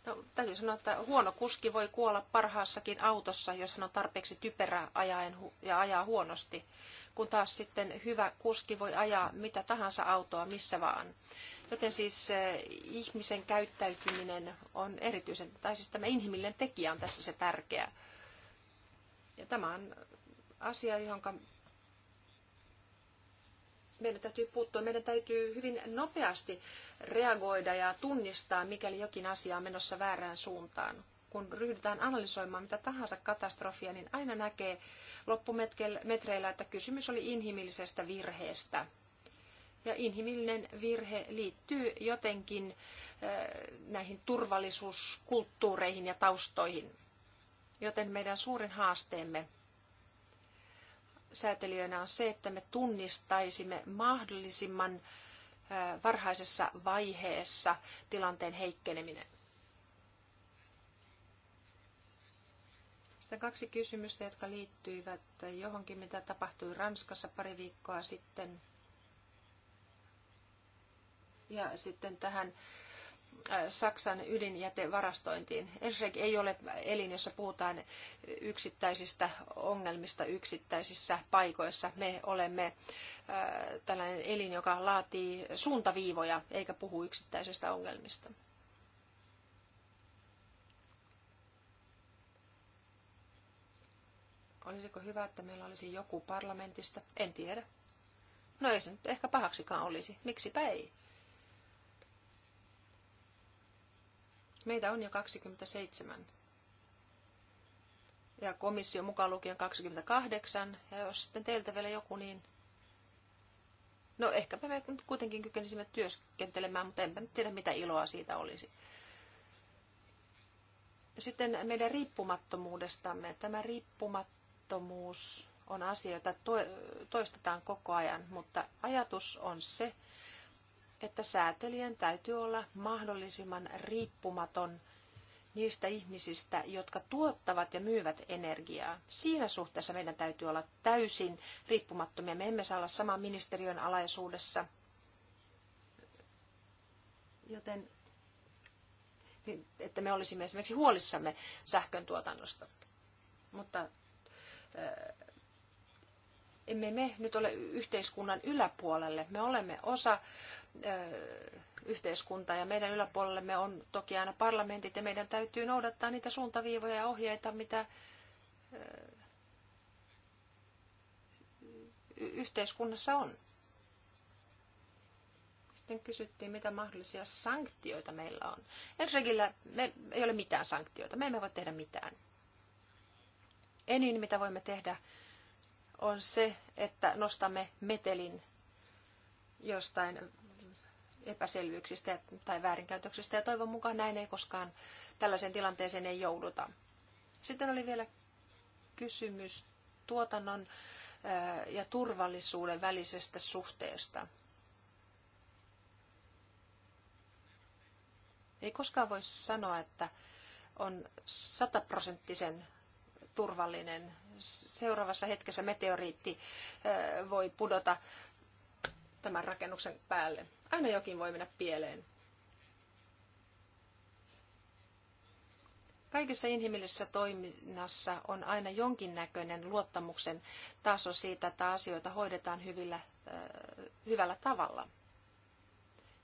No, täytyy sanoa, että huono kuski voi kuolla parhaassakin autossa, jos hän on tarpeeksi typerä ajaen ja ajaa huonosti, kun taas sitten hyvä kuski voi ajaa mitä tahansa autoa missä vaan. Joten siis eh, ihmisen käyttäytyminen on erityisen, tai siis tämä inhimillinen tekijä on tässä se tärkeä. Ja tämä on asia, johon meidän täytyy puuttua. Meidän täytyy hyvin nopeasti reagoida ja tunnistaa, mikäli jokin asia on menossa väärään suuntaan. Kun ryhdytään analysoimaan mitä tahansa katastrofia, niin aina näkee loppumetreillä, että kysymys oli inhimillisestä virheestä ja inhimillinen virhe liittyy jotenkin näihin turvallisuuskulttuureihin ja taustoihin. Joten meidän suurin haasteemme säätelijöinä on se, että me tunnistaisimme mahdollisimman varhaisessa vaiheessa tilanteen heikkeneminen. Sitten kaksi kysymystä, jotka liittyivät johonkin, mitä tapahtui Ranskassa pari viikkoa sitten ja sitten tähän äh, Saksan ydinjätevarastointiin. Ensinnäkin ei ole elin, jossa puhutaan yksittäisistä ongelmista yksittäisissä paikoissa. Me olemme äh, tällainen elin, joka laatii suuntaviivoja eikä puhu yksittäisistä ongelmista. Olisiko hyvä, että meillä olisi joku parlamentista? En tiedä. No ei se nyt ehkä pahaksikaan olisi. Miksipä ei? Meitä on jo 27. Ja komissio mukaan lukien 28. Ja jos sitten teiltä vielä joku, niin... No ehkäpä me kuitenkin kykenisimme työskentelemään, mutta enpä nyt tiedä mitä iloa siitä olisi. Sitten meidän riippumattomuudestamme. Tämä riippumattomuus on asia, jota toistetaan koko ajan, mutta ajatus on se, että säätelijän täytyy olla mahdollisimman riippumaton niistä ihmisistä, jotka tuottavat ja myyvät energiaa. Siinä suhteessa meidän täytyy olla täysin riippumattomia. Me emme saa olla saman ministeriön alaisuudessa. Joten niin, että me olisimme esimerkiksi huolissamme sähkön tuotannosta. Mutta emme me nyt ole yhteiskunnan yläpuolelle. Me olemme osa yhteiskuntaa ja meidän yläpuolellemme on toki aina parlamentit ja meidän täytyy noudattaa niitä suuntaviivoja ja ohjeita, mitä yhteiskunnassa on. Sitten kysyttiin, mitä mahdollisia sanktioita meillä on. Ensinnäkin me ei ole mitään sanktioita. Me emme voi tehdä mitään. Enin, mitä voimme tehdä, on se, että nostamme metelin jostain epäselvyyksistä tai väärinkäytöksistä. Ja toivon mukaan näin ei koskaan tällaiseen tilanteeseen ei jouduta. Sitten oli vielä kysymys tuotannon ja turvallisuuden välisestä suhteesta. Ei koskaan voi sanoa, että on sataprosenttisen turvallinen. Seuraavassa hetkessä meteoriitti voi pudota tämän rakennuksen päälle. Aina jokin voi mennä pieleen. Kaikessa inhimillisessä toiminnassa on aina jonkinnäköinen luottamuksen taso siitä, että asioita hoidetaan hyvillä, hyvällä tavalla.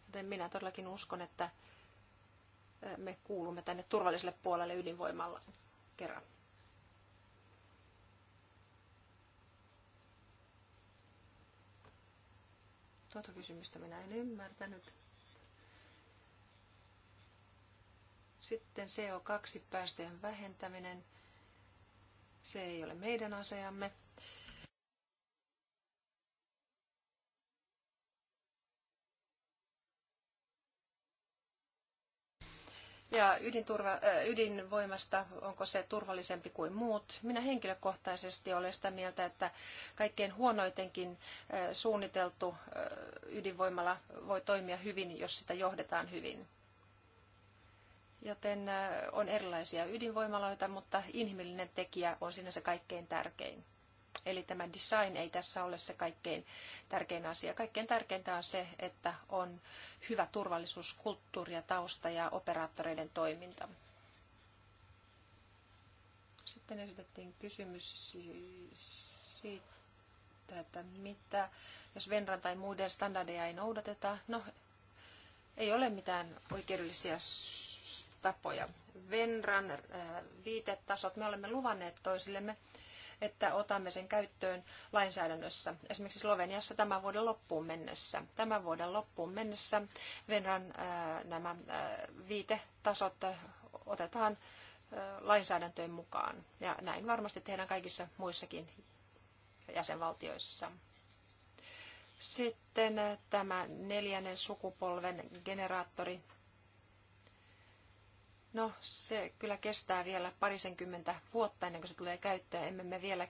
Joten minä todellakin uskon, että me kuulumme tänne turvalliselle puolelle ydinvoimalla kerran. Tuota kysymystä minä en ymmärtänyt. Sitten CO2-päästöjen vähentäminen. Se ei ole meidän asiamme. ja ydinturva, äh, ydinvoimasta, onko se turvallisempi kuin muut. Minä henkilökohtaisesti olen sitä mieltä, että kaikkein huonoitenkin äh, suunniteltu äh, ydinvoimala voi toimia hyvin, jos sitä johdetaan hyvin. Joten on erilaisia ydinvoimaloita, mutta inhimillinen tekijä on siinä se kaikkein tärkein. Eli tämä design ei tässä ole se kaikkein tärkein asia. Kaikkein tärkeintä on se, että on hyvä turvallisuuskulttuuri ja tausta ja operaattoreiden toiminta. Sitten esitettiin kysymys siitä, että mitä, jos Venran tai muiden standardeja ei noudateta. No, ei ole mitään oikeudellisia tapoja. Venran äh, viitetasot, me olemme luvanneet toisillemme että otamme sen käyttöön lainsäädännössä. Esimerkiksi Sloveniassa tämän vuoden loppuun mennessä. Tämän vuoden loppuun mennessä Venran äh, nämä äh, viitetasot äh, otetaan lainsäädäntöön mukaan. Ja näin varmasti tehdään kaikissa muissakin jäsenvaltioissa. Sitten tämä neljännen sukupolven generaattori No, se kyllä kestää vielä parisenkymmentä vuotta ennen kuin se tulee käyttöön. Emme me vielä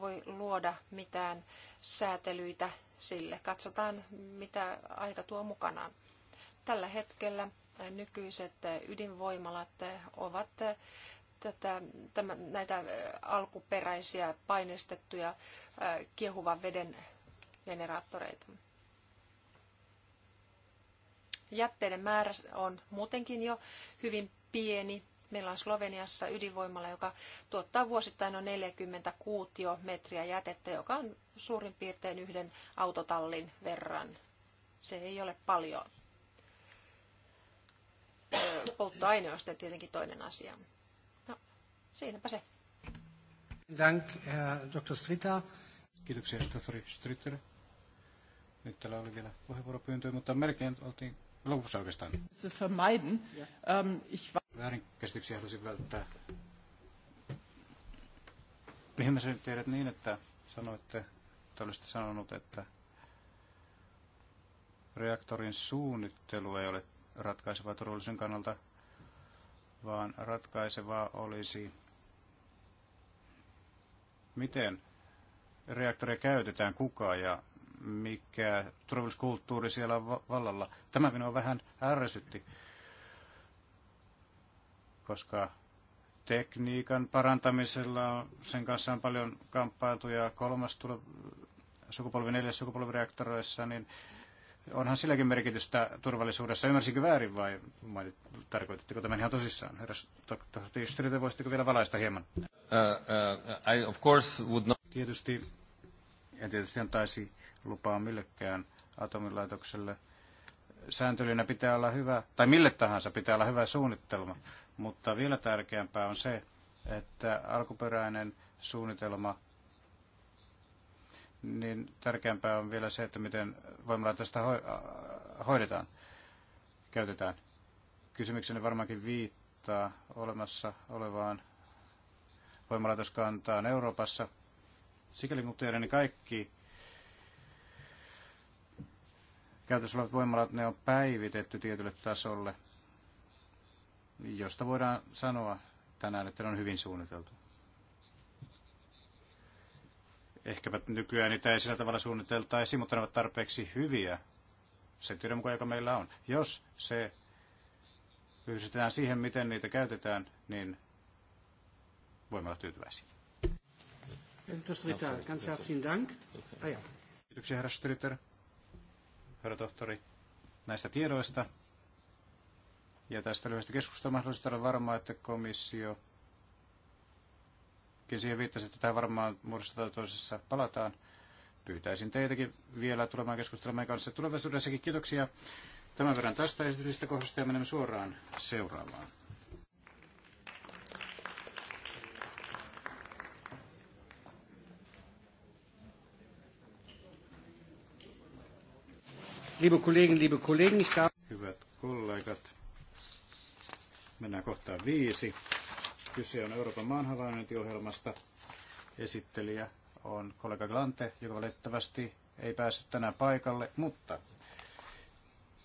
voi luoda mitään säätelyitä sille. Katsotaan, mitä aika tuo mukanaan. Tällä hetkellä nykyiset ydinvoimalat ovat tätä, tämän, näitä alkuperäisiä painestettuja kiehuvan veden generaattoreita. Jätteiden määrä on muutenkin jo hyvin pieni. Meillä on Sloveniassa ydinvoimala, joka tuottaa vuosittain noin 40 kuutiometriä jätettä, joka on suurin piirtein yhden autotallin verran. Se ei ole paljon. Polttoaine on sitten tietenkin toinen asia. No, siinäpä se. Dank, Dr. Strita. Kiitoksia, tohtori Stritter. Nyt täällä oli vielä puheenvuoropyyntöjä, mutta melkein oltiin lopussa oikeastaan. Se vermeiden. Ähm, Väärinkäsityksiä haluaisin välttää. Mihin mä sen tiedät niin, että sanoitte, että olisitte sanonut, että reaktorin suunnittelu ei ole ratkaisevaa turvallisuuden kannalta, vaan ratkaisevaa olisi, miten reaktoria käytetään, kuka ja mikä turvalliskulttuuri siellä on vallalla. Tämä minua vähän ärsytti, koska tekniikan parantamisella sen kanssa on paljon kamppailtu ja kolmas tule, sukupolvi neljäs sukupolvireaktoreissa, niin onhan silläkin merkitystä turvallisuudessa. Ymmärsinkö väärin vai mainit, tarkoititteko tämän ihan tosissaan? Herra tohtori voisitteko vielä valaista hieman? Uh, uh, I of course would not... Tietysti en tietysti antaisi lupaa millekään atomilaitokselle. Sääntelynä pitää olla hyvä, tai mille tahansa pitää olla hyvä suunnitelma, mutta vielä tärkeämpää on se, että alkuperäinen suunnitelma, niin tärkeämpää on vielä se, että miten voimalaitosta hoidetaan, käytetään. Kysymykseni varmaankin viittaa olemassa olevaan voimalaitoskantaan Euroopassa. Sikäli kun tiedän, niin kaikki käytössä olevat voimalat, ne on päivitetty tietylle tasolle, josta voidaan sanoa tänään, että ne on hyvin suunniteltu. Ehkäpä nykyään niitä ei sillä tavalla suunniteltaisi, mutta ne ovat tarpeeksi hyviä se tiedon mukaan, joka meillä on. Jos se yhdistetään siihen, miten niitä käytetään, niin voimme olla tyytyväisiä. Ah Kiitoksia, herra Stritter herra tohtori, näistä tiedoista. Ja tästä lyhyestä keskustelusta olla varmaa, että komissio siihen viittasi, että tähän varmaan muodostetaan toisessa palataan. Pyytäisin teitäkin vielä tulemaan keskustelemaan kanssa tulevaisuudessakin. Kiitoksia tämän verran tästä esityksestä kohdasta ja menemme suoraan seuraavaan. Liebe Kollegen, liebe Kollegen, ich darf... Hyvät kollegat, mennään kohtaan viisi. Kyse on Euroopan maanhavainnointiohjelmasta. Esittelijä on kollega Glante, joka valitettavasti ei päässyt tänään paikalle, mutta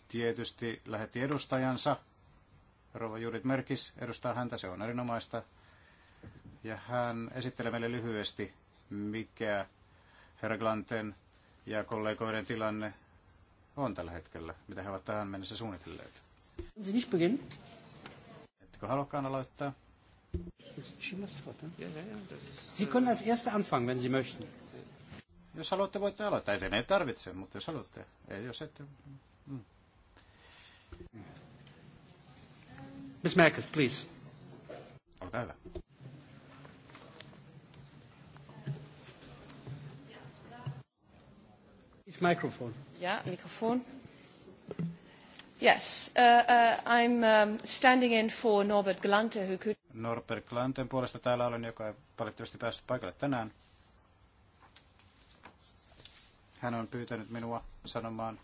tietysti lähetti edustajansa. Rova Judith Merkis edustaa häntä, se on erinomaista. Ja hän esittelee meille lyhyesti, mikä herra Glanten ja kollegoiden tilanne on tällä hetkellä, mitä he ovat tähän mennessä suunnitelleet? Ettekö haluakaan aloittaa? Äh, Sie können als erste anfangen, wenn Sie möchten. Jos haluatte, voitte aloittaa. Ei, ei tarvitse, mutta jos haluatte. Ei, jos ette. Mm. Miss Merkel, please. Olkaa hyvä. It's microphone. Yeah, microphone. Yes, uh, uh, I'm um, standing in for Norbert Glante, who could... Norbert Glanten puolesta täällä olen, joka ei valitettavasti päässyt paikalle tänään. Hän on pyytänyt minua sanomaan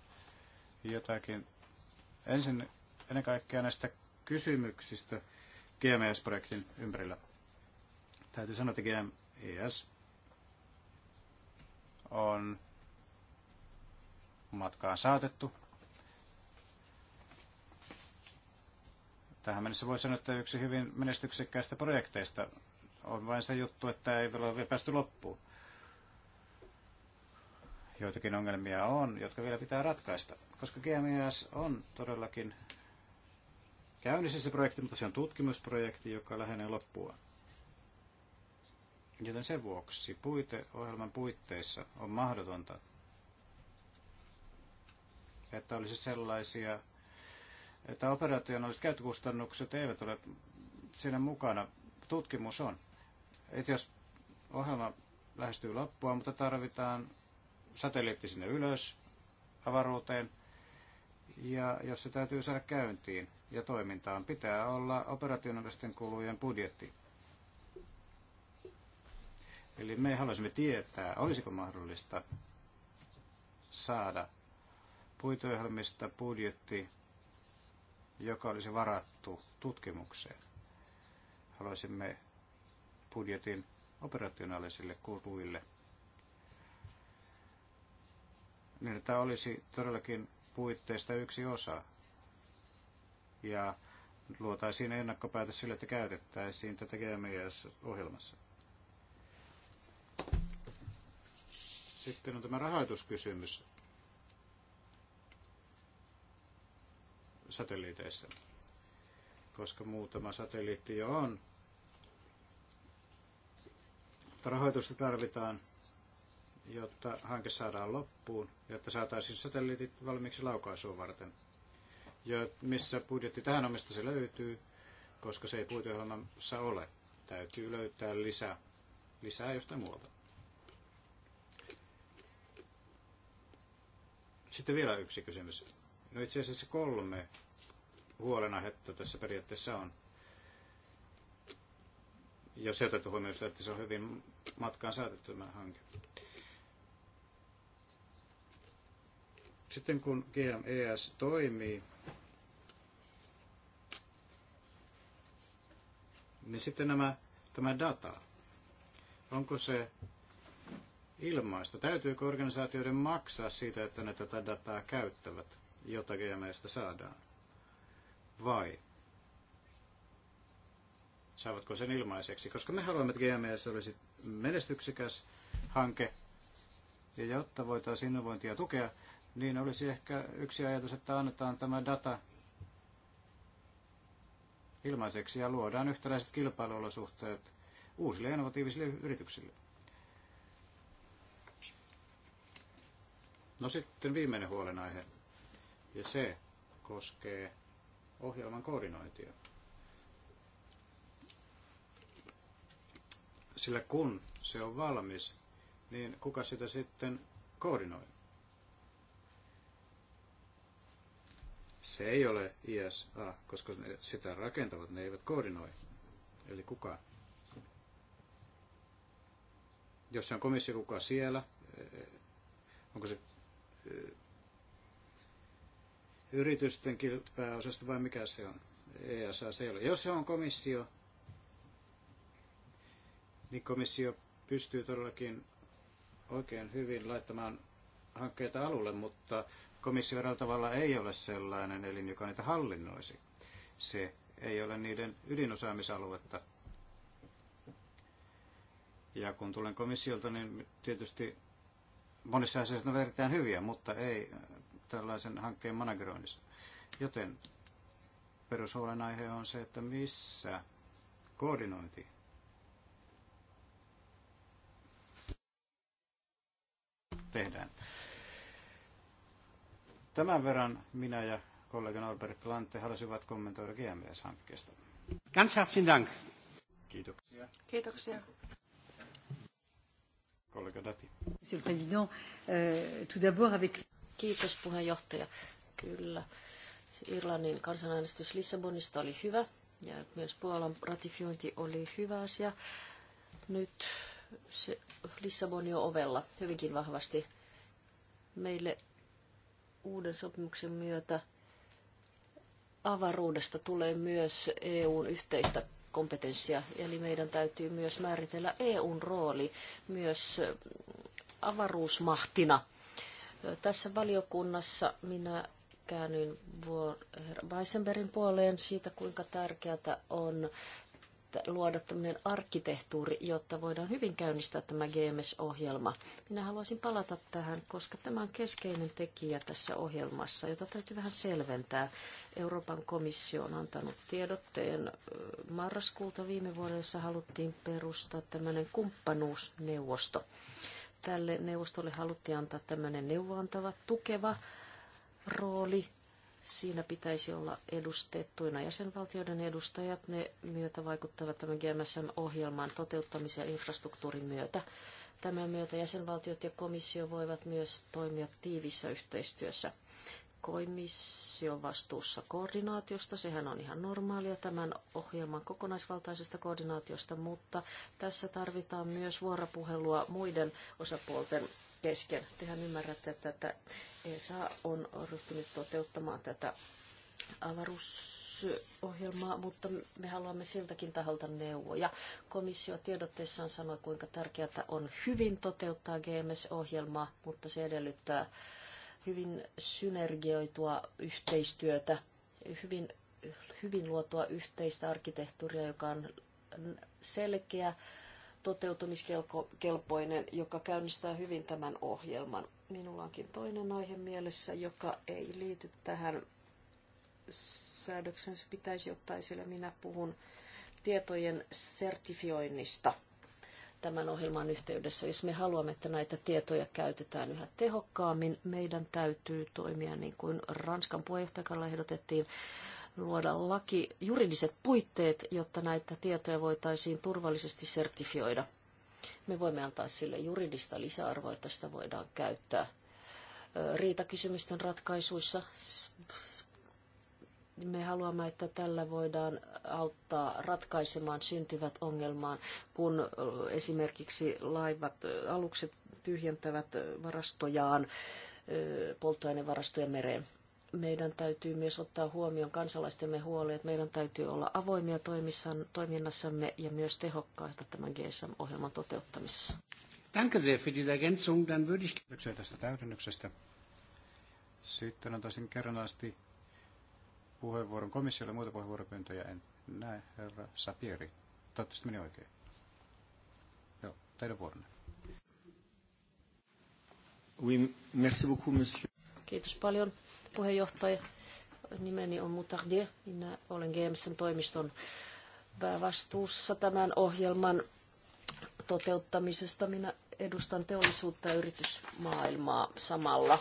jotakin ensin ennen kaikkea näistä kysymyksistä GMS-projektin ympärillä. Täytyy sanoa, että GMS on matkaan saatettu. Tähän mennessä voi sanoa, että yksi hyvin menestyksekkäistä projekteista on vain se juttu, että ei vielä ole päästy loppuun. Joitakin ongelmia on, jotka vielä pitää ratkaista, koska GMS on todellakin käynnissä se projekti, mutta se on tutkimusprojekti, joka lähenee loppua. Joten sen vuoksi puiteohjelman puitteissa on mahdotonta että olisi sellaisia, että olisi käyttökustannukset eivät ole siinä mukana. Tutkimus on. Että jos ohjelma lähestyy loppua, mutta tarvitaan satelliitti sinne ylös avaruuteen, ja jos se täytyy saada käyntiin ja toimintaan, pitää olla operationaalisten kulujen budjetti. Eli me haluaisimme tietää, olisiko mahdollista saada puitoihjelmista budjetti, joka olisi varattu tutkimukseen. Haluaisimme budjetin operationaalisille kuluille. Niin tämä olisi todellakin puitteista yksi osa. Ja luotaisiin ennakkopäätös sille, että käytettäisiin tätä gms e ohjelmassa Sitten on tämä rahoituskysymys. satelliiteissa, koska muutama satelliitti jo on. Mutta rahoitusta tarvitaan, jotta hanke saadaan loppuun, jotta saataisiin satelliitit valmiiksi laukaisua varten. Jo, missä budjetti tähän omista se löytyy, koska se ei puiteohjelmassa ole. Täytyy löytää lisää, lisää jostain muualta. Sitten vielä yksi kysymys. No itse asiassa kolme huolenaihetta tässä periaatteessa on. Jos ei otettu huomioon, että se on hyvin matkaan saatettu tämä hanke. Sitten kun GMES toimii, niin sitten nämä, tämä data, onko se ilmaista? Täytyykö organisaatioiden maksaa siitä, että ne tätä dataa käyttävät? jota GMEstä saadaan? Vai saavatko sen ilmaiseksi? Koska me haluamme, että GMS olisi menestyksekäs hanke, ja jotta voitaisiin innovointia tukea, niin olisi ehkä yksi ajatus, että annetaan tämä data ilmaiseksi ja luodaan yhtäläiset kilpailuolosuhteet uusille innovatiivisille yrityksille. No sitten viimeinen huolenaihe. Ja se koskee ohjelman koordinointia. Sillä kun se on valmis, niin kuka sitä sitten koordinoi? Se ei ole ISA, koska sitä rakentavat, ne eivät koordinoi. Eli kuka? Jos se on komissio, kuka siellä? Onko se yritysten pääosasta vai mikä se on? ESA se ei ole. Jos se on komissio, niin komissio pystyy todellakin oikein hyvin laittamaan hankkeita alulle, mutta komissio tavalla ei ole sellainen elin, joka niitä hallinnoisi. Se ei ole niiden ydinosaamisaluetta. Ja kun tulen komissiolta, niin tietysti monissa asioissa on erittäin hyviä, mutta ei tällaisen hankkeen manageroinnista. Joten perushuolenaihe on se, että missä koordinointi tehdään. Tämän verran minä ja kollega Norbert Plante halusivat kommentoida GMS-hankkeesta. Ganz herzlichen Dank. Kiitoksia. Kiitoksia. Kollega Dati. Monsieur le Président, euh, tout d'abord avec... Kiitos puheenjohtaja. Kyllä. Irlannin kansanäänestys Lissabonista oli hyvä ja myös Puolan ratifiointi oli hyvä asia. Nyt se Lissaboni on ovella hyvinkin vahvasti. Meille uuden sopimuksen myötä avaruudesta tulee myös EUn yhteistä kompetenssia, eli meidän täytyy myös määritellä EUn rooli myös avaruusmahtina – tässä valiokunnassa minä käännyin Weissenbergin puoleen siitä, kuinka tärkeää on luoda tämmöinen arkkitehtuuri, jotta voidaan hyvin käynnistää tämä GMS-ohjelma. Minä haluaisin palata tähän, koska tämä on keskeinen tekijä tässä ohjelmassa, jota täytyy vähän selventää. Euroopan komissio on antanut tiedotteen marraskuulta viime vuonna, jossa haluttiin perustaa tämmöinen kumppanuusneuvosto tälle neuvostolle haluttiin antaa tämmöinen neuvoantava, tukeva rooli. Siinä pitäisi olla edustettuina jäsenvaltioiden edustajat. Ne myötä vaikuttavat tämän GMSM-ohjelman toteuttamisen infrastruktuurin myötä. Tämän myötä jäsenvaltiot ja komissio voivat myös toimia tiivissä yhteistyössä komission vastuussa koordinaatiosta. Sehän on ihan normaalia tämän ohjelman kokonaisvaltaisesta koordinaatiosta, mutta tässä tarvitaan myös vuoropuhelua muiden osapuolten kesken. Tehän ymmärrätte, että ESA on ryhtynyt toteuttamaan tätä avaruusohjelmaa, mutta me haluamme siltäkin taholta neuvoja. Komissio tiedotteessaan sanoi, kuinka tärkeää on hyvin toteuttaa GMS-ohjelmaa, mutta se edellyttää hyvin synergioitua yhteistyötä, hyvin, hyvin luotua yhteistä arkkitehtuuria, joka on selkeä, toteutumiskelpoinen, joka käynnistää hyvin tämän ohjelman. Minulla onkin toinen aihe mielessä, joka ei liity tähän säädöksensä pitäisi ottaa esille. Minä puhun tietojen sertifioinnista – tämän ohjelman yhteydessä. Jos me haluamme, että näitä tietoja käytetään yhä tehokkaammin, meidän täytyy toimia niin kuin Ranskan puheenjohtajakalla ehdotettiin, luoda laki, juridiset puitteet, jotta näitä tietoja voitaisiin turvallisesti sertifioida. Me voimme antaa sille juridista lisäarvoa, että sitä voidaan käyttää riitakysymysten ratkaisuissa me haluamme, että tällä voidaan auttaa ratkaisemaan syntyvät ongelmaan, kun esimerkiksi laivat, alukset tyhjentävät varastojaan, polttoainevarastojen mereen meidän täytyy myös ottaa huomioon kansalaistemme huoli, että meidän täytyy olla avoimia toiminnassamme ja myös tehokkaita tämän GSM-ohjelman toteuttamisessa. Danke sehr für diese Ergänzung. Dann würde ich... Kiitoksia tästä täydennyksestä. Sitten antaisin kerran asti puheenvuoron komissiolle. Muita puheenvuoropyyntöjä en näe. Herra Sapieri, toivottavasti meni oikein. Joo, teidän vuoronne. Oui, merci beaucoup, monsieur. Kiitos paljon, puheenjohtaja. Nimeni on Mutardier. Minä olen GMSn toimiston päävastuussa tämän ohjelman toteuttamisesta. Minä edustan teollisuutta ja yritysmaailmaa samalla.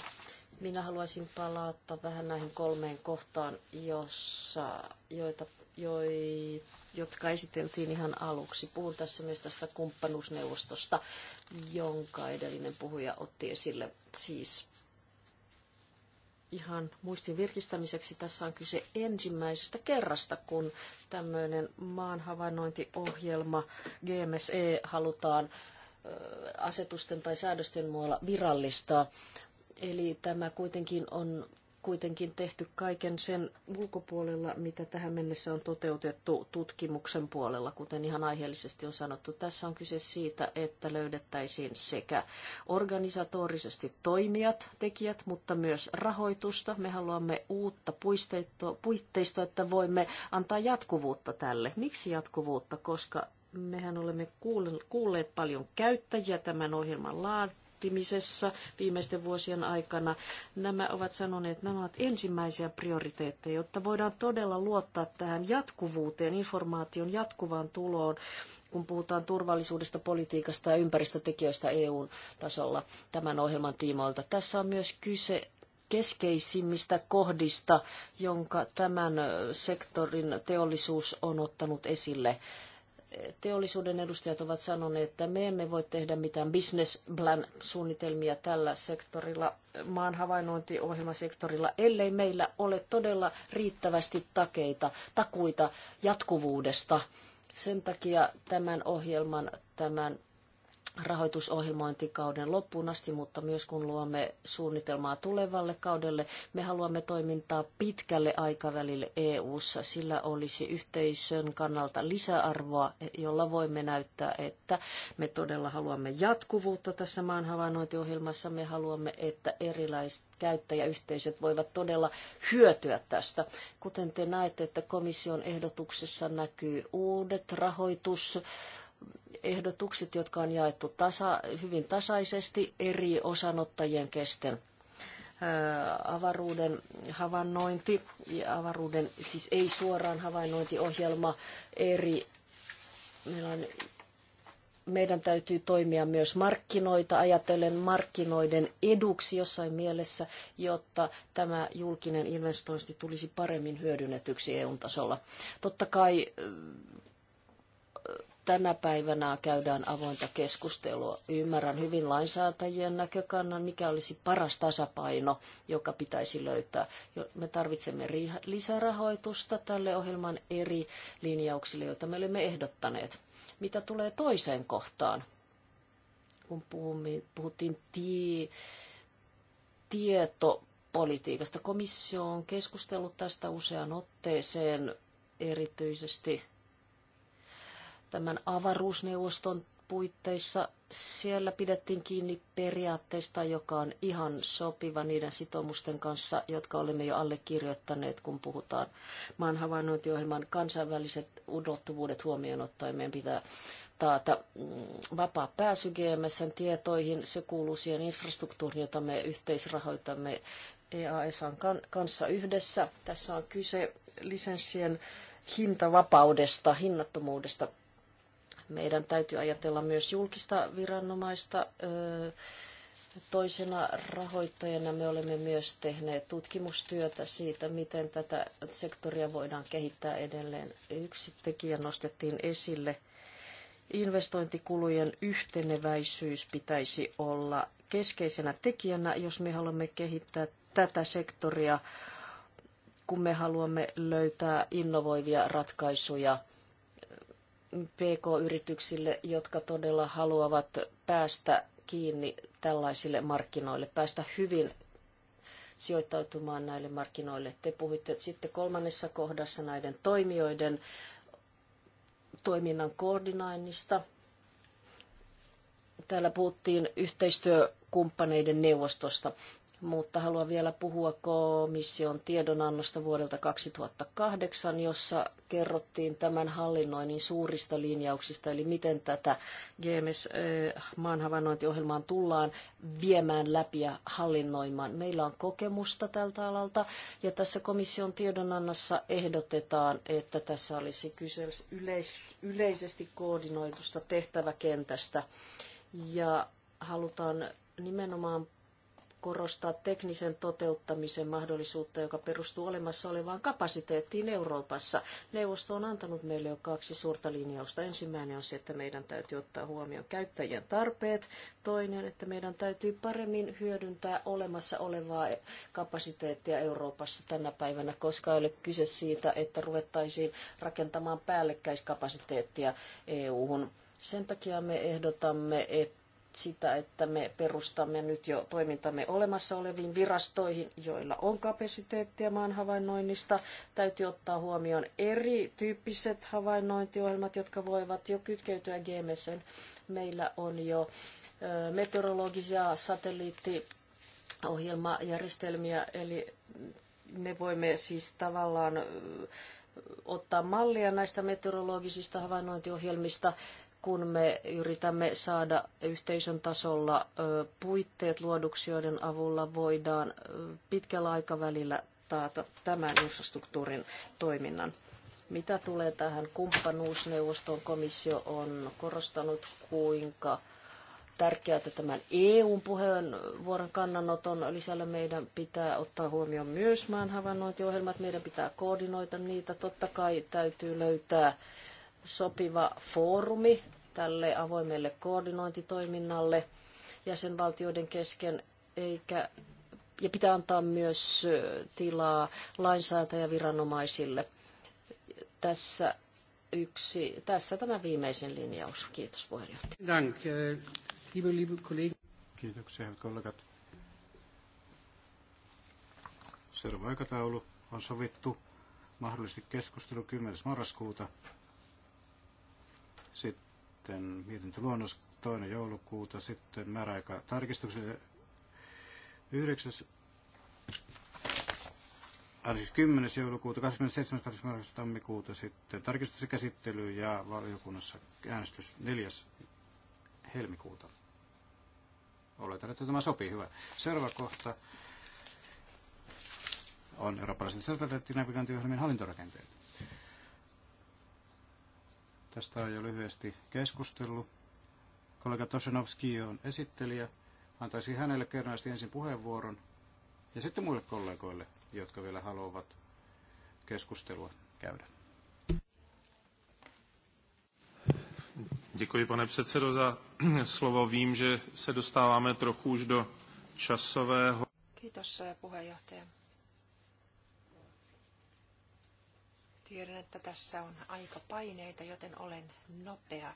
Minä haluaisin palata vähän näihin kolmeen kohtaan, jossa, joita, joi, jotka esiteltiin ihan aluksi. Puhun tässä myös tästä kumppanuusneuvostosta, jonka edellinen puhuja otti esille. Siis ihan muistin virkistämiseksi tässä on kyse ensimmäisestä kerrasta, kun tämmöinen maan havainnointiohjelma GMSE halutaan asetusten tai säädösten muualla virallistaa. Eli tämä kuitenkin on kuitenkin tehty kaiken sen ulkopuolella, mitä tähän mennessä on toteutettu tutkimuksen puolella, kuten ihan aiheellisesti on sanottu. Tässä on kyse siitä, että löydettäisiin sekä organisatorisesti toimijat, tekijät, mutta myös rahoitusta. Me haluamme uutta puitteistoa, että voimme antaa jatkuvuutta tälle. Miksi jatkuvuutta? Koska mehän olemme kuulleet paljon käyttäjiä tämän ohjelman kehittämisessä viimeisten vuosien aikana. Nämä ovat sanoneet, että nämä ovat ensimmäisiä prioriteetteja, jotta voidaan todella luottaa tähän jatkuvuuteen, informaation jatkuvaan tuloon kun puhutaan turvallisuudesta, politiikasta ja ympäristötekijöistä EU-tasolla tämän ohjelman tiimoilta. Tässä on myös kyse keskeisimmistä kohdista, jonka tämän sektorin teollisuus on ottanut esille teollisuuden edustajat ovat sanoneet, että me emme voi tehdä mitään business plan suunnitelmia tällä sektorilla, maan havainnointiohjelmasektorilla, ellei meillä ole todella riittävästi takeita, takuita jatkuvuudesta. Sen takia tämän ohjelman, tämän rahoitusohjelmointikauden loppuun asti, mutta myös kun luomme suunnitelmaa tulevalle kaudelle, me haluamme toimintaa pitkälle aikavälille EU-ssa. Sillä olisi yhteisön kannalta lisäarvoa, jolla voimme näyttää, että me todella haluamme jatkuvuutta tässä maan havainnointiohjelmassa. Me haluamme, että erilaiset käyttäjäyhteisöt voivat todella hyötyä tästä. Kuten te näette, että komission ehdotuksessa näkyy uudet rahoitus ehdotukset, jotka on jaettu tasa, hyvin tasaisesti eri osanottajien kesken avaruuden havainnointi, ja avaruuden, siis ei suoraan havainnointiohjelma eri, meillä on, meidän täytyy toimia myös markkinoita, ajatellen markkinoiden eduksi jossain mielessä, jotta tämä julkinen investointi tulisi paremmin hyödynnetyksi eu tasolla. Totta kai tänä päivänä käydään avointa keskustelua. Ymmärrän hyvin lainsäätäjien näkökannan, mikä olisi paras tasapaino, joka pitäisi löytää. Me tarvitsemme lisärahoitusta tälle ohjelman eri linjauksille, joita me olemme ehdottaneet. Mitä tulee toiseen kohtaan, kun puhuttiin tie, tietopolitiikasta. Komissio on keskustellut tästä useaan otteeseen erityisesti – tämän avaruusneuvoston puitteissa. Siellä pidettiin kiinni periaatteesta, joka on ihan sopiva niiden sitoumusten kanssa, jotka olemme jo allekirjoittaneet, kun puhutaan maan havainnointiohjelman kansainväliset ulottuvuudet huomioon ottaen. Meidän pitää taata mm, vapaa pääsy GMSn tietoihin. Se kuuluu siihen infrastruktuuriin, jota me yhteisrahoitamme EASan kanssa yhdessä. Tässä on kyse lisenssien hintavapaudesta, hinnattomuudesta meidän täytyy ajatella myös julkista viranomaista. Toisena rahoittajana me olemme myös tehneet tutkimustyötä siitä, miten tätä sektoria voidaan kehittää edelleen. Yksi tekijä nostettiin esille. Investointikulujen yhteneväisyys pitäisi olla keskeisenä tekijänä, jos me haluamme kehittää tätä sektoria, kun me haluamme löytää innovoivia ratkaisuja PK-yrityksille, jotka todella haluavat päästä kiinni tällaisille markkinoille, päästä hyvin sijoittautumaan näille markkinoille. Te puhuitte sitten kolmannessa kohdassa näiden toimijoiden toiminnan koordinoinnista. Täällä puhuttiin yhteistyökumppaneiden neuvostosta mutta haluan vielä puhua komission tiedonannosta vuodelta 2008, jossa kerrottiin tämän hallinnoinnin suurista linjauksista, eli miten tätä gms eh, maanhavainnointiohjelmaa tullaan viemään läpi ja hallinnoimaan. Meillä on kokemusta tältä alalta, ja tässä komission tiedonannossa ehdotetaan, että tässä olisi kyse yleis- yleisesti koordinoidusta tehtäväkentästä, ja halutaan nimenomaan korostaa teknisen toteuttamisen mahdollisuutta, joka perustuu olemassa olevaan kapasiteettiin Euroopassa. Neuvosto on antanut meille jo kaksi suurta linjausta. Ensimmäinen on se, että meidän täytyy ottaa huomioon käyttäjien tarpeet. Toinen, että meidän täytyy paremmin hyödyntää olemassa olevaa kapasiteettia Euroopassa tänä päivänä, koska ei ole kyse siitä, että ruvettaisiin rakentamaan päällekkäiskapasiteettia EU-hun. Sen takia me ehdotamme, että sitä, että me perustamme nyt jo toimintamme olemassa oleviin virastoihin, joilla on kapasiteettia maan havainnoinnista. Täytyy ottaa huomioon erityyppiset havainnointiohjelmat, jotka voivat jo kytkeytyä GMSn. Meillä on jo meteorologisia satelliittiohjelmajärjestelmiä, eli me voimme siis tavallaan ottaa mallia näistä meteorologisista havainnointiohjelmista kun me yritämme saada yhteisön tasolla puitteet luoduksi, joiden avulla voidaan pitkällä aikavälillä taata tämän infrastruktuurin toiminnan. Mitä tulee tähän kumppanuusneuvostoon, komissio on korostanut, kuinka tärkeää, että tämän EU-puheenvuoron kannanoton lisällä meidän pitää ottaa huomioon myös maan havainnointiohjelmat. Meidän pitää koordinoida niitä. Totta kai täytyy löytää sopiva foorumi tälle avoimelle koordinointitoiminnalle jäsenvaltioiden kesken, eikä, ja pitää antaa myös tilaa lainsäätäjäviranomaisille. Tässä, yksi, tässä tämä viimeisin linjaus. Kiitos puheenjohtaja. Dank, liebe, liebe Kiitoksia, kollegat. Seuraava aikataulu on sovittu mahdollisesti keskustelu 10. marraskuuta sitten mietintöluonnos 2. joulukuuta, sitten määräaika tarkistukselle 9. Äh, siis 10. joulukuuta, 27. 28. tammikuuta sitten tarkistus ja käsittely ja valiokunnassa äänestys 4. helmikuuta. Oletan, että tämä sopii hyvä. Seuraava kohta on eurooppalaisen satelliittinavigointiohjelmien hallintorakenteet. Tästä on jo lyhyesti keskustellut. Kollega Tosenovski on esittelijä. Antaisin hänelle kerran ensin puheenvuoron ja sitten muille kollegoille, jotka vielä haluavat keskustelua käydä. Děkuji, pane předsedo, za slovo. Vím, že se dostáváme trochu už do časového. Kiitos, eh, puheenjohtaja. Tiedän, että tässä on aika paineita, joten olen nopea,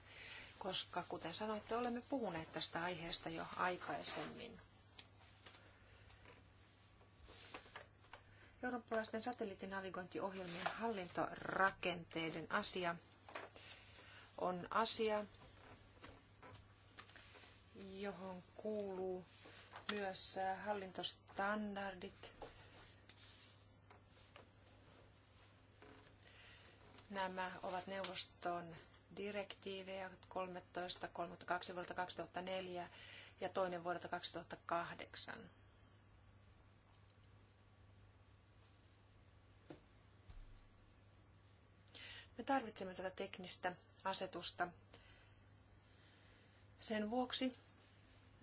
koska kuten sanoitte, olemme puhuneet tästä aiheesta jo aikaisemmin. Eurooppalaisten satelliittinavigointiohjelmien hallintorakenteiden asia on asia, johon kuuluu myös hallintostandardit Nämä ovat neuvoston direktiivejä 13, 32 vuodelta 2004 ja toinen vuodelta 2008. Me tarvitsemme tätä teknistä asetusta sen vuoksi,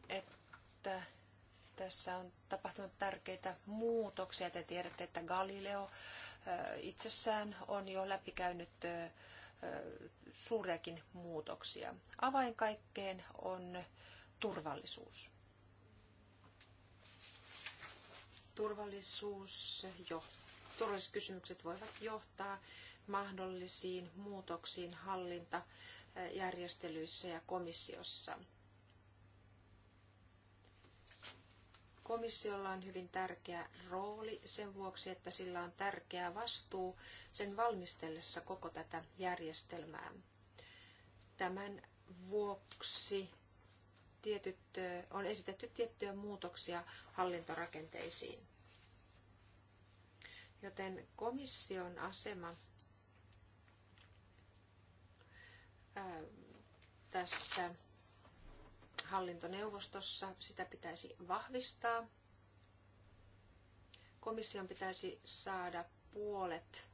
että tässä on tapahtunut tärkeitä muutoksia. Te tiedätte, että Galileo itsessään on jo läpikäynyt suuriakin muutoksia. Avain kaikkeen on turvallisuus. Turvallisuus jo, turvallisuuskysymykset voivat johtaa mahdollisiin muutoksiin hallintajärjestelyissä ja komissiossa. Komissiolla on hyvin tärkeä rooli sen vuoksi, että sillä on tärkeä vastuu sen valmistellessa koko tätä järjestelmää. Tämän vuoksi tietyt, on esitetty tiettyjä muutoksia hallintorakenteisiin. Joten komission asema tässä hallintoneuvostossa. Sitä pitäisi vahvistaa. Komission pitäisi saada puolet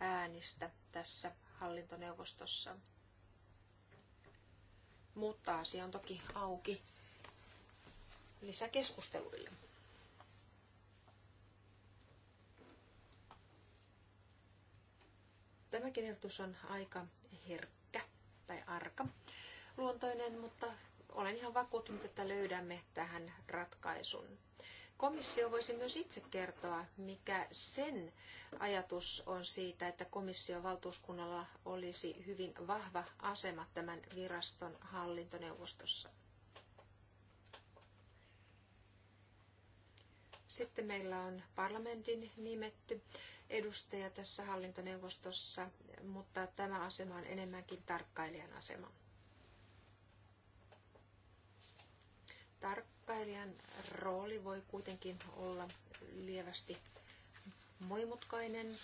äänistä tässä hallintoneuvostossa. Mutta asia on toki auki lisäkeskusteluille. Tämäkin ehdotus on aika herkkä tai arka luontoinen, mutta olen ihan vakuuttunut, että löydämme tähän ratkaisun. Komissio voisi myös itse kertoa, mikä sen ajatus on siitä, että komission valtuuskunnalla olisi hyvin vahva asema tämän viraston hallintoneuvostossa. Sitten meillä on parlamentin nimetty edustaja tässä hallintoneuvostossa, mutta tämä asema on enemmänkin tarkkailijan asema. tarkkailijan rooli voi kuitenkin olla lievästi monimutkainen,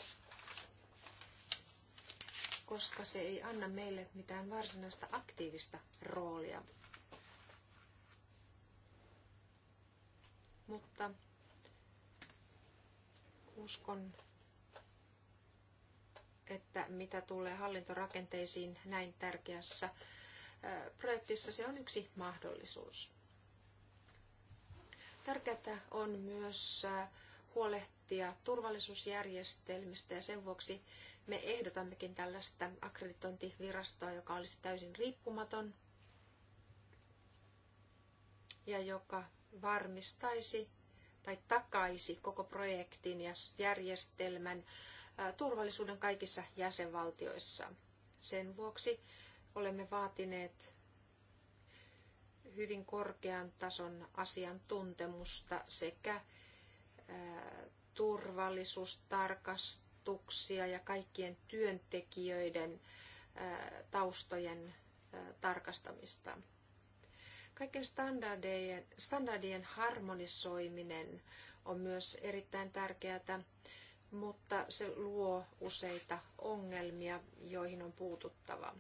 koska se ei anna meille mitään varsinaista aktiivista roolia. Mutta uskon, että mitä tulee hallintorakenteisiin näin tärkeässä projektissa, se on yksi mahdollisuus. Tärkeää on myös äh, huolehtia turvallisuusjärjestelmistä ja sen vuoksi me ehdotammekin tällaista akkreditointivirastoa, joka olisi täysin riippumaton ja joka varmistaisi tai takaisi koko projektin ja järjestelmän äh, turvallisuuden kaikissa jäsenvaltioissa. Sen vuoksi olemme vaatineet hyvin korkean tason asiantuntemusta sekä turvallisuustarkastuksia ja kaikkien työntekijöiden taustojen tarkastamista. Kaiken standardien, standardien harmonisoiminen on myös erittäin tärkeää, mutta se luo useita ongelmia, joihin on puututtava.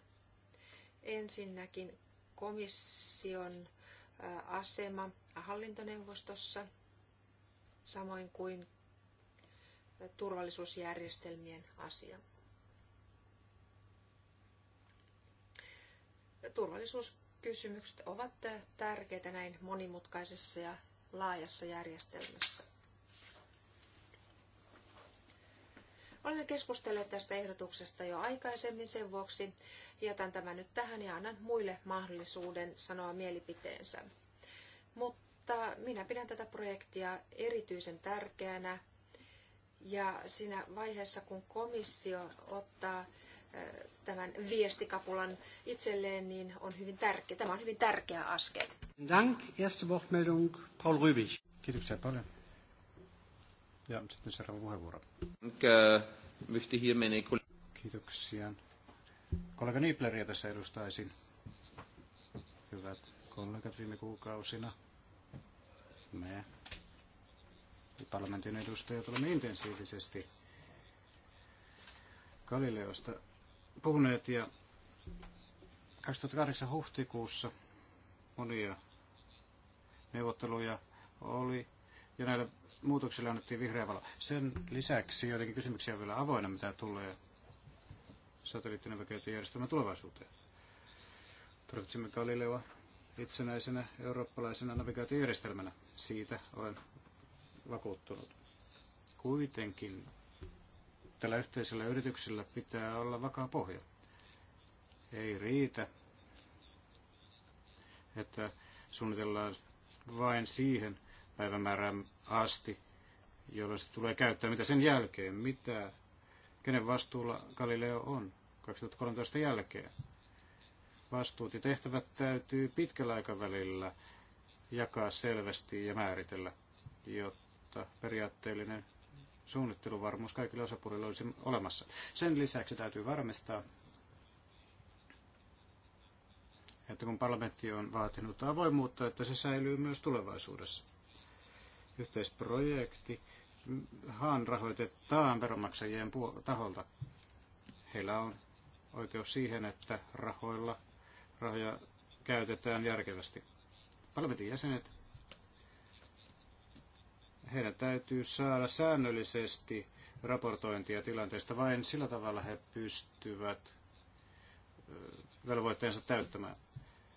Ensinnäkin komission asema hallintoneuvostossa, samoin kuin turvallisuusjärjestelmien asia. Turvallisuuskysymykset ovat tärkeitä näin monimutkaisessa ja laajassa järjestelmässä. Olemme keskustelleet tästä ehdotuksesta jo aikaisemmin sen vuoksi. Jätän tämän nyt tähän ja annan muille mahdollisuuden sanoa mielipiteensä. Mutta minä pidän tätä projektia erityisen tärkeänä ja siinä vaiheessa, kun komissio ottaa tämän viestikapulan itselleen, niin on hyvin tärkeä, tämä on hyvin tärkeä askel. Dank. Erste Wortmeldung Paul Rübig. Kiitoksia paljon. Ja sitten seuraava puheenvuoro. Kiitoksia. Kollega Nipleriä tässä edustaisin. Hyvät kollegat viime kuukausina. Me parlamentin edustajat olemme intensiivisesti Galileosta puhuneet ja 2008 huhtikuussa monia neuvotteluja oli ja näillä muutokselle annettiin vihreä valo. Sen lisäksi joitakin kysymyksiä on vielä avoinna, mitä tulee satelliittinavigointijärjestelmän tulevaisuuteen. Tarvitsemme Galileoa itsenäisenä eurooppalaisena navigaatiojärjestelmänä. Siitä olen vakuuttunut. Kuitenkin tällä yhteisellä yrityksellä pitää olla vakaa pohja. Ei riitä, että suunnitellaan vain siihen päivämäärään, asti, jolloin se tulee käyttää. Mitä sen jälkeen? Mitä? Kenen vastuulla Galileo on 2013 jälkeen? Vastuut ja tehtävät täytyy pitkällä aikavälillä jakaa selvästi ja määritellä, jotta periaatteellinen suunnitteluvarmuus kaikille osapuolille olisi olemassa. Sen lisäksi täytyy varmistaa, että kun parlamentti on vaatinut avoimuutta, että se säilyy myös tulevaisuudessa yhteisprojekti. Haan rahoitetaan veronmaksajien taholta. Heillä on oikeus siihen, että rahoilla rahoja käytetään järkevästi. Parlamentin jäsenet, heidän täytyy saada säännöllisesti raportointia tilanteesta. Vain sillä tavalla he pystyvät velvoitteensa täyttämään.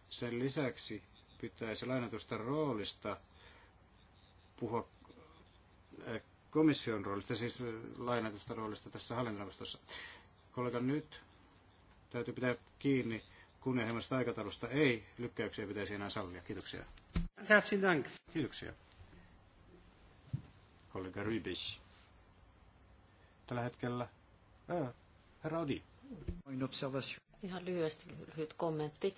Sen lisäksi pitäisi lainatusta roolista puhua eh, komission roolista, siis lainatusta roolista tässä hallintoneuvostossa. Kollega nyt täytyy pitää kiinni kunnianhimoisesta aikataulusta. Ei lykkäyksiä pitäisi enää sallia. Kiitoksia. Kiitoksia. Kollega Rybis. Tällä hetkellä ää, herra Odi. Ihan lyhyesti lyhyt kommentti.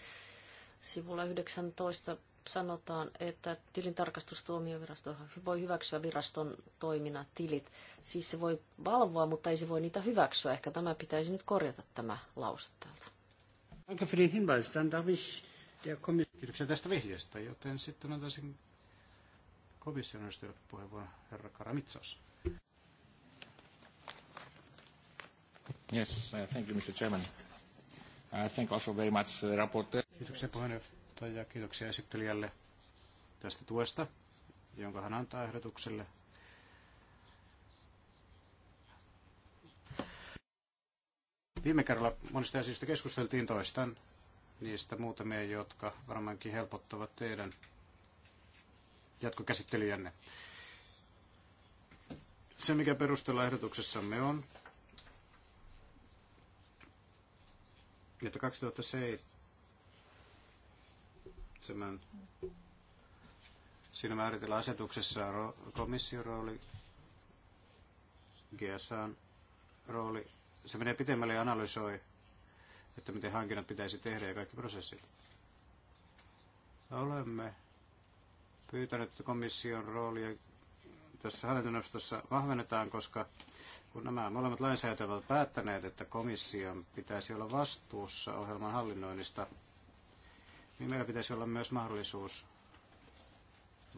Sivulla 19 sanotaan, että tilintarkastustuomiovirasto voi hyväksyä viraston toiminnan tilit. Siis se voi valvoa, mutta ei se voi niitä hyväksyä. Ehkä tämä pitäisi nyt korjata tämä lause täältä. Kiitoksia tästä vihjeestä, joten sitten antaisin komission puheenvuoron herra Karamitsos. Yes, uh, thank you, Mr. Chairman. I thank also very much the uh, rapporteur. Kiitoksia puheenjohtaja puheenjohtaja. Kiitoksia esittelijälle tästä tuesta, jonka hän antaa ehdotukselle. Viime kerralla monista asioista keskusteltiin toistan niistä muutamia, jotka varmaankin helpottavat teidän jatkokäsittelijänne. Se, mikä perustella ehdotuksessamme on, että 2007 seitsemän. Siinä määritellään asetuksessa komission rooli, GSAn rooli. Se menee pitemmälle ja analysoi, että miten hankinnat pitäisi tehdä ja kaikki prosessit. Olemme pyytäneet komission roolia tässä hallintoneuvostossa vahvennetaan, koska kun nämä molemmat lainsäätäjät ovat päättäneet, että komission pitäisi olla vastuussa ohjelman hallinnoinnista, niin meillä pitäisi olla myös mahdollisuus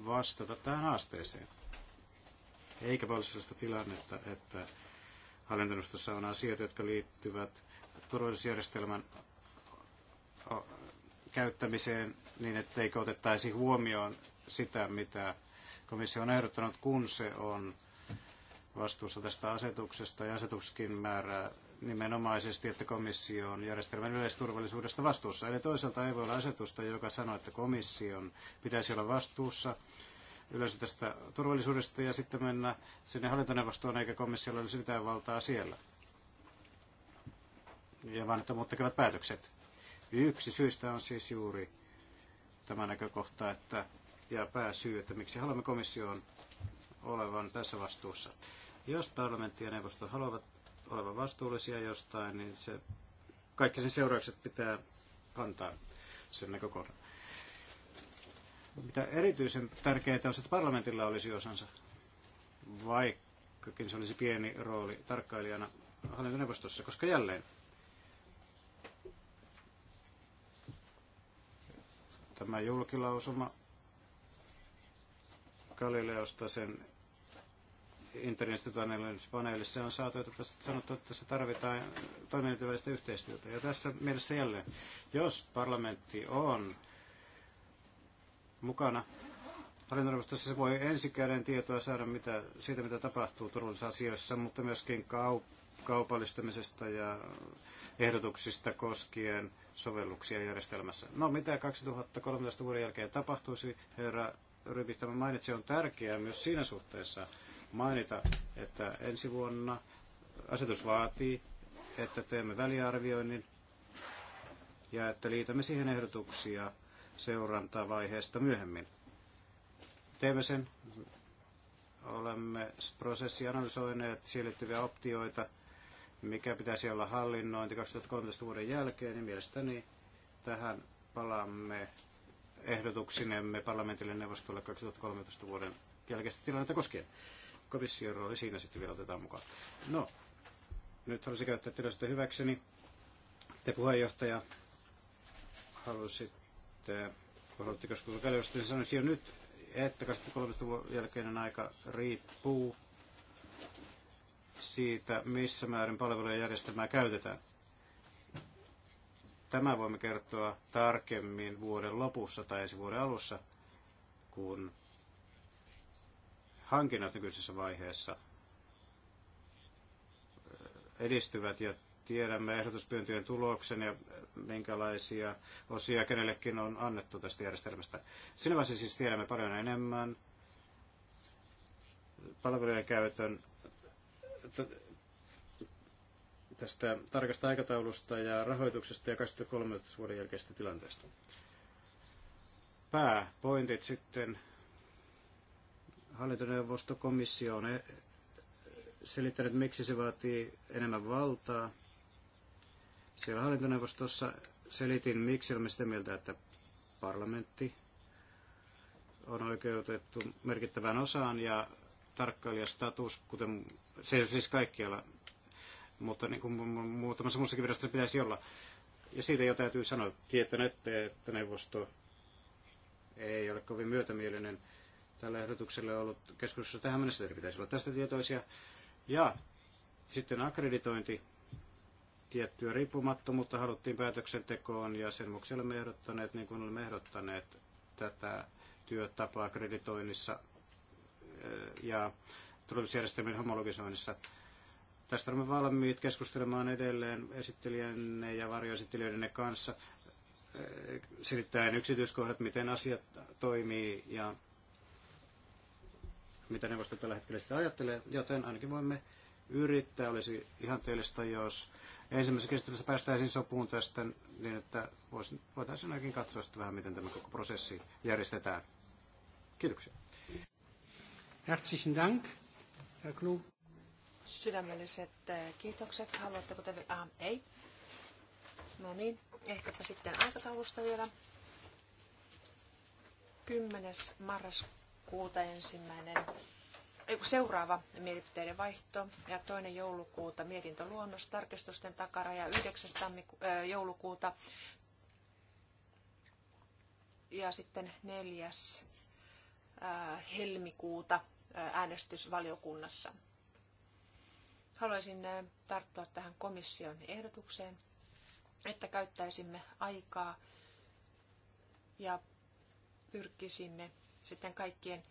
vastata tähän haasteeseen. Eikä voi olla sellaista tilannetta, että hallintoneuvostossa on asioita, jotka liittyvät turvallisuusjärjestelmän käyttämiseen niin, etteikö otettaisi huomioon sitä, mitä komissio on ehdottanut, kun se on vastuussa tästä asetuksesta ja asetuskin määrää nimenomaisesti, että komissio on järjestelmän yleisturvallisuudesta vastuussa. Eli toisaalta ei voi olla asetusta, joka sanoo, että komission pitäisi olla vastuussa yleensä tästä turvallisuudesta ja sitten mennä sinne hallintoneuvostoon, eikä komissiolla olisi mitään valtaa siellä. Ja vaan, että muut tekevät päätökset. Yksi syystä on siis juuri tämä näkökohta, että ja pääsyy, että miksi haluamme komissioon olevan tässä vastuussa. Jos parlamentti ja neuvosto haluavat olevan vastuullisia jostain, niin se, kaikki sen seuraukset pitää kantaa sen näkökohdan. Mitä erityisen tärkeää on, että parlamentilla olisi osansa, vaikkakin se olisi pieni rooli tarkkailijana hallintoneuvostossa, koska jälleen tämä julkilausuma Galileosta sen interinstitutionaalisessa paneelissa on saatu, että tässä sanottu, että tässä tarvitaan toimintavälistä yhteistyötä. Ja tässä mielessä jälleen, jos parlamentti on mukana hallintoneuvostossa, se voi ensikäden tietoa saada mitä, siitä, mitä tapahtuu asioissa, mutta myöskin kaup- kaupallistamisesta ja ehdotuksista koskien sovelluksia järjestelmässä. No mitä 2013 vuoden jälkeen tapahtuisi, herra Rybi tämä mainitsi, on tärkeää myös siinä suhteessa, mainita, että ensi vuonna asetus vaatii, että teemme väliarvioinnin ja että liitämme siihen ehdotuksia seurantavaiheesta myöhemmin. Teemme sen. Olemme prosessi analysoineet siihen optioita, mikä pitäisi olla hallinnointi 2013 vuoden jälkeen, niin mielestäni tähän palaamme ehdotuksinemme parlamentille neuvostolle 2013 vuoden jälkeistä tilannetta koskien komission rooli siinä sitten vielä otetaan mukaan. No, nyt haluaisin käyttää tilaisuutta hyväkseni. Te puheenjohtaja halusitte, kun haluatte keskustella kädestä, niin sanoisin jo nyt, että 23 vuoden jälkeinen aika riippuu siitä, missä määrin palvelujen järjestelmää käytetään. Tämä voimme kertoa tarkemmin vuoden lopussa tai ensi vuoden alussa, kun hankinnat nykyisessä vaiheessa edistyvät ja tiedämme ehdotuspyyntöjen tuloksen ja minkälaisia osia kenellekin on annettu tästä järjestelmästä. Sillä vaiheessa siis tiedämme paljon enemmän palvelujen käytön tästä tarkasta aikataulusta ja rahoituksesta ja 23 vuoden jälkeisestä tilanteesta. Pääpointit sitten hallintoneuvosto, komissio on e- selittänyt, miksi se vaatii enemmän valtaa. Siellä hallintoneuvostossa selitin, miksi olemme sitä mieltä, että parlamentti on oikeutettu merkittävään osaan ja tarkkailijastatus, kuten se ei ole siis kaikkialla, mutta niin kuin muutamassa muussakin virastossa pitäisi olla. Ja siitä jo täytyy sanoa, tietänette, että neuvosto ei ole kovin myötämielinen tälle ehdotukselle ollut keskustelussa tähän mennessä, että pitäisi olla tästä tietoisia. Ja sitten akkreditointi, tiettyä riippumattomuutta haluttiin päätöksentekoon ja sen vuoksi olemme ehdottaneet, niin kuin olemme ehdottaneet tätä työtapaa akkreditoinnissa eh, ja turvallisuusjärjestelmien homologisoinnissa. Tästä olemme valmiit keskustelemaan edelleen esittelijänne ja varjoesittelijöidenne kanssa eh, selittäen yksityiskohdat, miten asiat toimii ja mitä neuvosto tällä hetkellä sitä ajattelee, joten ainakin voimme yrittää. Olisi ihan ihanteellista, jos ensimmäisessä käsittelyssä päästäisiin sopuun tästä, niin että voitaisiin ainakin katsoa sitten vähän, miten tämä koko prosessi järjestetään. Kiitoksia. Herzlichen Dank, Herr Klub. Sydämelliset eh, kiitokset. Haluatteko te... Ah, ei. No niin, ehkäpä sitten aikataulusta vielä. 10. marraskuuta joulukuuta ensimmäinen seuraava mielipiteiden vaihto ja toinen joulukuuta mietintöluonnos tarkistusten takaraja 9. Tammiku- joulukuuta ja sitten 4. helmikuuta äänestysvaliokunnassa. Haluaisin tarttua tähän komission ehdotukseen, että käyttäisimme aikaa ja pyrkisimme sitten kaikkien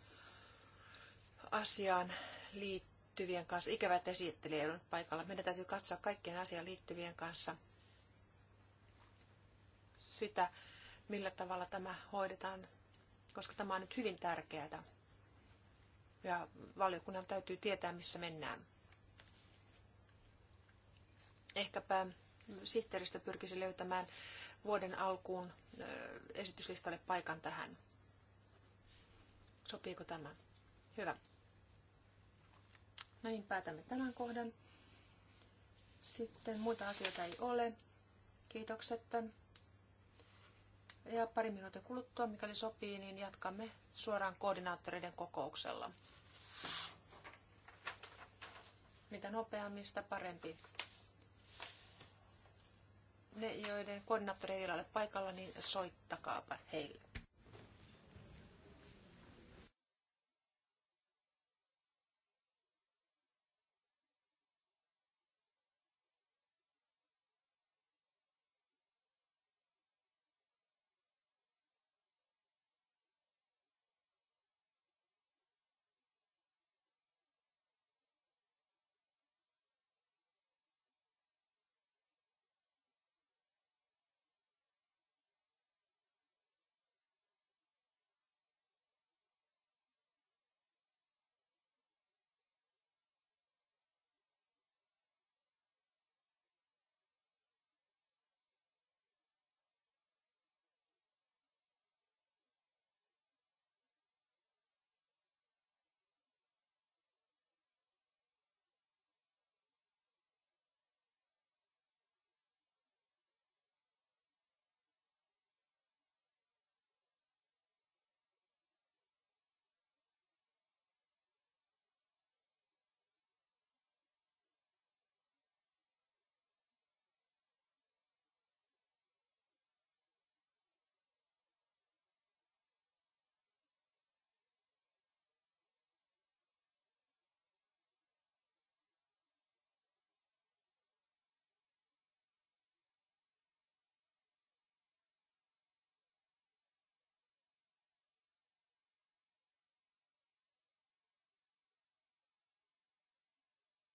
asiaan liittyvien kanssa. Ikävä, että esittelijä ei nyt paikalla. Meidän täytyy katsoa kaikkien asiaan liittyvien kanssa sitä, millä tavalla tämä hoidetaan, koska tämä on nyt hyvin tärkeää. Ja valiokunnan täytyy tietää, missä mennään. Ehkäpä sihteeristö pyrkisi löytämään vuoden alkuun esityslistalle paikan tähän. Sopiiko tämä? Hyvä. No niin, päätämme tämän kohdan. Sitten muita asioita ei ole. Kiitokset. Ja pari minuutin kuluttua, mikäli sopii, niin jatkamme suoraan koordinaattoreiden kokouksella. Mitä nopeammin, sitä parempi. Ne, joiden koordinaattori ei ole paikalla, niin soittakaapa heille.